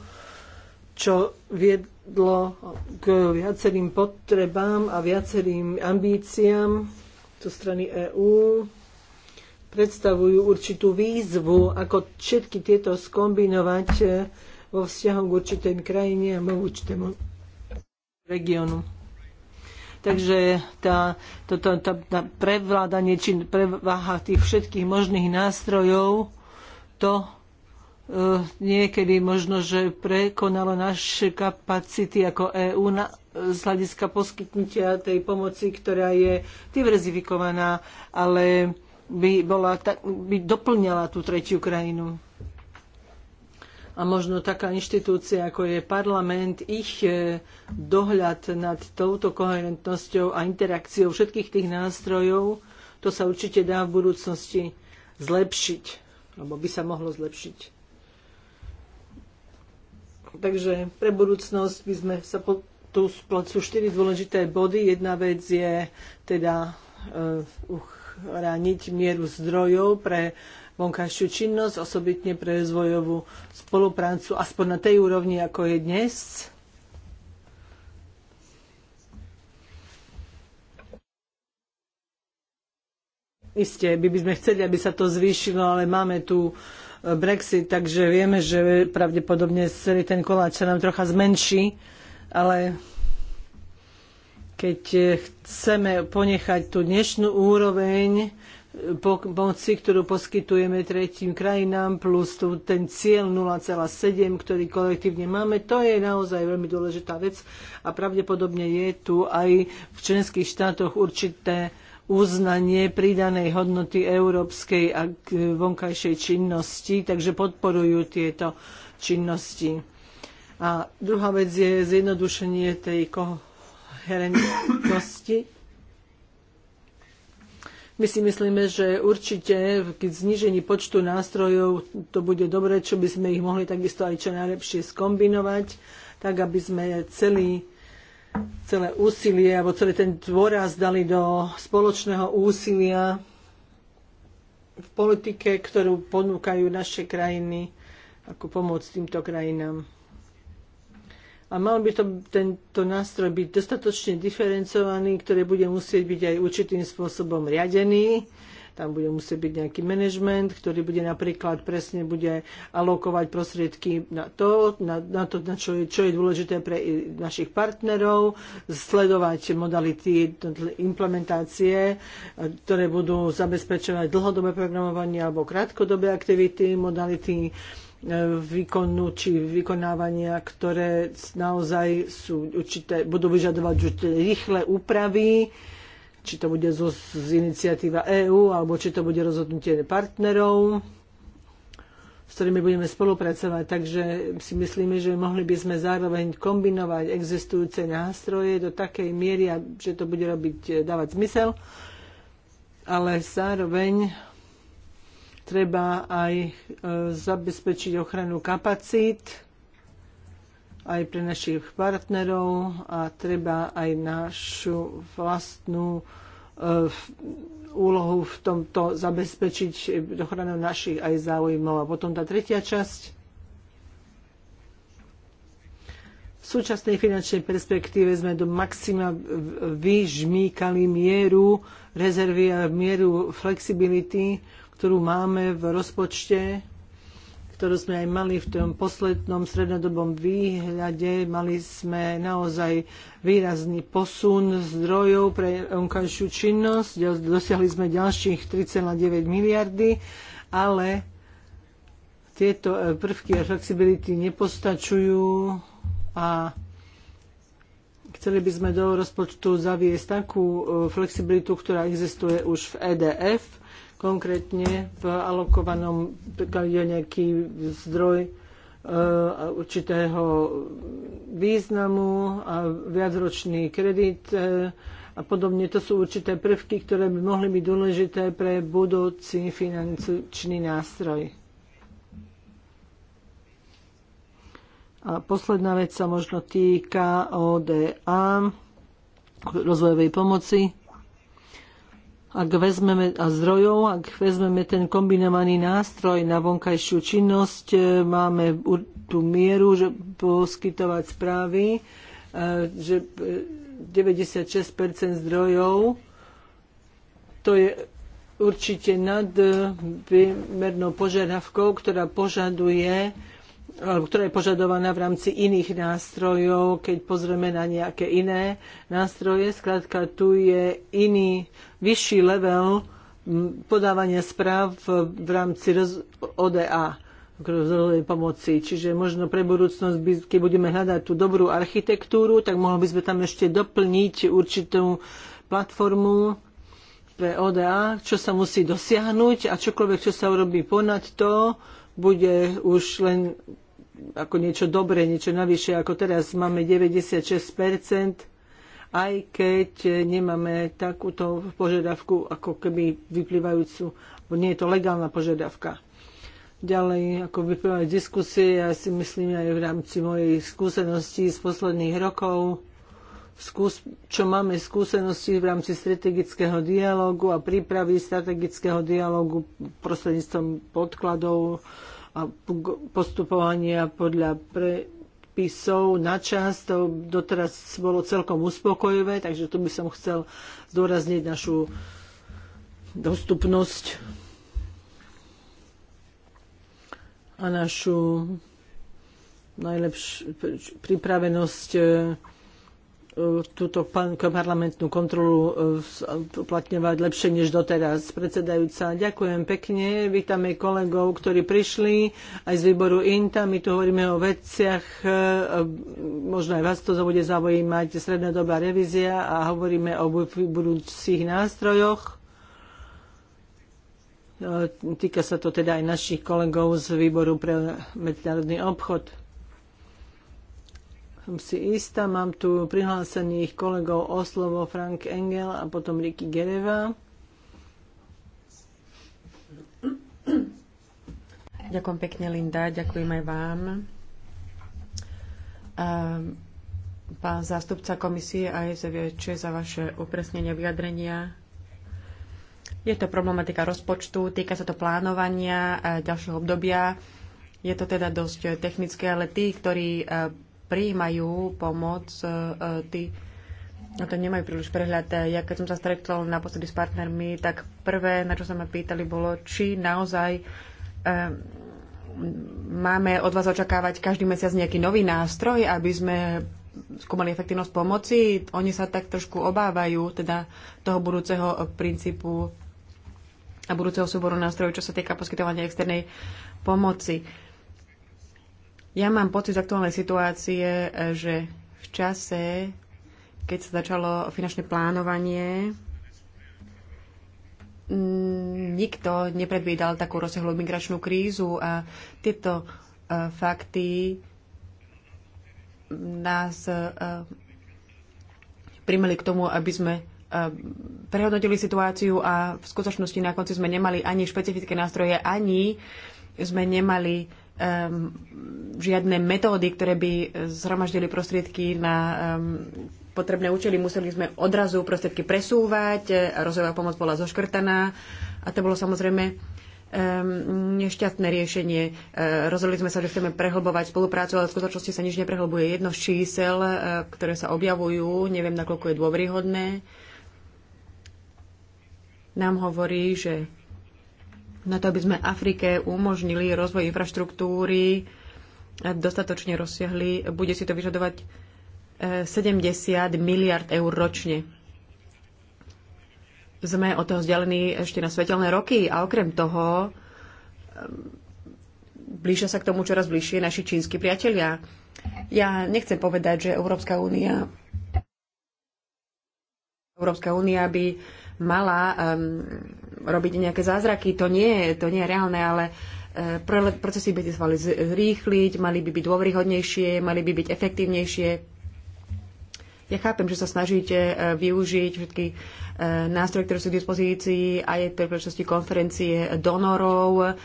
čo viedlo k viacerým potrebám a viacerým ambíciám zo strany EÚ predstavujú určitú výzvu, ako všetky tieto skombinovať eh, vo vzťahu k určitej krajine a určitému regiónu. Takže tá, to, to, tá, tá prevládanie či preváha tých všetkých možných nástrojov, to Eh, niekedy možno, že prekonalo naše kapacity ako EÚ na, z hľadiska poskytnutia tej pomoci, ktorá je diverzifikovaná, ale by, bola, tak, by doplňala tú tretiu krajinu. A možno taká inštitúcia, ako je parlament, ich eh, dohľad nad touto koherentnosťou a interakciou všetkých tých nástrojov, to sa určite dá v budúcnosti zlepšiť, alebo by sa mohlo zlepšiť. Takže pre budúcnosť by sme sa po, tu sú štyri dôležité body. Jedna vec je teda eh, uchrániť mieru zdrojov pre vonkajšiu činnosť, osobitne pre rozvojovú spoluprácu, aspoň na tej úrovni, ako je dnes. Isté, by, by sme chceli, aby sa to zvýšilo, ale máme tu Brexit, takže vieme, že pravdepodobne celý ten koláč sa nám trocha zmenší, ale keď chceme ponechať tú dnešnú úroveň pomoci, ktorú poskytujeme tretím krajinám, plus tu ten cieľ 0,7, ktorý kolektívne máme, to je naozaj veľmi dôležitá vec a pravdepodobne je tu aj v členských štátoch určité uznanie pridanej hodnoty európskej a vonkajšej činnosti, takže podporujú tieto činnosti. A druhá vec je zjednodušenie tej koherentnosti. My si myslíme, že určite keď znižení počtu nástrojov to bude dobre, čo by sme ich mohli takisto aj čo najlepšie skombinovať, tak aby sme celý celé úsilie alebo celý ten dôraz dali do spoločného úsilia v politike, ktorú ponúkajú naše krajiny ako pomoc týmto krajinám. A mal by to, tento nástroj byť dostatočne diferencovaný, ktorý bude musieť byť aj určitým spôsobom riadený, tam bude musieť byť nejaký manažment, ktorý bude napríklad presne bude alokovať prostriedky na to, na, na to na čo, je, čo je dôležité pre našich partnerov, sledovať modality implementácie, ktoré budú zabezpečovať dlhodobé programovanie alebo krátkodobé aktivity, modality e, výkonu či vykonávania, ktoré naozaj sú určité, budú vyžadovať určité rýchle úpravy či to bude z, z iniciatíva EÚ, alebo či to bude rozhodnutie partnerov, s ktorými budeme spolupracovať. Takže si myslíme, že mohli by sme zároveň kombinovať existujúce nástroje do takej miery, že to bude robiť, e, dávať zmysel, ale zároveň treba aj e, zabezpečiť ochranu kapacít, aj pre našich partnerov a treba aj našu vlastnú e, úlohu v tomto zabezpečiť e, ochranu našich aj záujmov. A potom tá tretia časť. V súčasnej finančnej perspektíve sme do maxima vyžmíkali mieru rezervy a mieru flexibility, ktorú máme v rozpočte ktorú sme aj mali v tom poslednom strednodobom výhľade. Mali sme naozaj výrazný posun zdrojov pre onkajšiu činnosť. Dosiahli sme ďalších 3,9 miliardy, ale tieto eh, prvky a flexibility nepostačujú a Chceli by sme do rozpočtu zaviesť takú e, flexibilitu, ktorá existuje už v EDF, konkrétne v alokovanom, pokiaľ je nejaký zdroj e, určitého významu a viacročný kredit e, a podobne. To sú určité prvky, ktoré by mohli byť dôležité pre budúci finančný nástroj. A posledná vec sa možno týka ODA, rozvojovej pomoci. Ak vezmeme a zdrojov, ak vezmeme ten kombinovaný nástroj na vonkajšiu činnosť, e, máme tú mieru, že poskytovať správy, e, že 96% e, zdrojov, to je určite nad priemernou požiadavkou, ktorá požaduje alebo ktorá je požadovaná v rámci iných nástrojov, keď pozrieme na nejaké iné nástroje. Skrátka, tu je iný, vyšší level podávania správ v rámci ODA rozvojovej pomoci. Čiže možno pre budúcnosť, keď budeme hľadať tú dobrú architektúru, tak mohli by sme tam ešte doplniť určitú platformu pre ODA, čo sa musí dosiahnuť a čokoľvek, čo sa urobí ponad to, bude už len ako niečo dobré, niečo navyše, ako teraz máme 96%, aj keď nemáme takúto požiadavku, ako keby vyplývajúcu, bo nie je to legálna požiadavka. Ďalej, ako vyplývajú diskusie, ja si myslím aj v rámci mojej skúsenosti z posledných rokov, skús- čo máme skúsenosti v rámci strategického dialógu a prípravy strategického dialógu prostredníctvom podkladov, a postupovania podľa predpisov na čas. To doteraz bolo celkom uspokojivé, takže tu by som chcel zdôrazniť našu dostupnosť a našu najlepšiu pripravenosť eh, túto parlamentnú kontrolu e, uplatňovať lepšie než doteraz. Predsedajúca, ďakujem pekne. Vítame kolegov, ktorí prišli aj z výboru INTA. My tu hovoríme o veciach, e, e, možno aj vás to bude zaujímať, strednodobá revízia a hovoríme o budúcich nástrojoch. Týka sa to teda aj našich kolegov z výboru pre medzinárodný obchod som si istá, mám tu prihlásených kolegov oslovo Frank Engel a potom Ricky Gereva. Ďakujem pekne, Linda, ďakujem aj vám. Pán zástupca komisie a SVČ za vaše upresnenie vyjadrenia. Je to problematika rozpočtu, týka sa to plánovania ďalšieho obdobia. Je to teda dosť technické, ale tí, ktorí prijímajú pomoc, e, e, tí na to nemajú príliš prehľad. E, ja keď som sa stretol naposledy s partnermi, tak prvé, na čo sa ma pýtali, bolo, či naozaj máme od vás očakávať každý mesiac nejaký nový nástroj, aby sme skúmali efektivnosť pomoci. Oni sa tak trošku obávajú teda toho budúceho princípu a budúceho súboru nástrojov, čo sa týka poskytovania externej pomoci. Ja mám pocit z aktuálnej situácie, e, že v čase, keď sa začalo finančné plánovanie, nikto nepredvídal takú rozsiahlu migračnú krízu a tieto e, fakty nás e, primeli k tomu, aby sme prehodnotili situáciu a v skutočnosti na konci sme nemali ani špecifické nástroje, ani sme nemali um, žiadne metódy, ktoré by eh, zhromaždili prostriedky na um, potrebné účely. Museli sme odrazu prostriedky presúvať, eh, rozvojová pomoc bola zoškrtaná a to bolo samozrejme um, nešťastné riešenie. Uh, rozhodli sme sa, že chceme prehlbovať spoluprácu, ale v skutočnosti sa nič neprehlbuje. Jedno z čísel, uh, ktoré sa objavujú, neviem, nakoľko je dôveryhodné, nám hovorí, že na to, aby sme Afrike umožnili rozvoj infraštruktúry dostatočne rozsiahli, bude si to vyžadovať 70 eh, miliard eur ročne. Sme od toho vzdialení ešte na svetelné roky a okrem toho eh, blížia sa k tomu čoraz bližšie naši čínsky priatelia. Ja nechcem povedať, že Európska únia Európska únia by mala um, robiť nejaké zázraky, to nie, to nie je reálne, ale e, procesy by sa mali zrýchliť, mali by byť dôveryhodnejšie, mali by byť efektívnejšie. Ja chápem, že sa snažíte e, využiť všetky e, nástroje, ktoré sú k dispozícii, aj v príležitosti konferencie donorov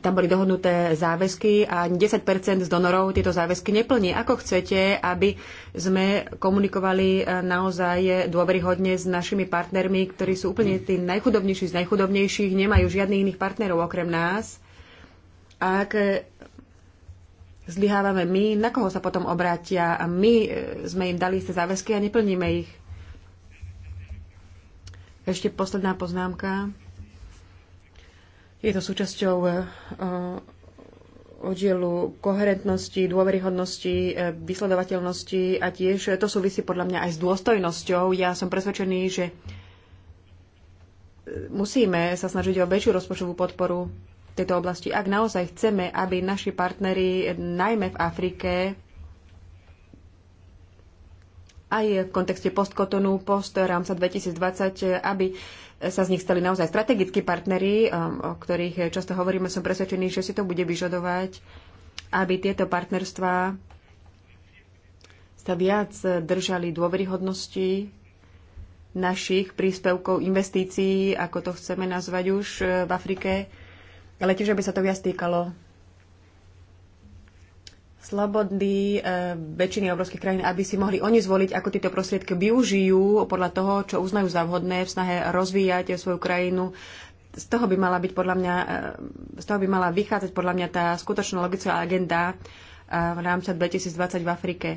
tam boli dohodnuté záväzky a 10 z donorov tieto záväzky neplní. Ako chcete, aby sme komunikovali e, naozaj dôveryhodne s našimi partnermi, ktorí sú úplne tí najchudobnejší z najchudobnejších, nemajú žiadnych iných partnerov okrem nás? Ak e, zlyhávame my, na koho sa potom obrátia a my e, sme im dali ste záväzky a neplníme ich? Ešte posledná poznámka. Je to súčasťou eh, eh, oddielu koherentnosti, dôveryhodnosti, eh, vysledovateľnosti a tiež to súvisí podľa mňa aj s dôstojnosťou. Ja som presvedčený, že musíme sa snažiť o väčšiu rozpočtovú podporu v tejto oblasti. Ak naozaj chceme, aby naši partnery najmä v Afrike, aj v kontexte postkotonu, post rámca 2020, aby sa z nich stali naozaj strategickí partneri, um, o ktorých často hovoríme, som presvedčený, že si to bude vyžadovať, aby tieto partnerstvá sa viac držali dôveryhodnosti našich príspevkov, investícií, ako to chceme nazvať už eh, v Afrike, ale tiež, aby sa to viac týkalo slobody eh, väčšiny európskych krajín, aby si mohli oni zvoliť, ako tieto prostriedky využijú podľa toho, čo uznajú za vhodné v snahe rozvíjať svoju krajinu. Z toho by mala byť podľa mňa, eh, z toho by mala vychádzať podľa mňa tá skutočná logická agenda eh, v rámci 2020 v Afrike.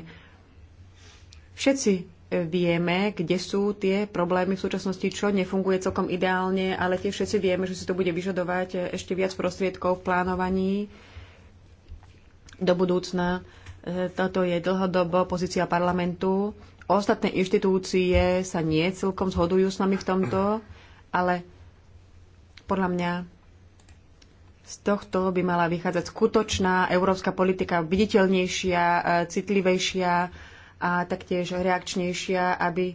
Všetci vieme, kde sú tie problémy v súčasnosti, čo nefunguje celkom ideálne, ale tiež všetci vieme, že si to bude vyžadovať ešte viac prostriedkov v plánovaní do budúcna. E, toto je dlhodobo pozícia parlamentu. Ostatné inštitúcie sa nie celkom zhodujú s nami v tomto, ale podľa mňa z tohto by mala vychádzať skutočná európska politika, viditeľnejšia, e, citlivejšia a taktiež reakčnejšia, aby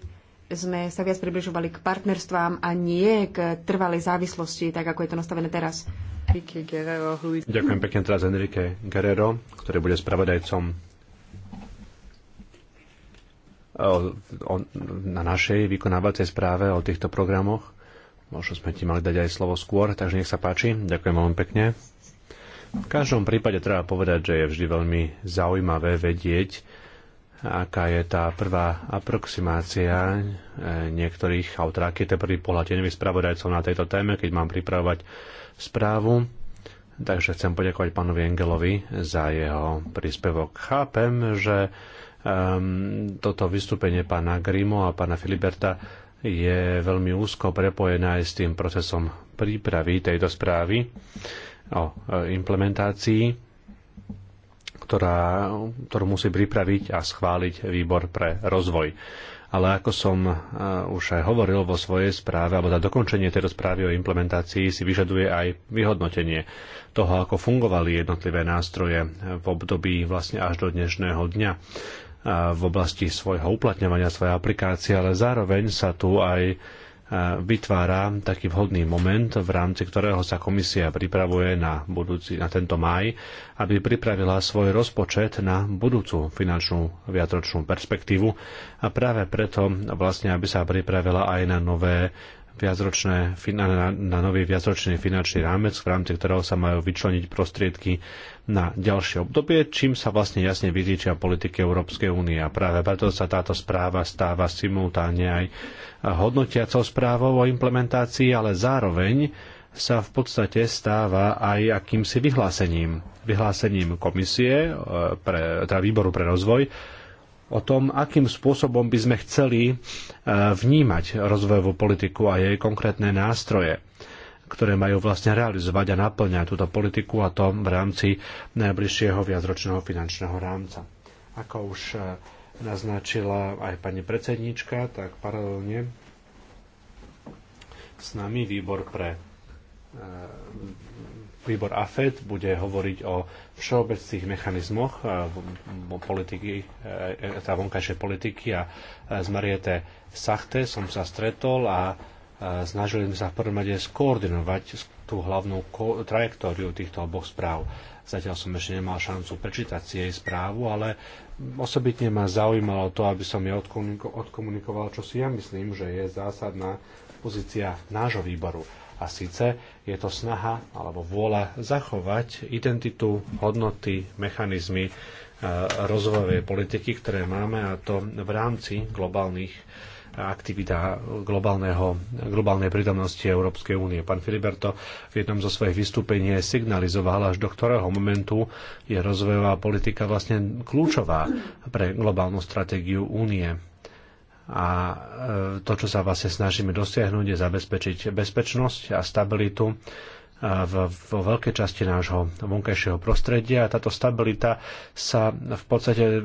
sme sa viac približovali k partnerstvám a nie k trvalej závislosti, tak ako je to nastavené teraz. Ďakujem pekne teraz Enrique Guerrero, ktorý bude spravodajcom eh, na našej vykonávacej správe o týchto programoch. Možno sme ti mali dať aj slovo skôr, takže nech sa páči. Ďakujem veľmi pekne. V každom prípade treba povedať, že je vždy veľmi zaujímavé vedieť, aká je tá prvá aproximácia e, niektorých autor, aký je ten prvý pohľad tenových spravodajcov na tejto téme, keď mám pripravovať správu. Takže chcem poďakovať pánovi Engelovi za jeho príspevok. Chápem, že um, toto vystúpenie pána Grimo a pána Filiberta je veľmi úzko prepojené aj s tým procesom prípravy tejto správy o e, implementácii ktorá, ktorú musí pripraviť a schváliť výbor pre rozvoj. Ale ako som eh, už aj hovoril vo svojej správe, alebo na dokončenie tejto správy o implementácii si vyžaduje aj vyhodnotenie toho, ako fungovali jednotlivé nástroje v období vlastne až do dnešného dňa eh, v oblasti svojho uplatňovania, svojej aplikácie, ale zároveň sa tu aj vytvára taký vhodný moment, v rámci ktorého sa komisia pripravuje na, budúci, na tento maj, aby pripravila svoj rozpočet na budúcu finančnú viatročnú perspektívu a práve preto vlastne, aby sa pripravila aj na nové viacročné, na, na nový viacročný finančný rámec, v rámci ktorého sa majú vyčleniť prostriedky na ďalšie obdobie, čím sa vlastne jasne vyzýčia politiky Európskej únie. A práve preto sa táto správa stáva simultáne aj hodnotiacou správou o implementácii, ale zároveň sa v podstate stáva aj akýmsi vyhlásením. Vyhlásením komisie, e, pre, teda výboru pre rozvoj, o tom, akým spôsobom by sme chceli e, vnímať rozvojovú politiku a jej konkrétne nástroje ktoré majú vlastne realizovať a naplňať túto politiku a to v rámci najbližšieho viacročného finančného rámca. Ako už e, naznačila aj pani predsedníčka, tak paralelne s nami výbor pre e, Výbor AFED bude hovoriť o všeobecných mechanizmoch politiky, e, e, e, tá vonkajšej politiky a z Mariete Sachte som sa stretol a snažili sme sa v prvom rade skoordinovať tú hlavnú trajektóriu týchto oboch správ. Zatiaľ som ešte nemal šancu prečítať si jej správu, ale osobitne ma zaujímalo to, aby som jej odkomunikoval, čo si ja myslím, že je zásadná pozícia nášho výboru a síce je to snaha alebo vôľa zachovať identitu, hodnoty, mechanizmy e, rozvojovej politiky, ktoré máme a to v rámci globálnych aktivita globálneho, globálnej prítomnosti Európskej únie. Pán Filiberto v jednom zo svojich vystúpení signalizoval, až do ktorého momentu je rozvojová politika vlastne kľúčová pre globálnu stratégiu únie a e, to, čo sa vlastne snažíme dosiahnuť, je zabezpečiť bezpečnosť a stabilitu e, vo veľkej časti nášho vonkajšieho prostredia a táto stabilita sa v podstate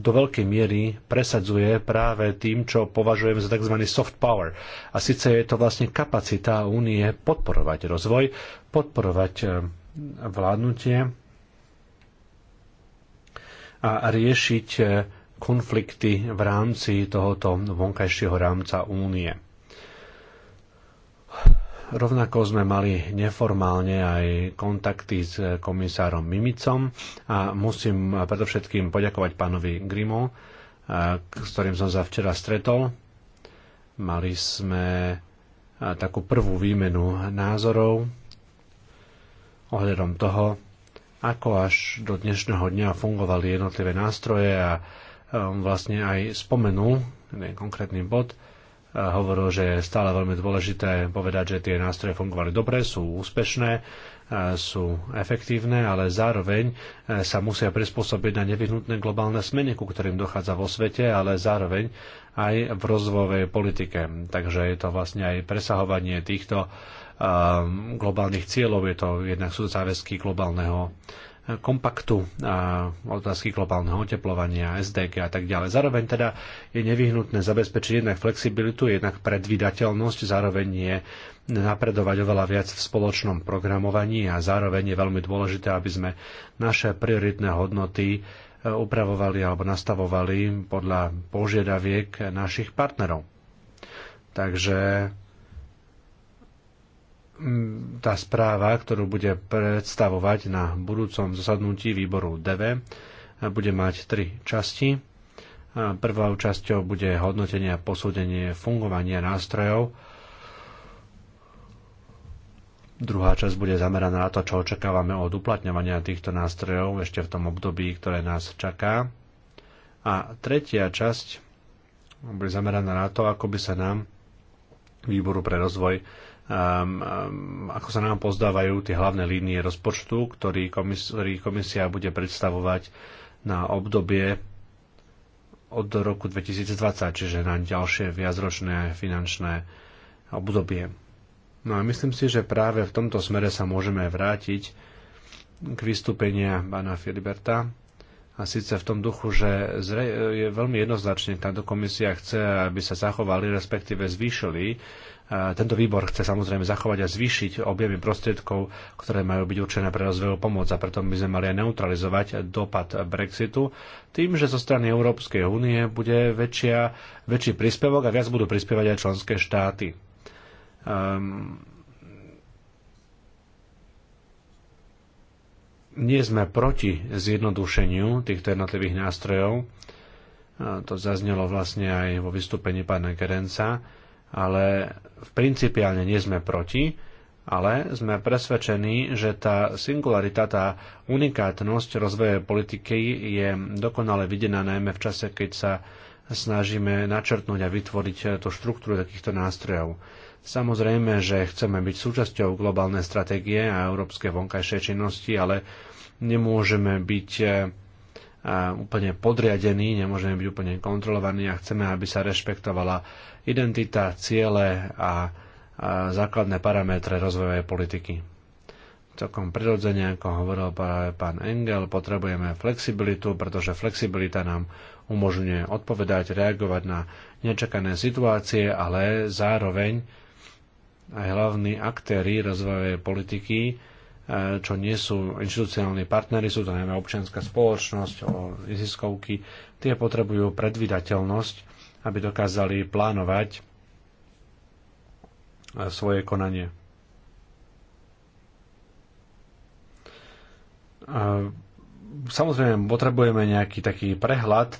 do veľkej miery presadzuje práve tým, čo považujeme za tzv. soft power. A síce je to vlastne kapacita únie podporovať rozvoj, podporovať e, vládnutie a riešiť konflikty v rámci tohoto vonkajšieho rámca únie. Rovnako sme mali neformálne aj kontakty s komisárom Mimicom a musím predovšetkým poďakovať pánovi Grimo, s ktorým som sa včera stretol. Mali sme takú prvú výmenu názorov ohľadom toho, ako až do dnešného dňa fungovali jednotlivé nástroje a Ehm, vlastne aj spomenul, ten konkrétny bod, hovoril, že je stále veľmi dôležité povedať, že tie nástroje fungovali dobre, sú úspešné, sú efektívne, ale zároveň e, sa musia prispôsobiť na nevyhnutné globálne zmeny, ku ktorým dochádza vo svete, ale zároveň aj v rozvojovej politike. Takže je to vlastne aj presahovanie týchto ehm, globálnych cieľov, je to jednak sú záväzky globálneho kompaktu a otázky globálneho oteplovania, SDG a tak ďalej. Zároveň teda je nevyhnutné zabezpečiť jednak flexibilitu, jednak predvydateľnosť, zároveň je napredovať oveľa viac v spoločnom programovaní a zároveň je veľmi dôležité, aby sme naše prioritné hodnoty e, upravovali alebo nastavovali podľa požiadaviek našich partnerov. Takže Mm, tá správa, ktorú bude predstavovať na budúcom zasadnutí výboru DV, bude mať tri časti. Prvou časťou bude hodnotenie a posúdenie fungovania nástrojov. Druhá časť bude zameraná na to, čo očakávame od uplatňovania týchto nástrojov ešte v tom období, ktoré nás čaká. A tretia časť bude zameraná na to, ako by sa nám výboru pre rozvoj um, ako sa nám pozdávajú tie hlavné línie rozpočtu, ktorý, komis- ktorý komisia bude predstavovať na obdobie od roku 2020, čiže na ďalšie viacročné finančné obdobie. No a myslím si, že práve v tomto smere sa môžeme vrátiť k vystúpenia pána Filiberta, a síce v tom duchu, že zre, je veľmi jednoznačne táto komisia chce, aby sa zachovali, respektíve zvýšili. A tento výbor chce samozrejme zachovať a zvýšiť objemy prostriedkov, ktoré majú byť určené pre rozvojovú pomoc a preto by sme mali aj neutralizovať dopad Brexitu tým, že zo strany Európskej únie bude väčšia, väčší príspevok a viac budú prispievať aj členské štáty. Um, nie sme proti zjednodušeniu týchto jednotlivých nástrojov. To zaznelo vlastne aj vo vystúpení pána Gerenca, ale v principiálne nie sme proti, ale sme presvedčení, že tá singularita, tá unikátnosť rozvoje politiky je dokonale videná najmä v čase, keď sa snažíme načrtnúť a vytvoriť tú štruktúru takýchto nástrojov. Samozrejme, že chceme byť súčasťou globálnej stratégie a európskej vonkajšej činnosti, ale nemôžeme byť e, úplne podriadení, nemôžeme byť úplne kontrolovaní a chceme, aby sa rešpektovala identita, ciele a, základné parametre rozvojovej politiky. Celkom prirodzene, ako hovoril práve pán Engel, potrebujeme flexibilitu, pretože flexibilita nám umožňuje odpovedať, reagovať na nečakané situácie, ale zároveň aj hlavní aktéry rozvojovej politiky Eh, čo nie sú inštitucionálni partnery, sú to najmä občianská spoločnosť, ziskovky, tie potrebujú predvydateľnosť, aby dokázali plánovať eh, svoje konanie. Eh, samozrejme, potrebujeme nejaký taký prehľad,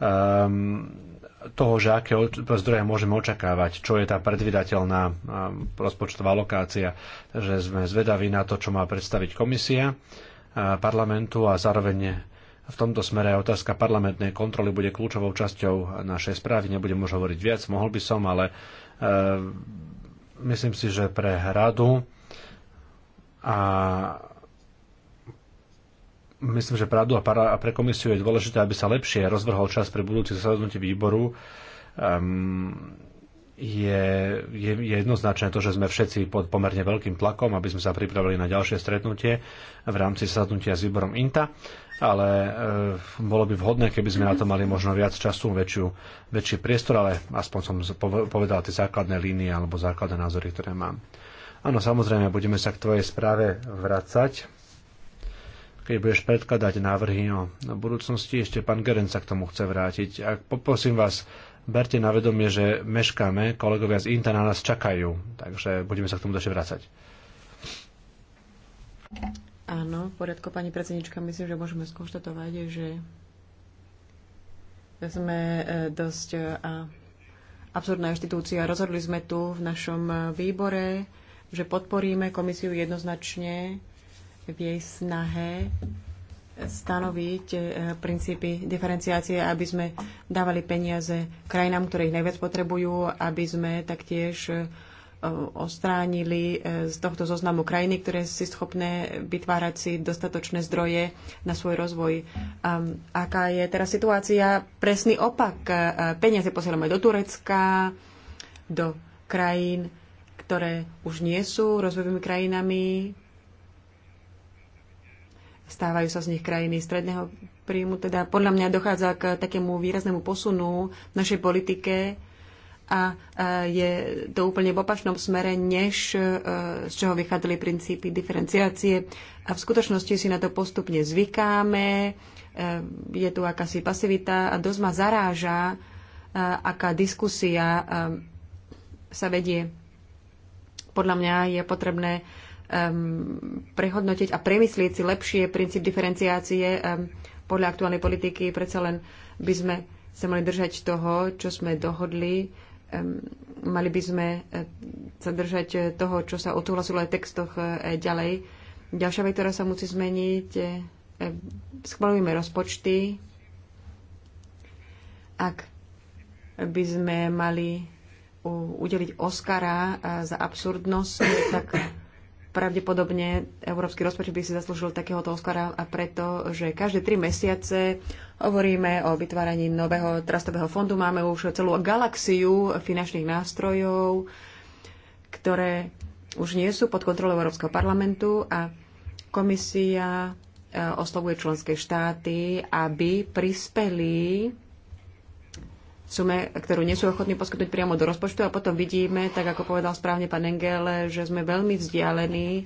ehm, toho, že aké zdroje môžeme očakávať, čo je tá predvydateľná rozpočtová lokácia. Takže sme zvedaví na to, čo má predstaviť komisia parlamentu a zároveň v tomto smere aj otázka parlamentnej kontroly bude kľúčovou časťou našej správy. Nebudem už hovoriť viac, mohol by som, ale e, myslím si, že pre radu a myslím, že pravdu a, para, a pre komisiu je dôležité, aby sa lepšie rozvrhol čas pre budúce zasadnutie výboru. Um, je, je, je jednoznačné to, že sme všetci pod pomerne veľkým tlakom, aby sme sa pripravili na ďalšie stretnutie v rámci zasadnutia s výborom INTA, ale e, bolo by vhodné, keby sme na to mali možno viac času, väčšiu, väčší priestor, ale aspoň som povedal tie základné línie alebo základné názory, ktoré mám. Áno, samozrejme, budeme sa k tvojej správe vracať keď budeš predkladať návrhy o no, no budúcnosti. Ešte pán Geren sa k tomu chce vrátiť. A poprosím vás, berte na vedomie, že meškáme, kolegovia z Inta na nás čakajú, takže budeme sa k tomu ešte vrácať. Áno, v poriadku, pani predsednička, myslím, že môžeme skonštatovať, že sme e, dosť e, absurdná inštitúcia. Rozhodli sme tu v našom e, výbore, že podporíme komisiu jednoznačne v jej snahe stanoviť e, princípy diferenciácie, aby sme dávali peniaze krajinám, ktoré ich najviac potrebujú, aby sme taktiež e, ostránili e, z tohto zoznamu krajiny, ktoré si schopné vytvárať si dostatočné zdroje na svoj rozvoj. A aká je teraz situácia? Presný opak. Peniaze posielame do Turecka, do krajín, ktoré už nie sú rozvojovými krajinami, Stávajú sa z nich krajiny stredného príjmu. Teda podľa mňa dochádza k takému výraznému posunu v našej politike a e, je to úplne v opačnom smere, než e, z čoho vychádzali princípy diferenciácie. A v skutočnosti si na to postupne zvykáme, e, je tu akási pasivita a dosť ma zaráža, aká diskusia sa vedie. Podľa mňa je potrebné um, prehodnotiť a premyslieť si lepšie princíp diferenciácie um, podľa aktuálnej politiky. Predsa len by sme sa mali držať toho, čo sme dohodli. Um, mali by sme uh, sa držať toho, čo sa odhlasilo aj v textoch uh, ďalej. Ďalšia vec, ktorá sa musí zmeniť, uh, schvalujeme rozpočty. Ak by sme mali udeliť Oscara uh, za absurdnosť, tak pravdepodobne európsky rozpočet by si zaslúžil takéhoto Oscara a preto, že každé tri mesiace hovoríme o vytváraní nového trastového fondu. Máme už celú galaxiu finančných nástrojov, ktoré už nie sú pod kontrolou Európskeho parlamentu a komisia e, oslovuje členské štáty, aby prispeli sume, ktorú nie sú ochotní poskytnúť priamo do rozpočtu a potom vidíme, tak ako povedal správne pán Engel, že sme veľmi vzdialení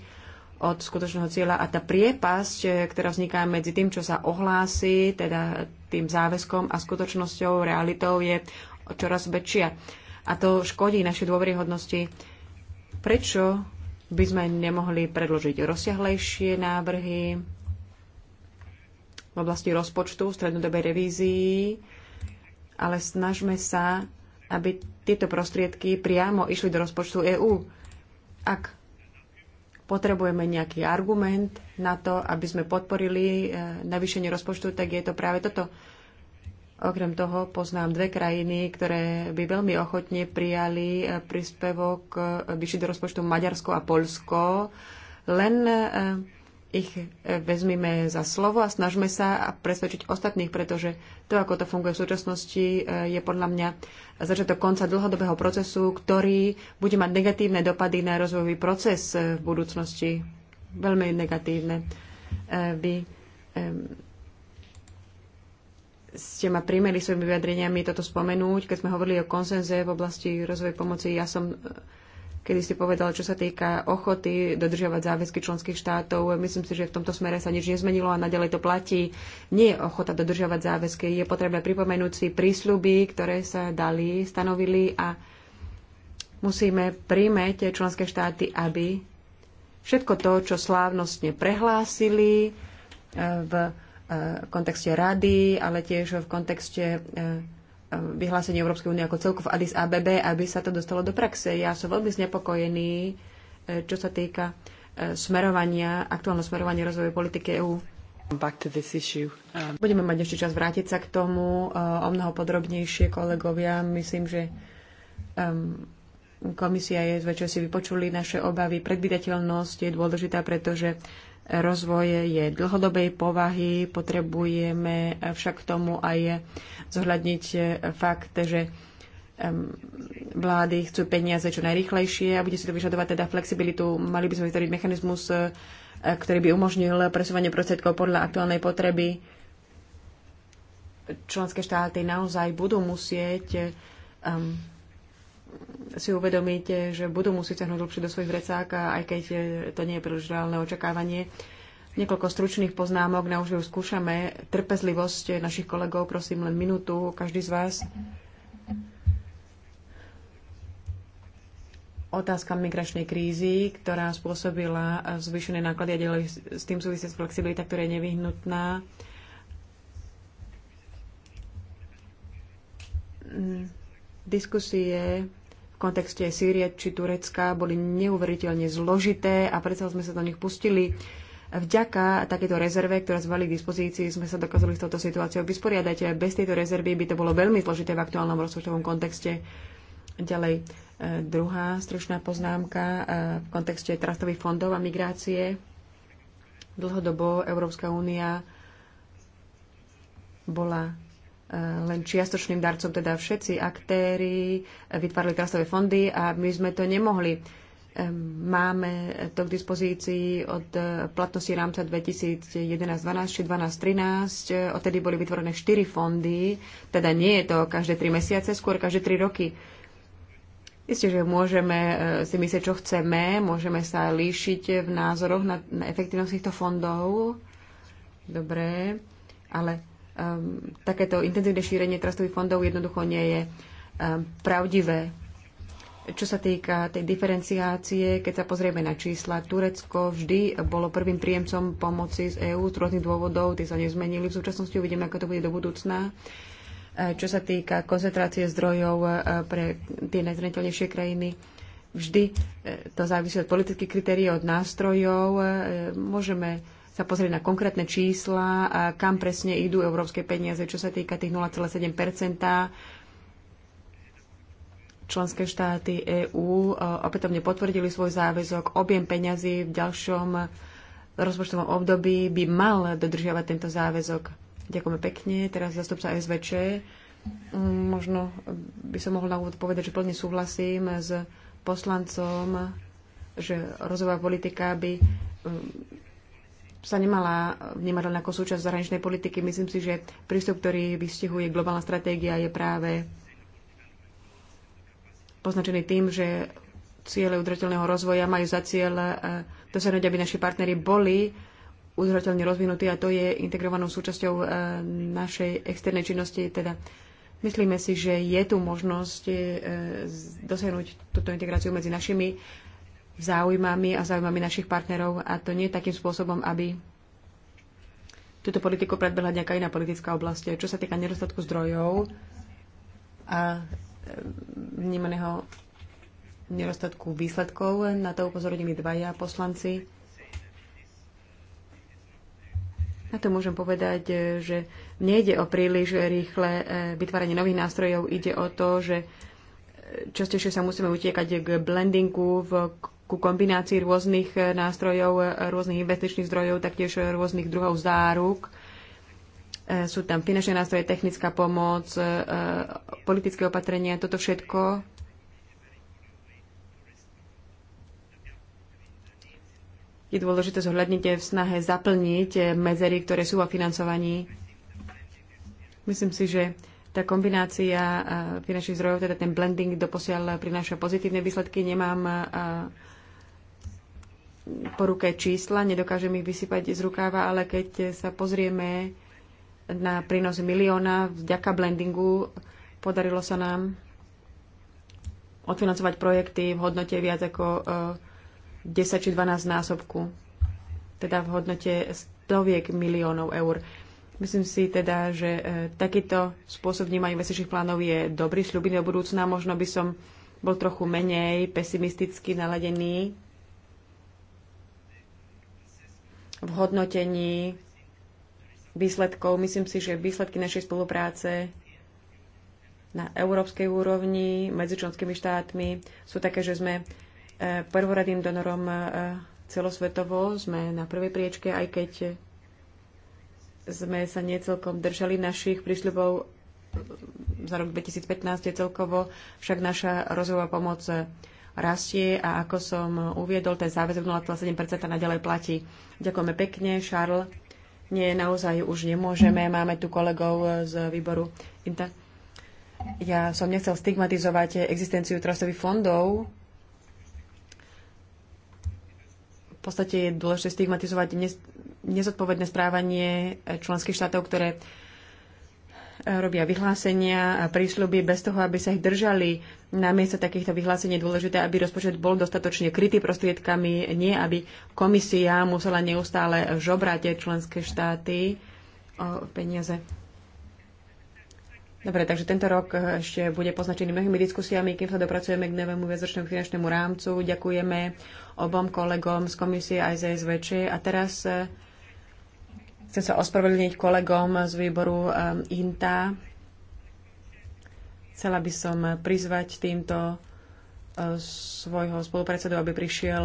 od skutočného cieľa a tá priepasť, ktorá vzniká medzi tým, čo sa ohlási, teda tým záväzkom a skutočnosťou, realitou je čoraz väčšia. A to škodí našej dôveryhodnosti. Prečo by sme nemohli predložiť rozsiahlejšie návrhy v oblasti rozpočtu, v strednodobej revízii, ale snažme sa, aby tieto prostriedky priamo išli do rozpočtu EÚ. Ak potrebujeme nejaký argument na to, aby sme podporili e, navýšenie rozpočtu, tak je to práve toto. Okrem toho poznám dve krajiny, ktoré by veľmi ochotne prijali e, príspevok e, vyšší do rozpočtu Maďarsko a Polsko, len ich e, vezmime za slovo a snažme sa presvedčiť ostatných, pretože to, ako to funguje v súčasnosti, e, je podľa mňa začiatok konca dlhodobého procesu, ktorý bude mať negatívne dopady na rozvojový proces e, v budúcnosti. Veľmi negatívne. Vy ste ma primeli svojimi vyjadreniami toto spomenúť, keď sme hovorili o konsenze v oblasti rozvoja pomoci. Ja som kedy ste povedal, čo sa týka ochoty dodržiavať záväzky členských štátov. Myslím si, že v tomto smere sa nič nezmenilo a naďalej to platí. Nie je ochota dodržiavať záväzky. Je potrebné pripomenúť si prísľuby, ktoré sa dali, stanovili a musíme príjmeť členské štáty, aby všetko to, čo slávnostne prehlásili e, v e, kontexte rady, ale tiež v kontexte e, vyhlásenie Európskej únie ako celku v Addis ABB, aby sa to dostalo do praxe. Ja som veľmi znepokojený, e, čo sa týka e, smerovania, aktuálne smerovanie rozvoje politiky EÚ. Um... Budeme mať ešte čas vrátiť sa k tomu e, o mnoho podrobnejšie, kolegovia. Myslím, že um, komisia je zväčšia si vypočuli naše obavy. Predvydateľnosť je dôležitá, pretože rozvoj je dlhodobej povahy. Potrebujeme však k tomu aj zohľadniť fakt, že vlády chcú peniaze čo najrychlejšie a bude si to vyžadovať teda flexibilitu. Mali by sme vytvoriť mechanizmus, eh, ktorý by umožnil presúvanie prostriedkov podľa aktuálnej potreby. Členské štáty naozaj budú musieť um, si uvedomíte, že budú musieť ťahnuť dlhšie do svojich vrecák, aj keď eh, to nie je príliš reálne očakávanie. Niekoľko stručných poznámok, na už skúšame. Trpezlivosť našich kolegov, prosím len minútu, každý z vás. Otázka migračnej krízy, ktorá spôsobila eh, zvýšené náklady a ďalej s tým súvisia flexibilita, ktorá je nevyhnutná. Mm, diskusie kontexte Sýrie či Turecka boli neuveriteľne zložité a predsa sme sa do nich pustili. Vďaka takéto rezerve, ktorá sme mali k dispozícii, sme sa dokázali s touto situáciou vysporiadať. Bez tejto rezervy by to bolo veľmi zložité v aktuálnom rozpočtovom kontexte. Ďalej, e, druhá stručná poznámka e, v kontexte trastových fondov a migrácie. Dlhodobo Európska únia bola len čiastočným darcom, teda všetci aktéry vytvárali trastové fondy a my sme to nemohli. Máme to k dispozícii od platnosti rámca 2011-12 či 2012 13 Odtedy boli vytvorené 4 fondy, teda nie je to každé 3 mesiace, skôr každé 3 roky. Isté, že môžeme eh, si myslieť, čo chceme, môžeme sa líšiť v názoroch na, na efektivnosť týchto fondov. Dobre, ale um, takéto intenzívne šírenie trastových fondov jednoducho nie je um, pravdivé. Čo sa týka tej diferenciácie, keď sa pozrieme na čísla, Turecko vždy bolo prvým príjemcom pomoci z EÚ z rôznych dôvodov, tie sa nezmenili. V súčasnosti uvidíme, ako to bude do budúcna. E, čo sa týka koncentrácie zdrojov e, pre tie najzraniteľnejšie krajiny, vždy e, to závisí od politických kritérií, od nástrojov. Môžeme sa pozrieť na konkrétne čísla, a kam presne idú európske peniaze, čo sa týka tých 0,7 Členské štáty EÚ e, opätovne potvrdili svoj záväzok. Objem peňazí v ďalšom rozpočtovom období by mal dodržiavať tento záväzok. Ďakujeme pekne. Teraz zastupca SVČ. Možno by som mohol na úvod povedať, že plne súhlasím s poslancom, že rozvojová politika by sa nemala vnímať len ako súčasť zahraničnej politiky. Myslím si, že prístup, ktorý vystihuje globálna stratégia, je práve poznačený tým, že ciele udržateľného rozvoja majú za cieľ e, dosiahnuť, aby naši partnery boli udržateľne rozvinutí a to je integrovanou súčasťou e, našej externej činnosti. Teda myslíme si, že je tu možnosť e, dosiahnuť túto integráciu medzi našimi záujmami a záujmami našich partnerov a to nie takým spôsobom, aby túto politiku predbehla nejaká iná politická oblasť. Čo sa týka nedostatku zdrojov a e, vnímaného nedostatku výsledkov, na to upozornili dvaja poslanci. Na to môžem povedať, e, že nejde o príliš rýchle e, vytváranie nových nástrojov, ide o to, že častejšie sa musíme utiekať k blendingu v ku kombinácii rôznych eh, nástrojov, eh, rôznych investičných zdrojov, taktiež eh, rôznych druhov záruk. Sú tam finančné nástroje, technická pomoc, politické opatrenia, toto všetko je dôležité zohľadniť v snahe zaplniť medzery, ktoré sú vo financovaní. Myslím si, že tá kombinácia finančných zdrojov, teda ten blending doposiaľ prináša pozitívne výsledky. Nemám po ruke čísla, nedokážem ich vysypať z rukáva, ale keď sa pozrieme na prínos milióna vďaka blendingu, podarilo sa nám odfinancovať projekty v hodnote viac ako 10 eh, či 12 násobku, teda v hodnote stoviek miliónov eur. Myslím si teda, že eh, takýto spôsob vnímania investičných plánov je dobrý, sľubný do budúcna. Možno by som bol trochu menej pesimisticky naladený v hodnotení výsledkov. Myslím si, že výsledky našej spolupráce na európskej úrovni medzi členskými štátmi sú také, že sme e, prvoradým donorom e, celosvetovo, sme na prvej priečke, aj keď sme sa niecelkom držali našich prísľubov za rok 2015 je celkovo však naša rozvojová pomoc rastie a ako som uviedol, ten záväzok 0,7% naďalej platí. Ďakujeme pekne, Charles. Nie, naozaj už nemôžeme. Máme tu kolegov z výboru INTA. Ja som nechcel stigmatizovať existenciu trastových fondov. V podstate je dôležité stigmatizovať nezodpovedné správanie členských štátov, ktoré uh, robia vyhlásenia a prísľuby bez toho, aby sa ich držali. Na miesto takýchto vyhlásení je dôležité, aby rozpočet bol dostatočne krytý prostriedkami, nie aby komisia musela neustále žobrať členské štáty o peniaze. Dobre, takže tento rok ešte bude poznačený mnohými diskusiami, kým sa dopracujeme k novému väzočnému finančnému rámcu. Ďakujeme obom kolegom z komisie aj z SVČ. A teraz Chcem sa ospravedlniť kolegom z výboru um, INTA. Chcela by som prizvať týmto uh, svojho spolupredsedu, aby prišiel